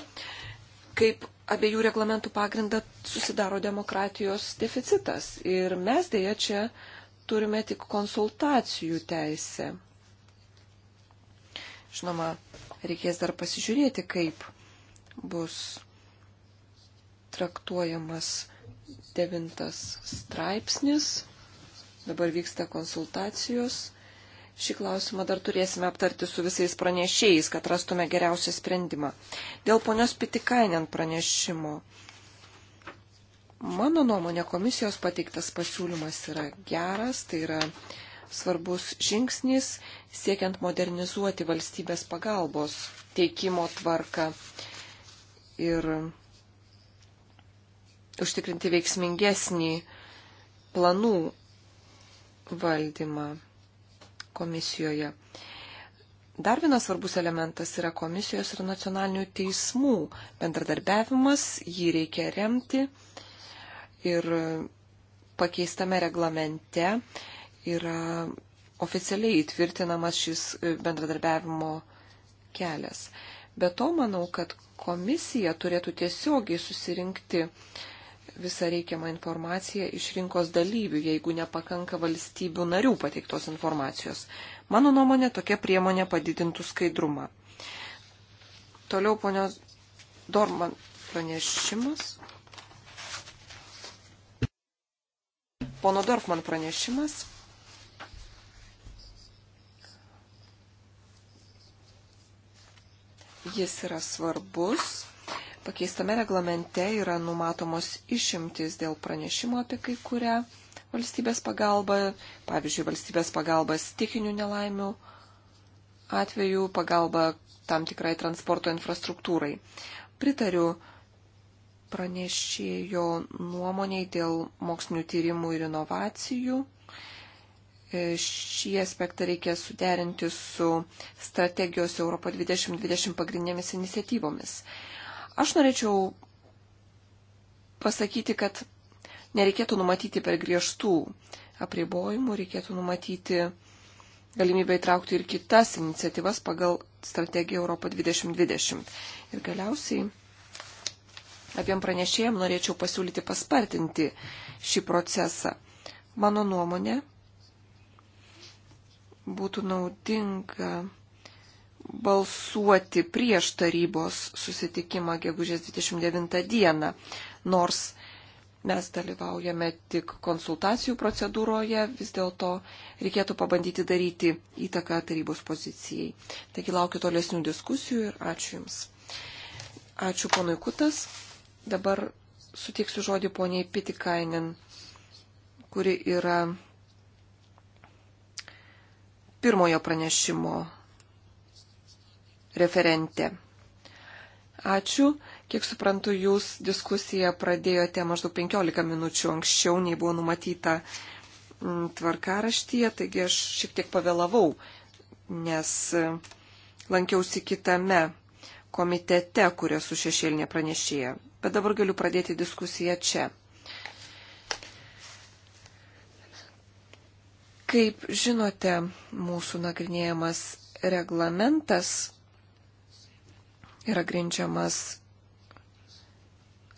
kaip abiejų reglamentų pagrindą susidaro demokratijos deficitas. Ir mes dėja čia turime tik konsultacijų teisę. Žinoma, reikės dar pasižiūrėti, kaip bus traktuojamas devintas straipsnis. Dabar vyksta konsultacijos Šį klausimą dar turėsime aptarti su visais pranešėjais, kad rastume geriausią sprendimą. Dėl ponios Pitikainen pranešimo. Mano nuomonė, komisijos pateiktas pasiūlymas yra geras, tai yra svarbus žingsnis siekiant modernizuoti valstybės pagalbos teikimo tvarką ir užtikrinti veiksmingesnį planų valdymą komisijoje. Dar vienas svarbus elementas yra komisijos ir nacionalinių teismų bendradarbiavimas, jį reikia remti ir pakeistame reglamente yra oficialiai įtvirtinamas šis bendradarbiavimo kelias. Be to, manau, kad komisija turėtų tiesiogiai susirinkti uh, visą reikiamą informaciją iš rinkos dalyvių, jeigu nepakanka valstybių narių pateiktos informacijos. Mano nuomonė, tokia priemonė padidintų skaidrumą. Toliau ponios Dorman pranešimas. Pono Dorfman pranešimas. Jis yra svarbus Pakeistame reglamente yra numatomos išimtis dėl pranešimo apie kai kurią valstybės pagalbą, pavyzdžiui, valstybės pagalba stikinių nelaimių atveju, pagalba tam tikrai transporto infrastruktūrai. Pritariu pranešėjo nuomoniai dėl mokslinių tyrimų ir inovacijų. E, šį aspektą reikia suderinti su strategijos Europo 2020 pagrindinėmis iniciatyvomis. Aš norėčiau pasakyti, kad nereikėtų numatyti per griežtų apribojimų, reikėtų numatyti galimybę įtraukti ir kitas iniciatyvas pagal strategiją Europą 2020. Ir galiausiai abiem pranešėjim norėčiau pasiūlyti paspartinti šį procesą. Mano nuomonė būtų naudinga balsuoti prieš tarybos susitikimą gegužės 29 dieną, nors mes dalyvaujame tik konsultacijų procedūroje, vis dėlto reikėtų pabandyti daryti įtaką tarybos pozicijai. Taigi laukiu tolesnių diskusijų ir ačiū Jums. Ačiū ponui Kutas. Dabar sutiksiu žodį poniai Pitikainen, kuri yra pirmojo pranešimo referentė. Ačiū. Kiek suprantu, jūs diskusiją pradėjote maždaug 15 minučių anksčiau, nei buvo numatyta mm, tvarkaraštyje, taigi aš šiek tiek pavėlavau, nes e, lankiausi kitame komitete, kur esu šešėlinė pranešėja. Bet dabar galiu pradėti diskusiją čia. Kaip žinote, mūsų nagrinėjamas reglamentas yra grindžiamas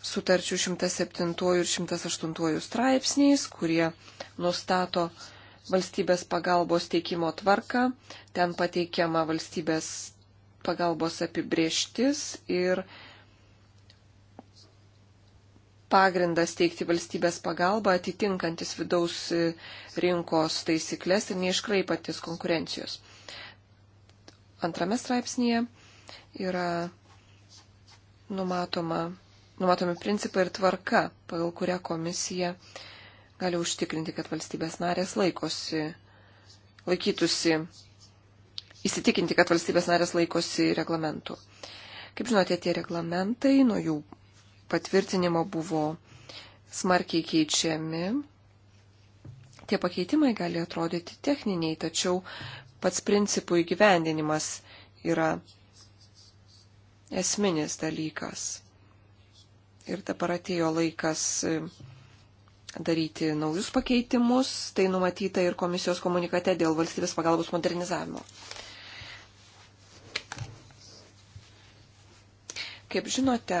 sutarčių 107 ir 108 straipsniais, kurie nustato valstybės pagalbos teikimo tvarką, ten pateikiama valstybės pagalbos apibrieštis ir pagrindas teikti valstybės pagalbą atitinkantis vidaus rinkos taisyklės ir neiškraipantis konkurencijos. Antrame straipsnėje yra numatoma, numatomi principai ir tvarka, pagal kurią komisija gali užtikrinti, kad valstybės narės laikosi, laikytųsi, įsitikinti, kad valstybės narės laikosi reglamentų. Kaip žinote, tie reglamentai nuo jų patvirtinimo buvo smarkiai keičiami. Tie pakeitimai gali atrodyti techniniai, tačiau pats principų įgyvendinimas yra esminis dalykas. Ir dabar atėjo laikas e, daryti naujus pakeitimus, tai numatyta ir komisijos komunikate dėl valstybės pagalbos modernizavimo. Kaip žinote,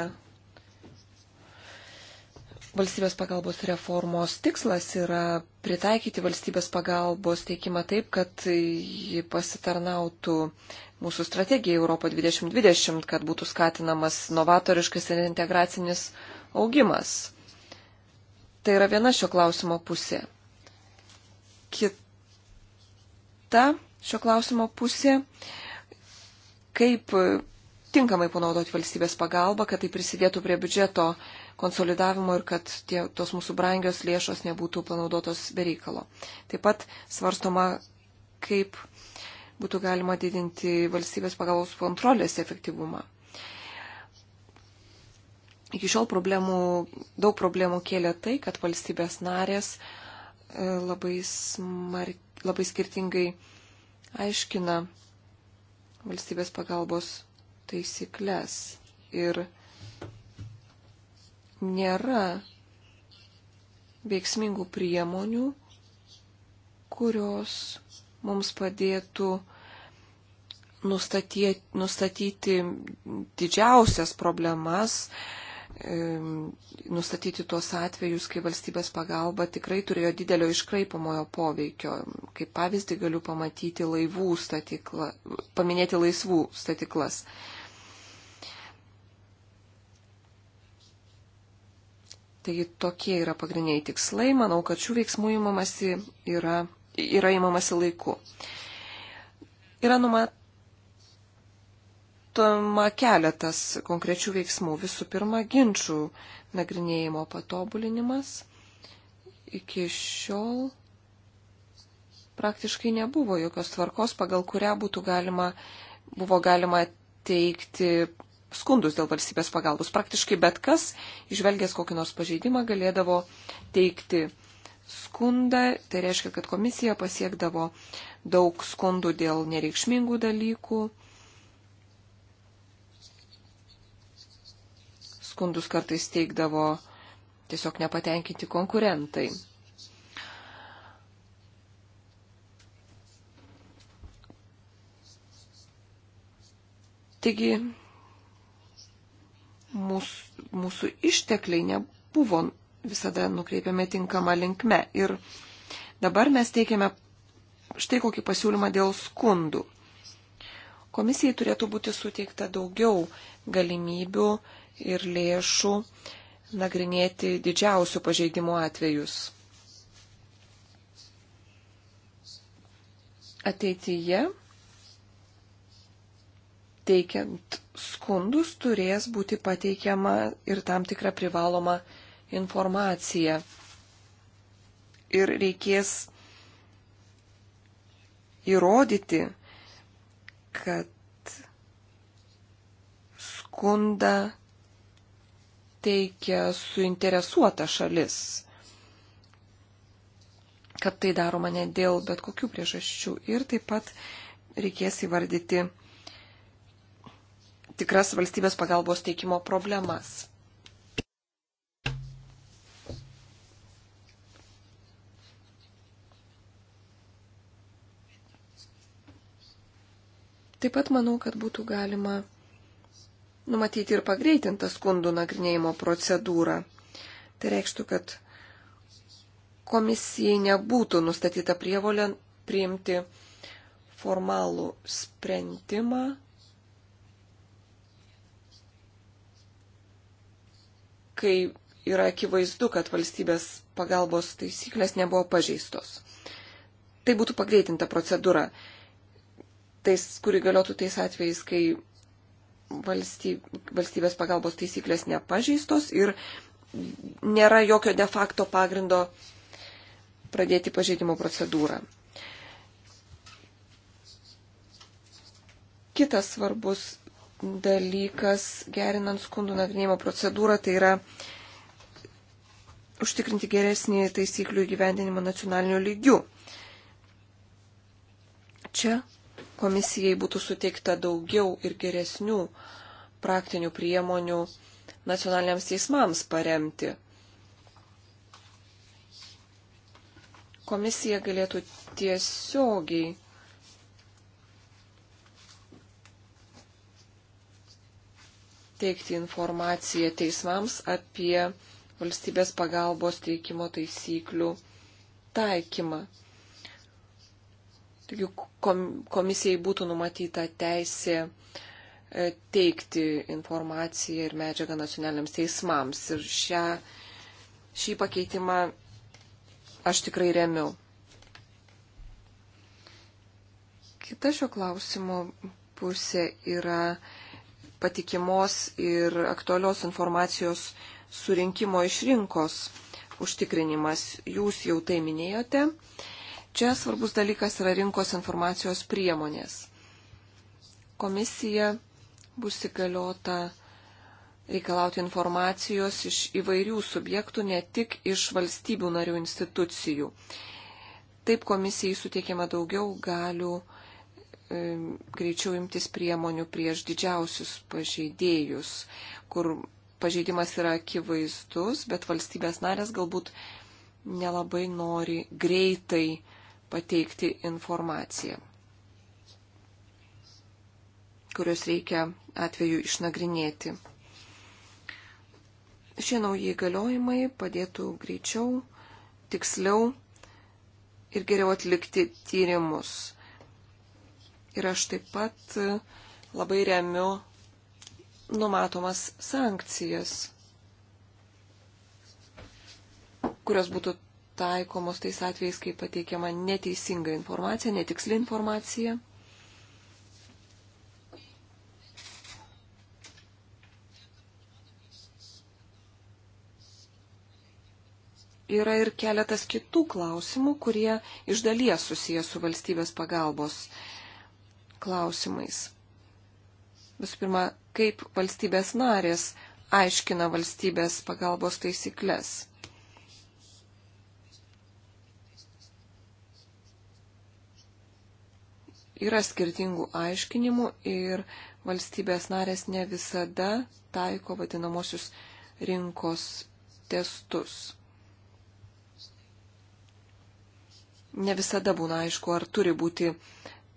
valstybės pagalbos reformos tikslas yra pritaikyti valstybės pagalbos teikimą taip, kad ji pasitarnautų mūsų strategijai Europo 2020, kad būtų skatinamas novatoriškas ir integracinis augimas. Tai yra viena šio klausimo pusė. Kita šio klausimo pusė, kaip tinkamai panaudoti valstybės pagalbą, kad tai prisidėtų prie biudžeto konsolidavimo ir kad tie, tos mūsų brangios lėšos nebūtų panaudotos bereikalo. Taip pat svarstoma, kaip būtų galima didinti valstybės pagalbos kontrolės efektyvumą. Iki šiol problemų, daug problemų kėlė tai, kad valstybės narės e, labai, smar, labai skirtingai aiškina valstybės pagalbos taisyklės ir nėra veiksmingų priemonių, kurios mums padėtų nustatyti, nustatyti didžiausias problemas, nustatyti tuos atvejus, kai valstybės pagalba tikrai turėjo didelio iškraipamojo poveikio. Kaip pavyzdį galiu pamatyti laivų statiklą, paminėti laisvų statiklas. Taigi tokie yra pagrindiniai tikslai. Manau, kad šių veiksmų įmamasi yra yra įmamasi laiku. Yra numatoma keletas konkrečių veiksmų. Visų pirma, ginčių nagrinėjimo patobulinimas. Iki šiol praktiškai nebuvo jokios tvarkos, pagal kurią būtų galima, buvo galima teikti skundus dėl valstybės pagalbos. Praktiškai bet kas, išvelgęs kokį nors pažeidimą, galėdavo teikti skundą, tai reiškia, kad komisija pasiekdavo daug skundų dėl nereikšmingų dalykų. Skundus kartais teikdavo tiesiog nepatenkinti konkurentai. Taigi mūsų, mūsų ištekliai nebuvo visada nukreipiame tinkamą linkme. Ir dabar mes teikiame štai kokį pasiūlymą dėl skundų. Komisijai turėtų būti suteikta daugiau galimybių ir lėšų nagrinėti didžiausių pažeidimų atvejus. Ateityje teikiant skundus turės būti pateikiama ir tam tikra privaloma informacija informaciją. Ir reikės įrodyti, kad skundą teikia suinteresuota šalis kad tai daroma ne dėl bet kokių priežasčių. Ir taip pat reikės įvardyti tikras valstybės pagalbos teikimo problemas. Taip pat manau, kad būtų galima numatyti ir pagreitintą skundų nagrinėjimo procedūrą. Tai reikštų, kad komisijai nebūtų nustatyta prievolė priimti formalų sprendimą. kai yra akivaizdu, kad valstybės pagalbos taisyklės nebuvo pažeistos. Tai būtų pagreitinta procedūra tais, kuri galiotų tais atvejais, kai valstybės pagalbos taisyklės nepažeistos ir nėra jokio de facto pagrindo pradėti pažeidimo procedūrą. Kitas svarbus dalykas gerinant skundų nagrinėjimo procedūrą tai yra užtikrinti geresnį taisyklių įgyvendinimą nacionaliniu lygiu. Čia komisijai būtų suteikta daugiau ir geresnių praktinių priemonių nacionaliniams teismams paremti. Komisija galėtų tiesiogiai teikti informaciją teismams apie valstybės pagalbos teikimo taisyklių taikymą. Taigi komisijai būtų numatyta teisė e, teikti informaciją ir medžiagą nacionaliniams teismams. Ir šią, šį pakeitimą aš tikrai remiu. Kita šio klausimo pusė yra patikimos ir aktualios informacijos surinkimo iš rinkos užtikrinimas. Jūs jau tai minėjote. Uh, Čia svarbus dalykas yra rinkos informacijos priemonės. Komisija bus įgaliota reikalauti informacijos iš įvairių subjektų, ne tik iš valstybių narių institucijų. Taip komisijai suteikiama daugiau galių e, greičiau imtis priemonių prieš didžiausius pažeidėjus, kur pažeidimas yra akivaizdus, bet valstybės narės galbūt nelabai nori greitai pateikti informaciją, kurios reikia atveju išnagrinėti. Šie nauji įgaliojimai padėtų greičiau, tiksliau ir geriau atlikti tyrimus. Ir aš taip pat labai remiu numatomas sankcijas, kurios būtų taikomos tais atvejais, kai pateikiama neteisinga informacija, netiksli informacija. Yra ir keletas kitų klausimų, kurie iš dalies susijęs su valstybės pagalbos klausimais. Visų pirma, kaip valstybės narės aiškina valstybės pagalbos taisyklės. yra skirtingų aiškinimų ir valstybės narės ne visada taiko vadinamosius rinkos testus. Ne visada būna aišku, ar turi būti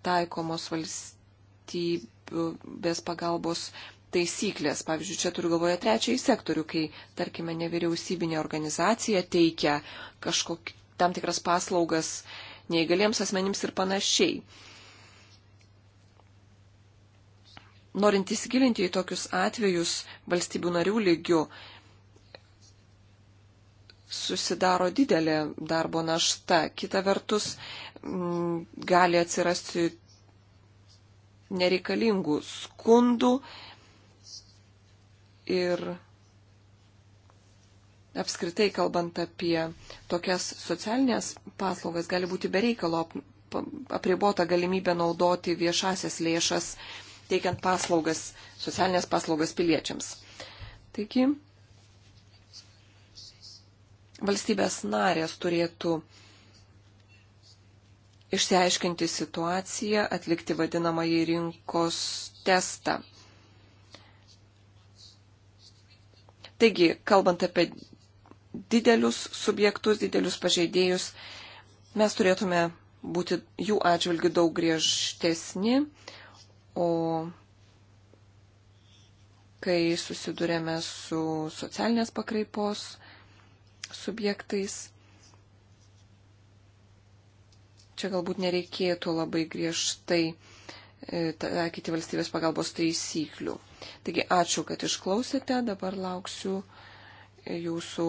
taikomos valstybės pagalbos taisyklės. Pavyzdžiui, čia turiu galvoje trečiąjį sektorių, kai, tarkime, nevyriausybinė organizacija teikia kažkokį tam tikras paslaugas neįgaliems asmenims ir panašiai. norint įsigilinti į tokius atvejus valstybių narių lygių, susidaro didelė darbo našta. Kita vertus, m, gali atsirasti nereikalingų skundų ir apskritai kalbant apie tokias socialinės paslaugas, gali būti bereikalo apribota galimybė naudoti viešasias lėšas teikiant paslaugas, socialinės paslaugas piliečiams. Taigi, valstybės narės turėtų išsiaiškinti situaciją, atlikti vadinamąjį rinkos testą. Taigi, kalbant apie didelius subjektus, didelius pažeidėjus, mes turėtume būti jų atžvilgių daug griežtesni, O kai susidurėme su socialinės pakraipos subjektais, čia galbūt nereikėtų labai griežtai e, taikyti valstybės pagalbos taisyklių. Taigi ačiū, kad išklausėte, dabar lauksiu jūsų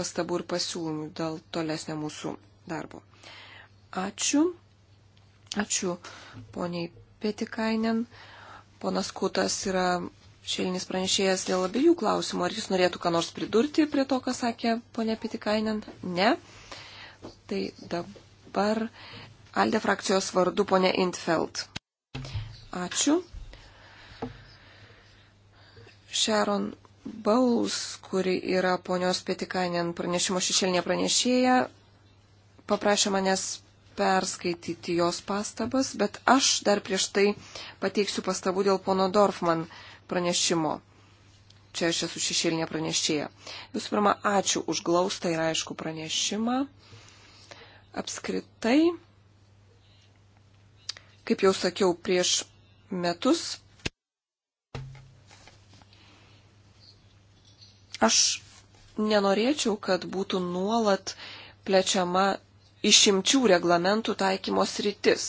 pastabų ir pasiūlymų dėl tolesnio mūsų darbo. Ačiū. Ačiū poniai Pietikainen. Ponas Kutas yra šėlinis pranešėjas dėl abiejų klausimų. Ar jis norėtų ką nors pridurti prie to, ką sakė ponė Pietikainen? Ne. Tai dabar Alde frakcijos vardu ponė Intfeld. Ačiū. Sharon Baus, kuri yra ponios Pietikainen pranešimo šešėlinė pranešėja, paprašė manęs perskaityti jos pastabas, bet aš dar prieš tai pateiksiu pastabų dėl pono Dorfman pranešimo. Čia aš esu šešėlinė pranešėja. Visų pirma, ačiū už glaustą ir aišku pranešimą. Apskritai, kaip jau sakiau, prieš metus aš nenorėčiau, kad būtų nuolat plečiama išimčių reglamentų taikymos rytis.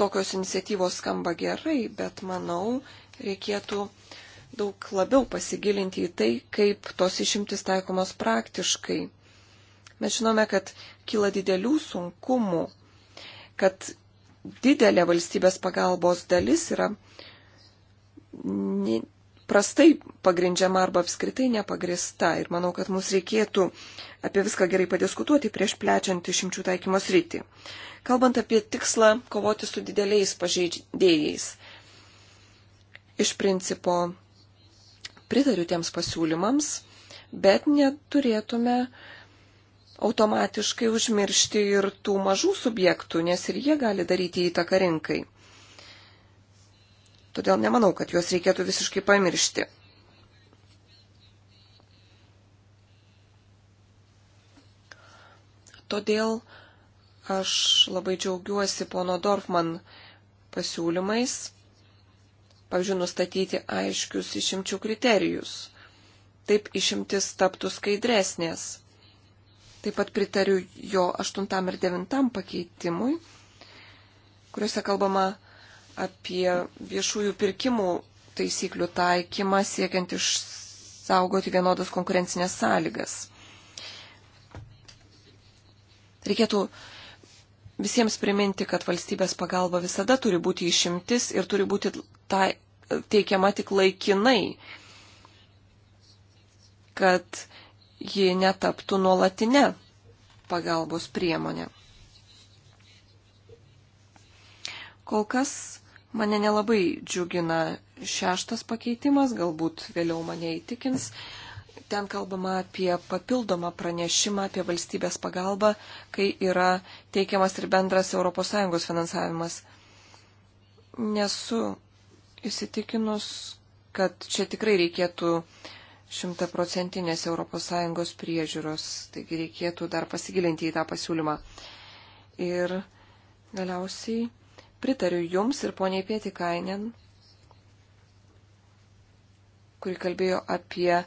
Tokios iniciatyvos skamba gerai, bet manau, reikėtų daug labiau pasigilinti į tai, kaip tos išimtis taikomos praktiškai. Mes žinome, kad kyla didelių sunkumų, kad didelė valstybės pagalbos dalis yra prastai pagrindžiama arba apskritai nepagrista. Ir manau, kad mums reikėtų apie viską gerai padiskutuoti prieš plečiant išimčių taikymos rytį. Kalbant apie tikslą kovoti su dideliais pažeidėjais, iš principo pritariu tiems pasiūlymams, bet neturėtume automatiškai užmiršti ir tų mažų subjektų, nes ir jie gali daryti įtaką rinkai. Todėl nemanau, kad juos reikėtų visiškai pamiršti. Todėl aš labai džiaugiuosi pono Dorfman pasiūlymais, pavyzdžiui, nustatyti aiškius išimčių kriterijus. Taip išimtis taptų skaidresnės. Taip pat pritariu jo 8 ir 9 pakeitimui, kuriuose kalbama apie viešųjų pirkimų taisyklių taikymą siekiant išsaugoti vienodas konkurencinės sąlygas. Reikėtų visiems priminti, kad valstybės pagalba visada turi būti išimtis ir turi būti ta, teikiama tik laikinai, kad ji netaptų nuolatinę pagalbos priemonę. Kol kas Mane nelabai džiugina šeštas pakeitimas, galbūt vėliau mane įtikins. Ten kalbama apie papildomą pranešimą apie valstybės pagalbą, kai yra teikiamas ir bendras ES finansavimas. Nesu įsitikinus, kad čia tikrai reikėtų šimtaprocentinės ES priežiūros, taigi reikėtų dar pasigilinti į tą pasiūlymą. Ir galiausiai Pritariu Jums ir poniai Pietikainen, kuri kalbėjo apie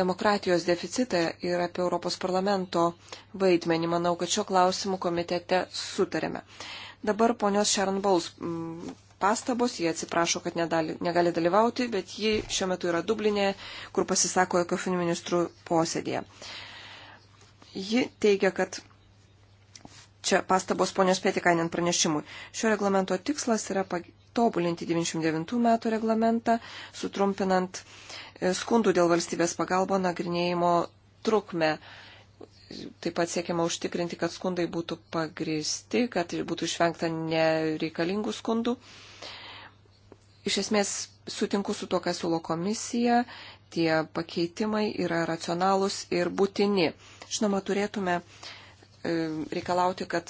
demokratijos deficitą ir apie Europos parlamento vaidmenį. Manau, kad šio klausimu komitete sutarėme. Dabar ponios Sharon Bowles mm, pastabos, jie atsiprašo, kad nedali, negali dalyvauti, bet ji šiuo metu yra Dublinė, kur pasisako ekofinių ministrų posėdėje. Ji teigia, kad Čia pastabos ponios Pietikainen pranešimui. Šio reglamento tikslas yra tobulinti 99 metų reglamentą, sutrumpinant e, skundų dėl valstybės pagalbo nagrinėjimo trukmę. Taip pat siekiama užtikrinti, kad skundai būtų pagristi, kad būtų išvengta nereikalingų skundų. Iš esmės sutinku su to, ką siūlo komisija, tie pakeitimai yra racionalūs ir būtini. Žinoma, turėtume uh, E, reikalauti, kad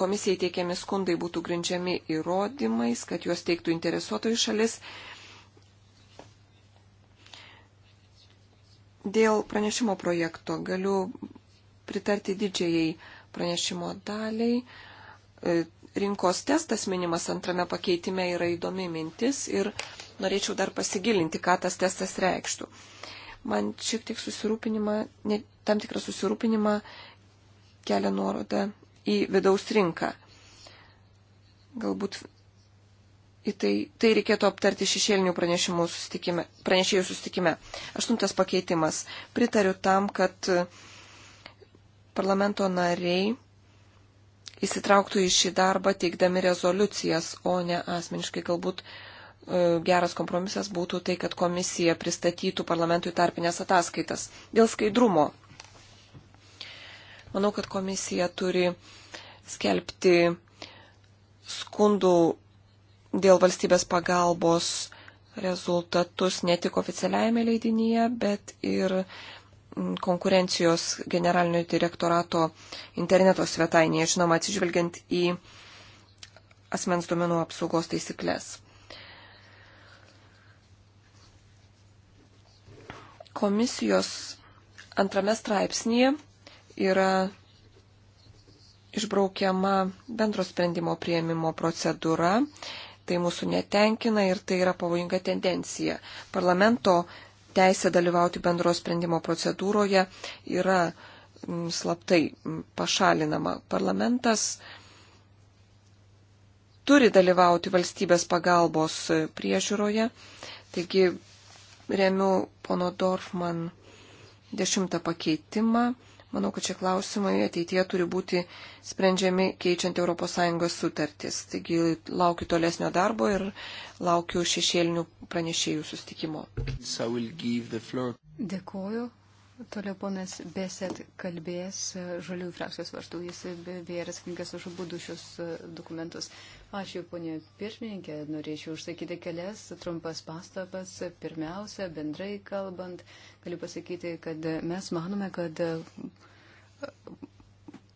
komisijai teikiami skundai būtų grindžiami įrodymais, kad juos teiktų interesuotojų šalis. Dėl pranešimo projekto galiu pritarti didžiai pranešimo daliai. E, rinkos testas minimas antrame pakeitime yra įdomi mintis ir norėčiau dar pasigilinti, ką tas testas reikštų. Man šiek tiek susirūpinimą, ne, tam tikrą susirūpinimą kelia nuorodą į vidaus rinką. Galbūt į tai, tai reikėtų aptarti šešėlinių susitikime, pranešėjų sustikime. Aštuntas pakeitimas. Pritariu tam, kad parlamento nariai įsitrauktų į šį darbą teikdami rezoliucijas, o ne asmeniškai galbūt e, geras kompromisas būtų tai, kad komisija pristatytų parlamentui tarpinės ataskaitas. Dėl skaidrumo Manau, kad komisija turi skelbti skundų dėl valstybės pagalbos rezultatus ne tik oficialiajame leidinyje, bet ir konkurencijos generalinio direktorato interneto svetainėje, žinoma, atsižvelgiant į asmens duomenų apsaugos taisyklės. Komisijos antrame straipsnėje yra išbraukiama bendro sprendimo prieimimo procedūra. Tai mūsų netenkina ir tai yra pavojinga tendencija. Parlamento teisė dalyvauti bendro sprendimo procedūroje yra mm, slaptai mm, pašalinama. Parlamentas turi dalyvauti valstybės pagalbos priežiūroje. Taigi remiu pono Dorfman dešimtą pakeitimą. Manau, kad šie klausimai ateitie turi būti sprendžiami keičiant ES sutartis. Taigi laukiu tolesnio darbo ir laukiu šešėlinių pranešėjų sustikimo. Dėkoju. Toliau ponas Beset kalbės žaliųjų frakcijos vartų. Jis beje yra atsakingas už abu šios e, dokumentus. Ačiū, ponė pirmininkė. Norėčiau užsakyti kelias trumpas pastabas. Pirmiausia, bendrai kalbant, galiu pasakyti, kad mes manome, kad e,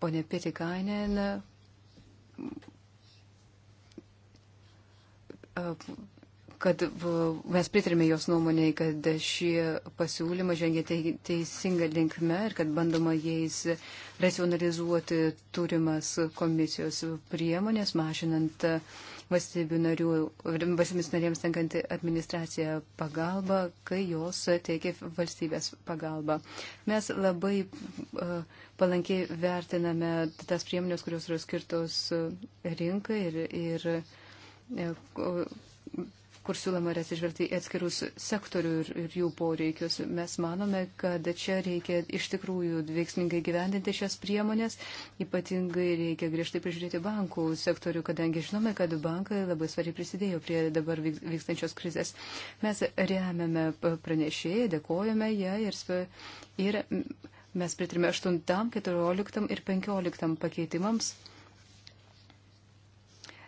ponė Pietikainen e, kad mes pritarime jos nuomonėje, kad šį pasiūlymą žengia teisinga linkme ir kad bandoma jais racionalizuoti turimas komisijos priemonės, mažinant valstybių narių, valstybės narėms tenkantį administraciją pagalbą, kai jos teikia valstybės pagalbą. Mes labai e, palankiai vertiname tas priemonės, kurios yra skirtos e, rinkai ir, ir e, kur siūloma yra atsižvelgti į atskirus sektorių ir, ir jų poreikius. Mes manome, kad čia reikia iš tikrųjų veiksmingai gyvendinti šias priemonės, ypatingai reikia griežtai prižiūrėti bankų sektorių, kadangi žinome, kad bankai labai svariai prisidėjo prie dabar vykstančios krizės. Mes remiame pranešėją, dėkojame ją ir, ir mes pritrime 8, 14 ir 15 pakeitimams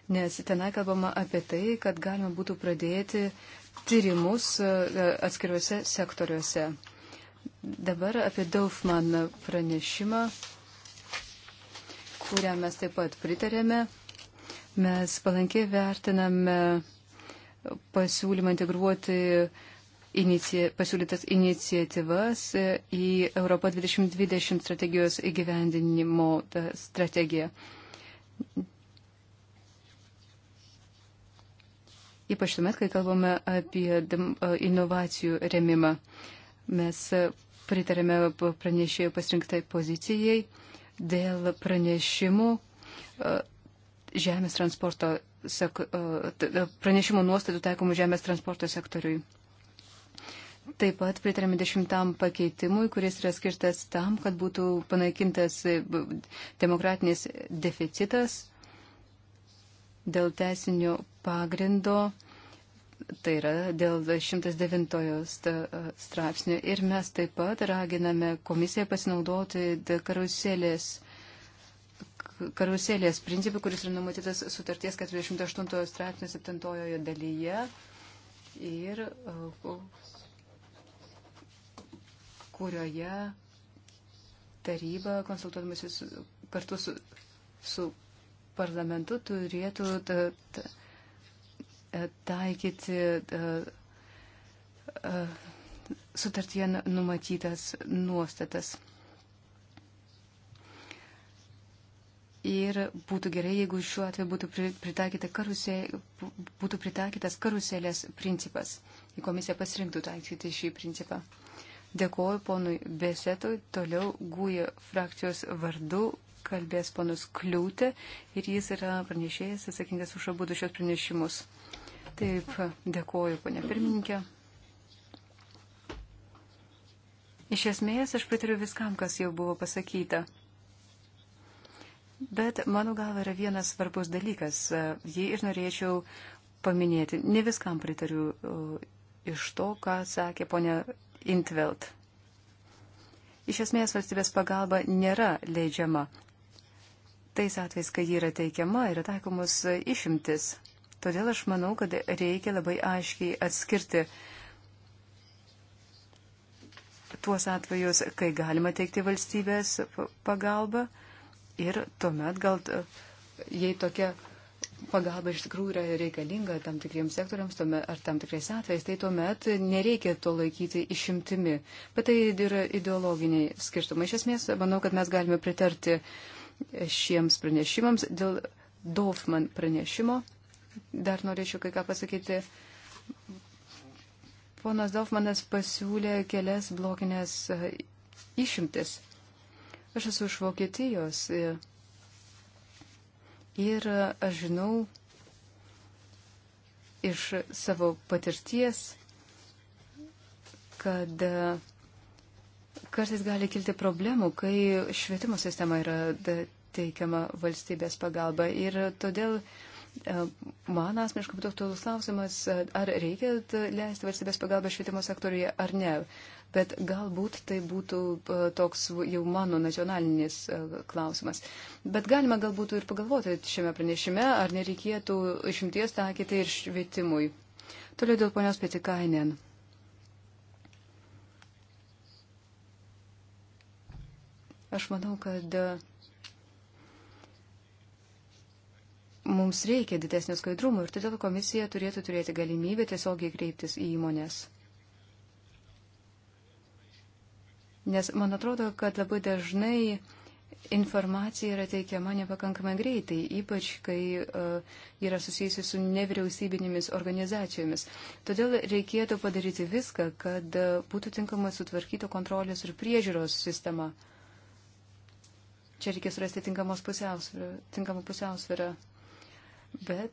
nes tenai kalbama apie tai, kad galima būtų pradėti tyrimus e, atskiriuose sektoriuose. Dabar apie Daufman pranešimą, kurią mes taip pat pritarėme. Mes palankiai vertiname pasiūlymą integruoti inicija, pasiūlytas iniciatyvas į Europą 2020 strategijos įgyvendinimo strategiją. ypač tuomet, kai kalbame apie inovacijų remimą. Mes pritarėme pranešėjo pasirinktai pozicijai dėl pranešimų žemės transporto sek, pranešimų nuostatų taikomų žemės transporto sektoriui. Taip pat pritarėme dešimtam pakeitimui, kuris yra skirtas tam, kad būtų panaikintas demokratinis deficitas dėl teisinio pagrindo, tai yra dėl 109 straipsnio. Ir mes taip pat raginame komisiją pasinaudoti karuselės, karuselės principų, kuris yra numatytas sutarties 48 straipsnio 7 dalyje. Ir uh, kurioje taryba konsultuodamasis kartu su, su parlamentu turėtų e, taikyti e, e, sutartie numatytas nuostatas. Ir būtų gerai, jeigu šiuo atveju būtų, pritaikyta karusė, būtų pritaikytas karuselės principas. Į komisiją pasirinktų taikyti šį principą. Dėkuoju ponui Besetui, toliau gūja frakcijos vardu kalbės ponus Kliūtė ir jis yra pranešėjas atsakingas už abu du šios pranešimus. Taip, dėkoju, ponė pirmininkė. Iš esmės aš pritariu viskam, kas jau buvo pasakyta. Bet mano galva yra vienas svarbus dalykas, jį ir norėčiau paminėti. Ne viskam pritariu iš to, ką sakė ponia Intvelt. Iš esmės valstybės pagalba nėra leidžiama, tais atvejais, kai ji yra teikiama, yra taikomos išimtis. Todėl aš manau, kad reikia labai aiškiai atskirti tuos atvejus, kai galima teikti valstybės pagalbą ir tuomet gal, jei tokia pagalba iš tikrųjų yra reikalinga tam tikriems sektoriams tuomet, ar tam tikrais atvejais, tai tuomet nereikia to laikyti išimtimi. Bet tai yra ideologiniai skirtumai. Iš esmės, manau, kad mes galime pritarti uh, šiems pranešimams. Dėl Dofman pranešimo dar norėčiau kai ką pasakyti. Ponas Dofmanas pasiūlė kelias blokinės e, išimtis. Aš esu iš Vokietijos e, ir aš žinau iš savo patirties, kad uh, Kartais gali kilti problemų, kai švietimo sistema yra teikiama valstybės pagalba. Ir todėl e, man asmeniškai būtų aktuolus klausimas, e, ar reikia leisti valstybės pagalbą švietimo sektoriuje ar ne. Bet galbūt tai būtų e, toks jau mano nacionalinis klausimas. Bet galima galbūt ir pagalvoti šiame pranešime, ar nereikėtų išimties taikyti ir švietimui. Toliau dėl ponios Petikainen. Aš manau, kad e, mums reikia didesnio skaidrumo ir todėl komisija turėtų turėti galimybę tiesiogiai kreiptis į įmonės. Nes man atrodo, kad labai dažnai informacija yra teikiama nepakankamai greitai, ypač kai uh, yra susijusi su nevyriausybinėmis organizacijomis. Todėl reikėtų padaryti viską, kad uh, būtų tinkamai sutvarkyta kontrolės ir priežiūros sistema. Uh, Čia reikės rasti pusiausvyrą, tinkamą pusiausvyrą. Bet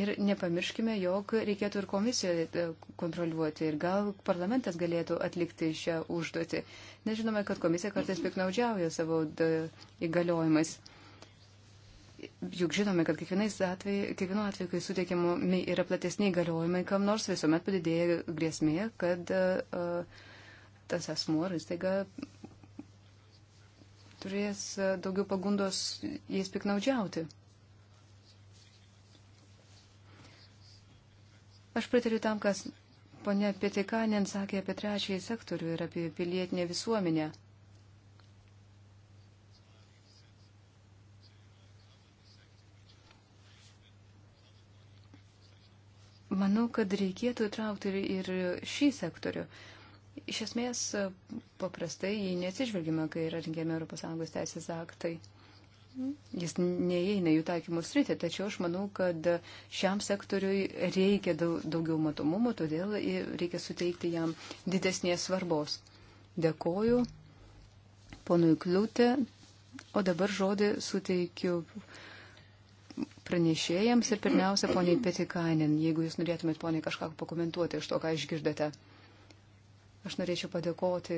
ir nepamirškime, jog reikėtų ir komisiją e, kontroliuoti ir gal parlamentas galėtų atlikti šią užduotį. Nežinome, kad komisija kartais piknaudžiauja savo įgaliojimais. Juk žinome, kad atveju, kiekvienu atveju, kai suteikiami yra platesniai įgaliojimai, kam nors visuomet padidėja grėsmė, kad uh, tas asmuo ar įstaiga turės e, daugiau pagundos jais piknaudžiauti. Aš pritariu tam, kas ponia Pietikanin sakė apie trečiąjį sektorių ir apie pilietinę visuomenę. Manau, kad reikėtų įtraukti ir šį sektorių. Iš esmės, paprastai jį neatsižvelgime, kai yra rengiami ES teisės aktai. Jis neįeina jų taikymų sritį, tačiau aš manau, kad šiam sektoriui reikia daugiau matomumo, todėl reikia suteikti jam didesnės svarbos. Dėkoju ponui Kliūtė, o dabar žodį suteikiu pranešėjams ir pirmiausia poniai Petikainin, jeigu jūs norėtumėt poniai kažką pakomentuoti iš to, ką išgirdote. Aš norėčiau padėkoti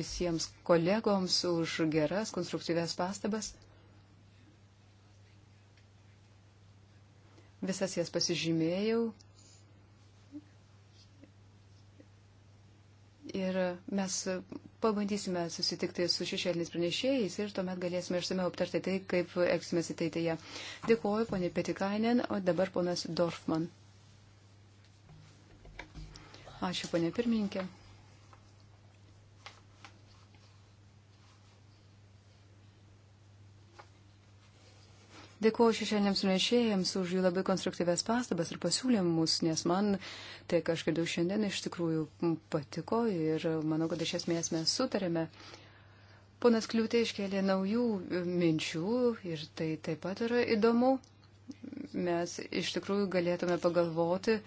visiems kolegoms už geras, konstruktyves pastabas. Visas jas pasižymėjau. Ir mes pabandysime susitikti su šešėliniais pranešėjais ir tuomet galėsime išsameu aptarti tai, kaip elgsime ateityje. Dėkuoju, ponė Petikainen, o dabar ponas Dorfman. Ačiū, ponė pirmininkė. Dėkuoju šešėlėms nešėjams už jų labai konstruktyves pastabas ir pasiūlymus, nes man tai, ką aš girdėjau šiandien, iš tikrųjų patiko ir manau, kad iš esmės mes sutarėme. Ponas Kliūtė iškėlė naujų minčių ir tai taip pat yra įdomu. Mes iš tikrųjų galėtume pagalvoti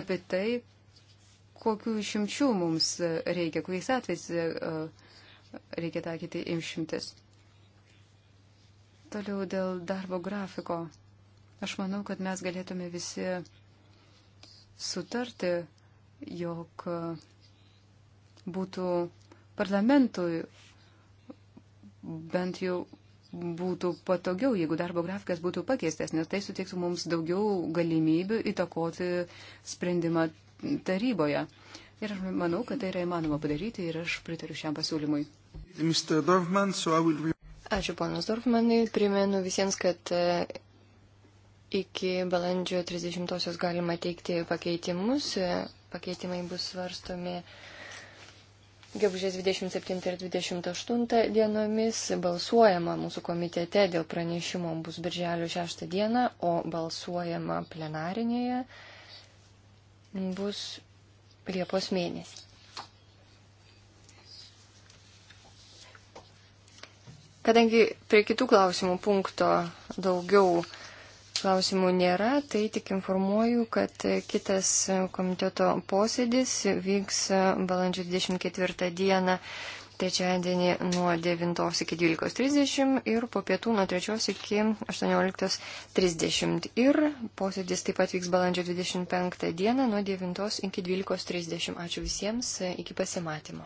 apie tai, kokiu išimčių mums reikia, kuriais atvejais e, reikia taikyti išimtis. Im Toliau dėl darbo grafiko. Aš manau, kad mes galėtume visi sutarti, jog būtų parlamentui bent jau būtų patogiau, jeigu darbo grafikas būtų pakeistas, nes tai suteiktų mums daugiau galimybių įtakoti sprendimą taryboje. Ir aš manau, kad tai yra įmanoma padaryti ir aš pritariu šiam pasiūlymui. Dorfman, so will... Ačiū, ponas Dorfmanai. Primenu visiems, kad e, iki balandžio 30-osios galima teikti pakeitimus. E, pakeitimai bus svarstomi gegužės 27 ir 28 dienomis. Balsuojama mūsų komitete dėl pranešimo bus birželio 6 dieną, o balsuojama plenarinėje bus Liepos mėnesį. Kadangi prie kitų klausimų punkto daugiau klausimų nėra, tai tik informuoju, kad kitas komiteto posėdis vyks balandžio 24 dieną, trečiadienį nuo 9 iki 12.30 ir po pietų nuo 3 iki 18.30. Ir posėdis taip pat vyks balandžio 25 dieną nuo 9 iki 12.30. Ačiū visiems, iki pasimatymo.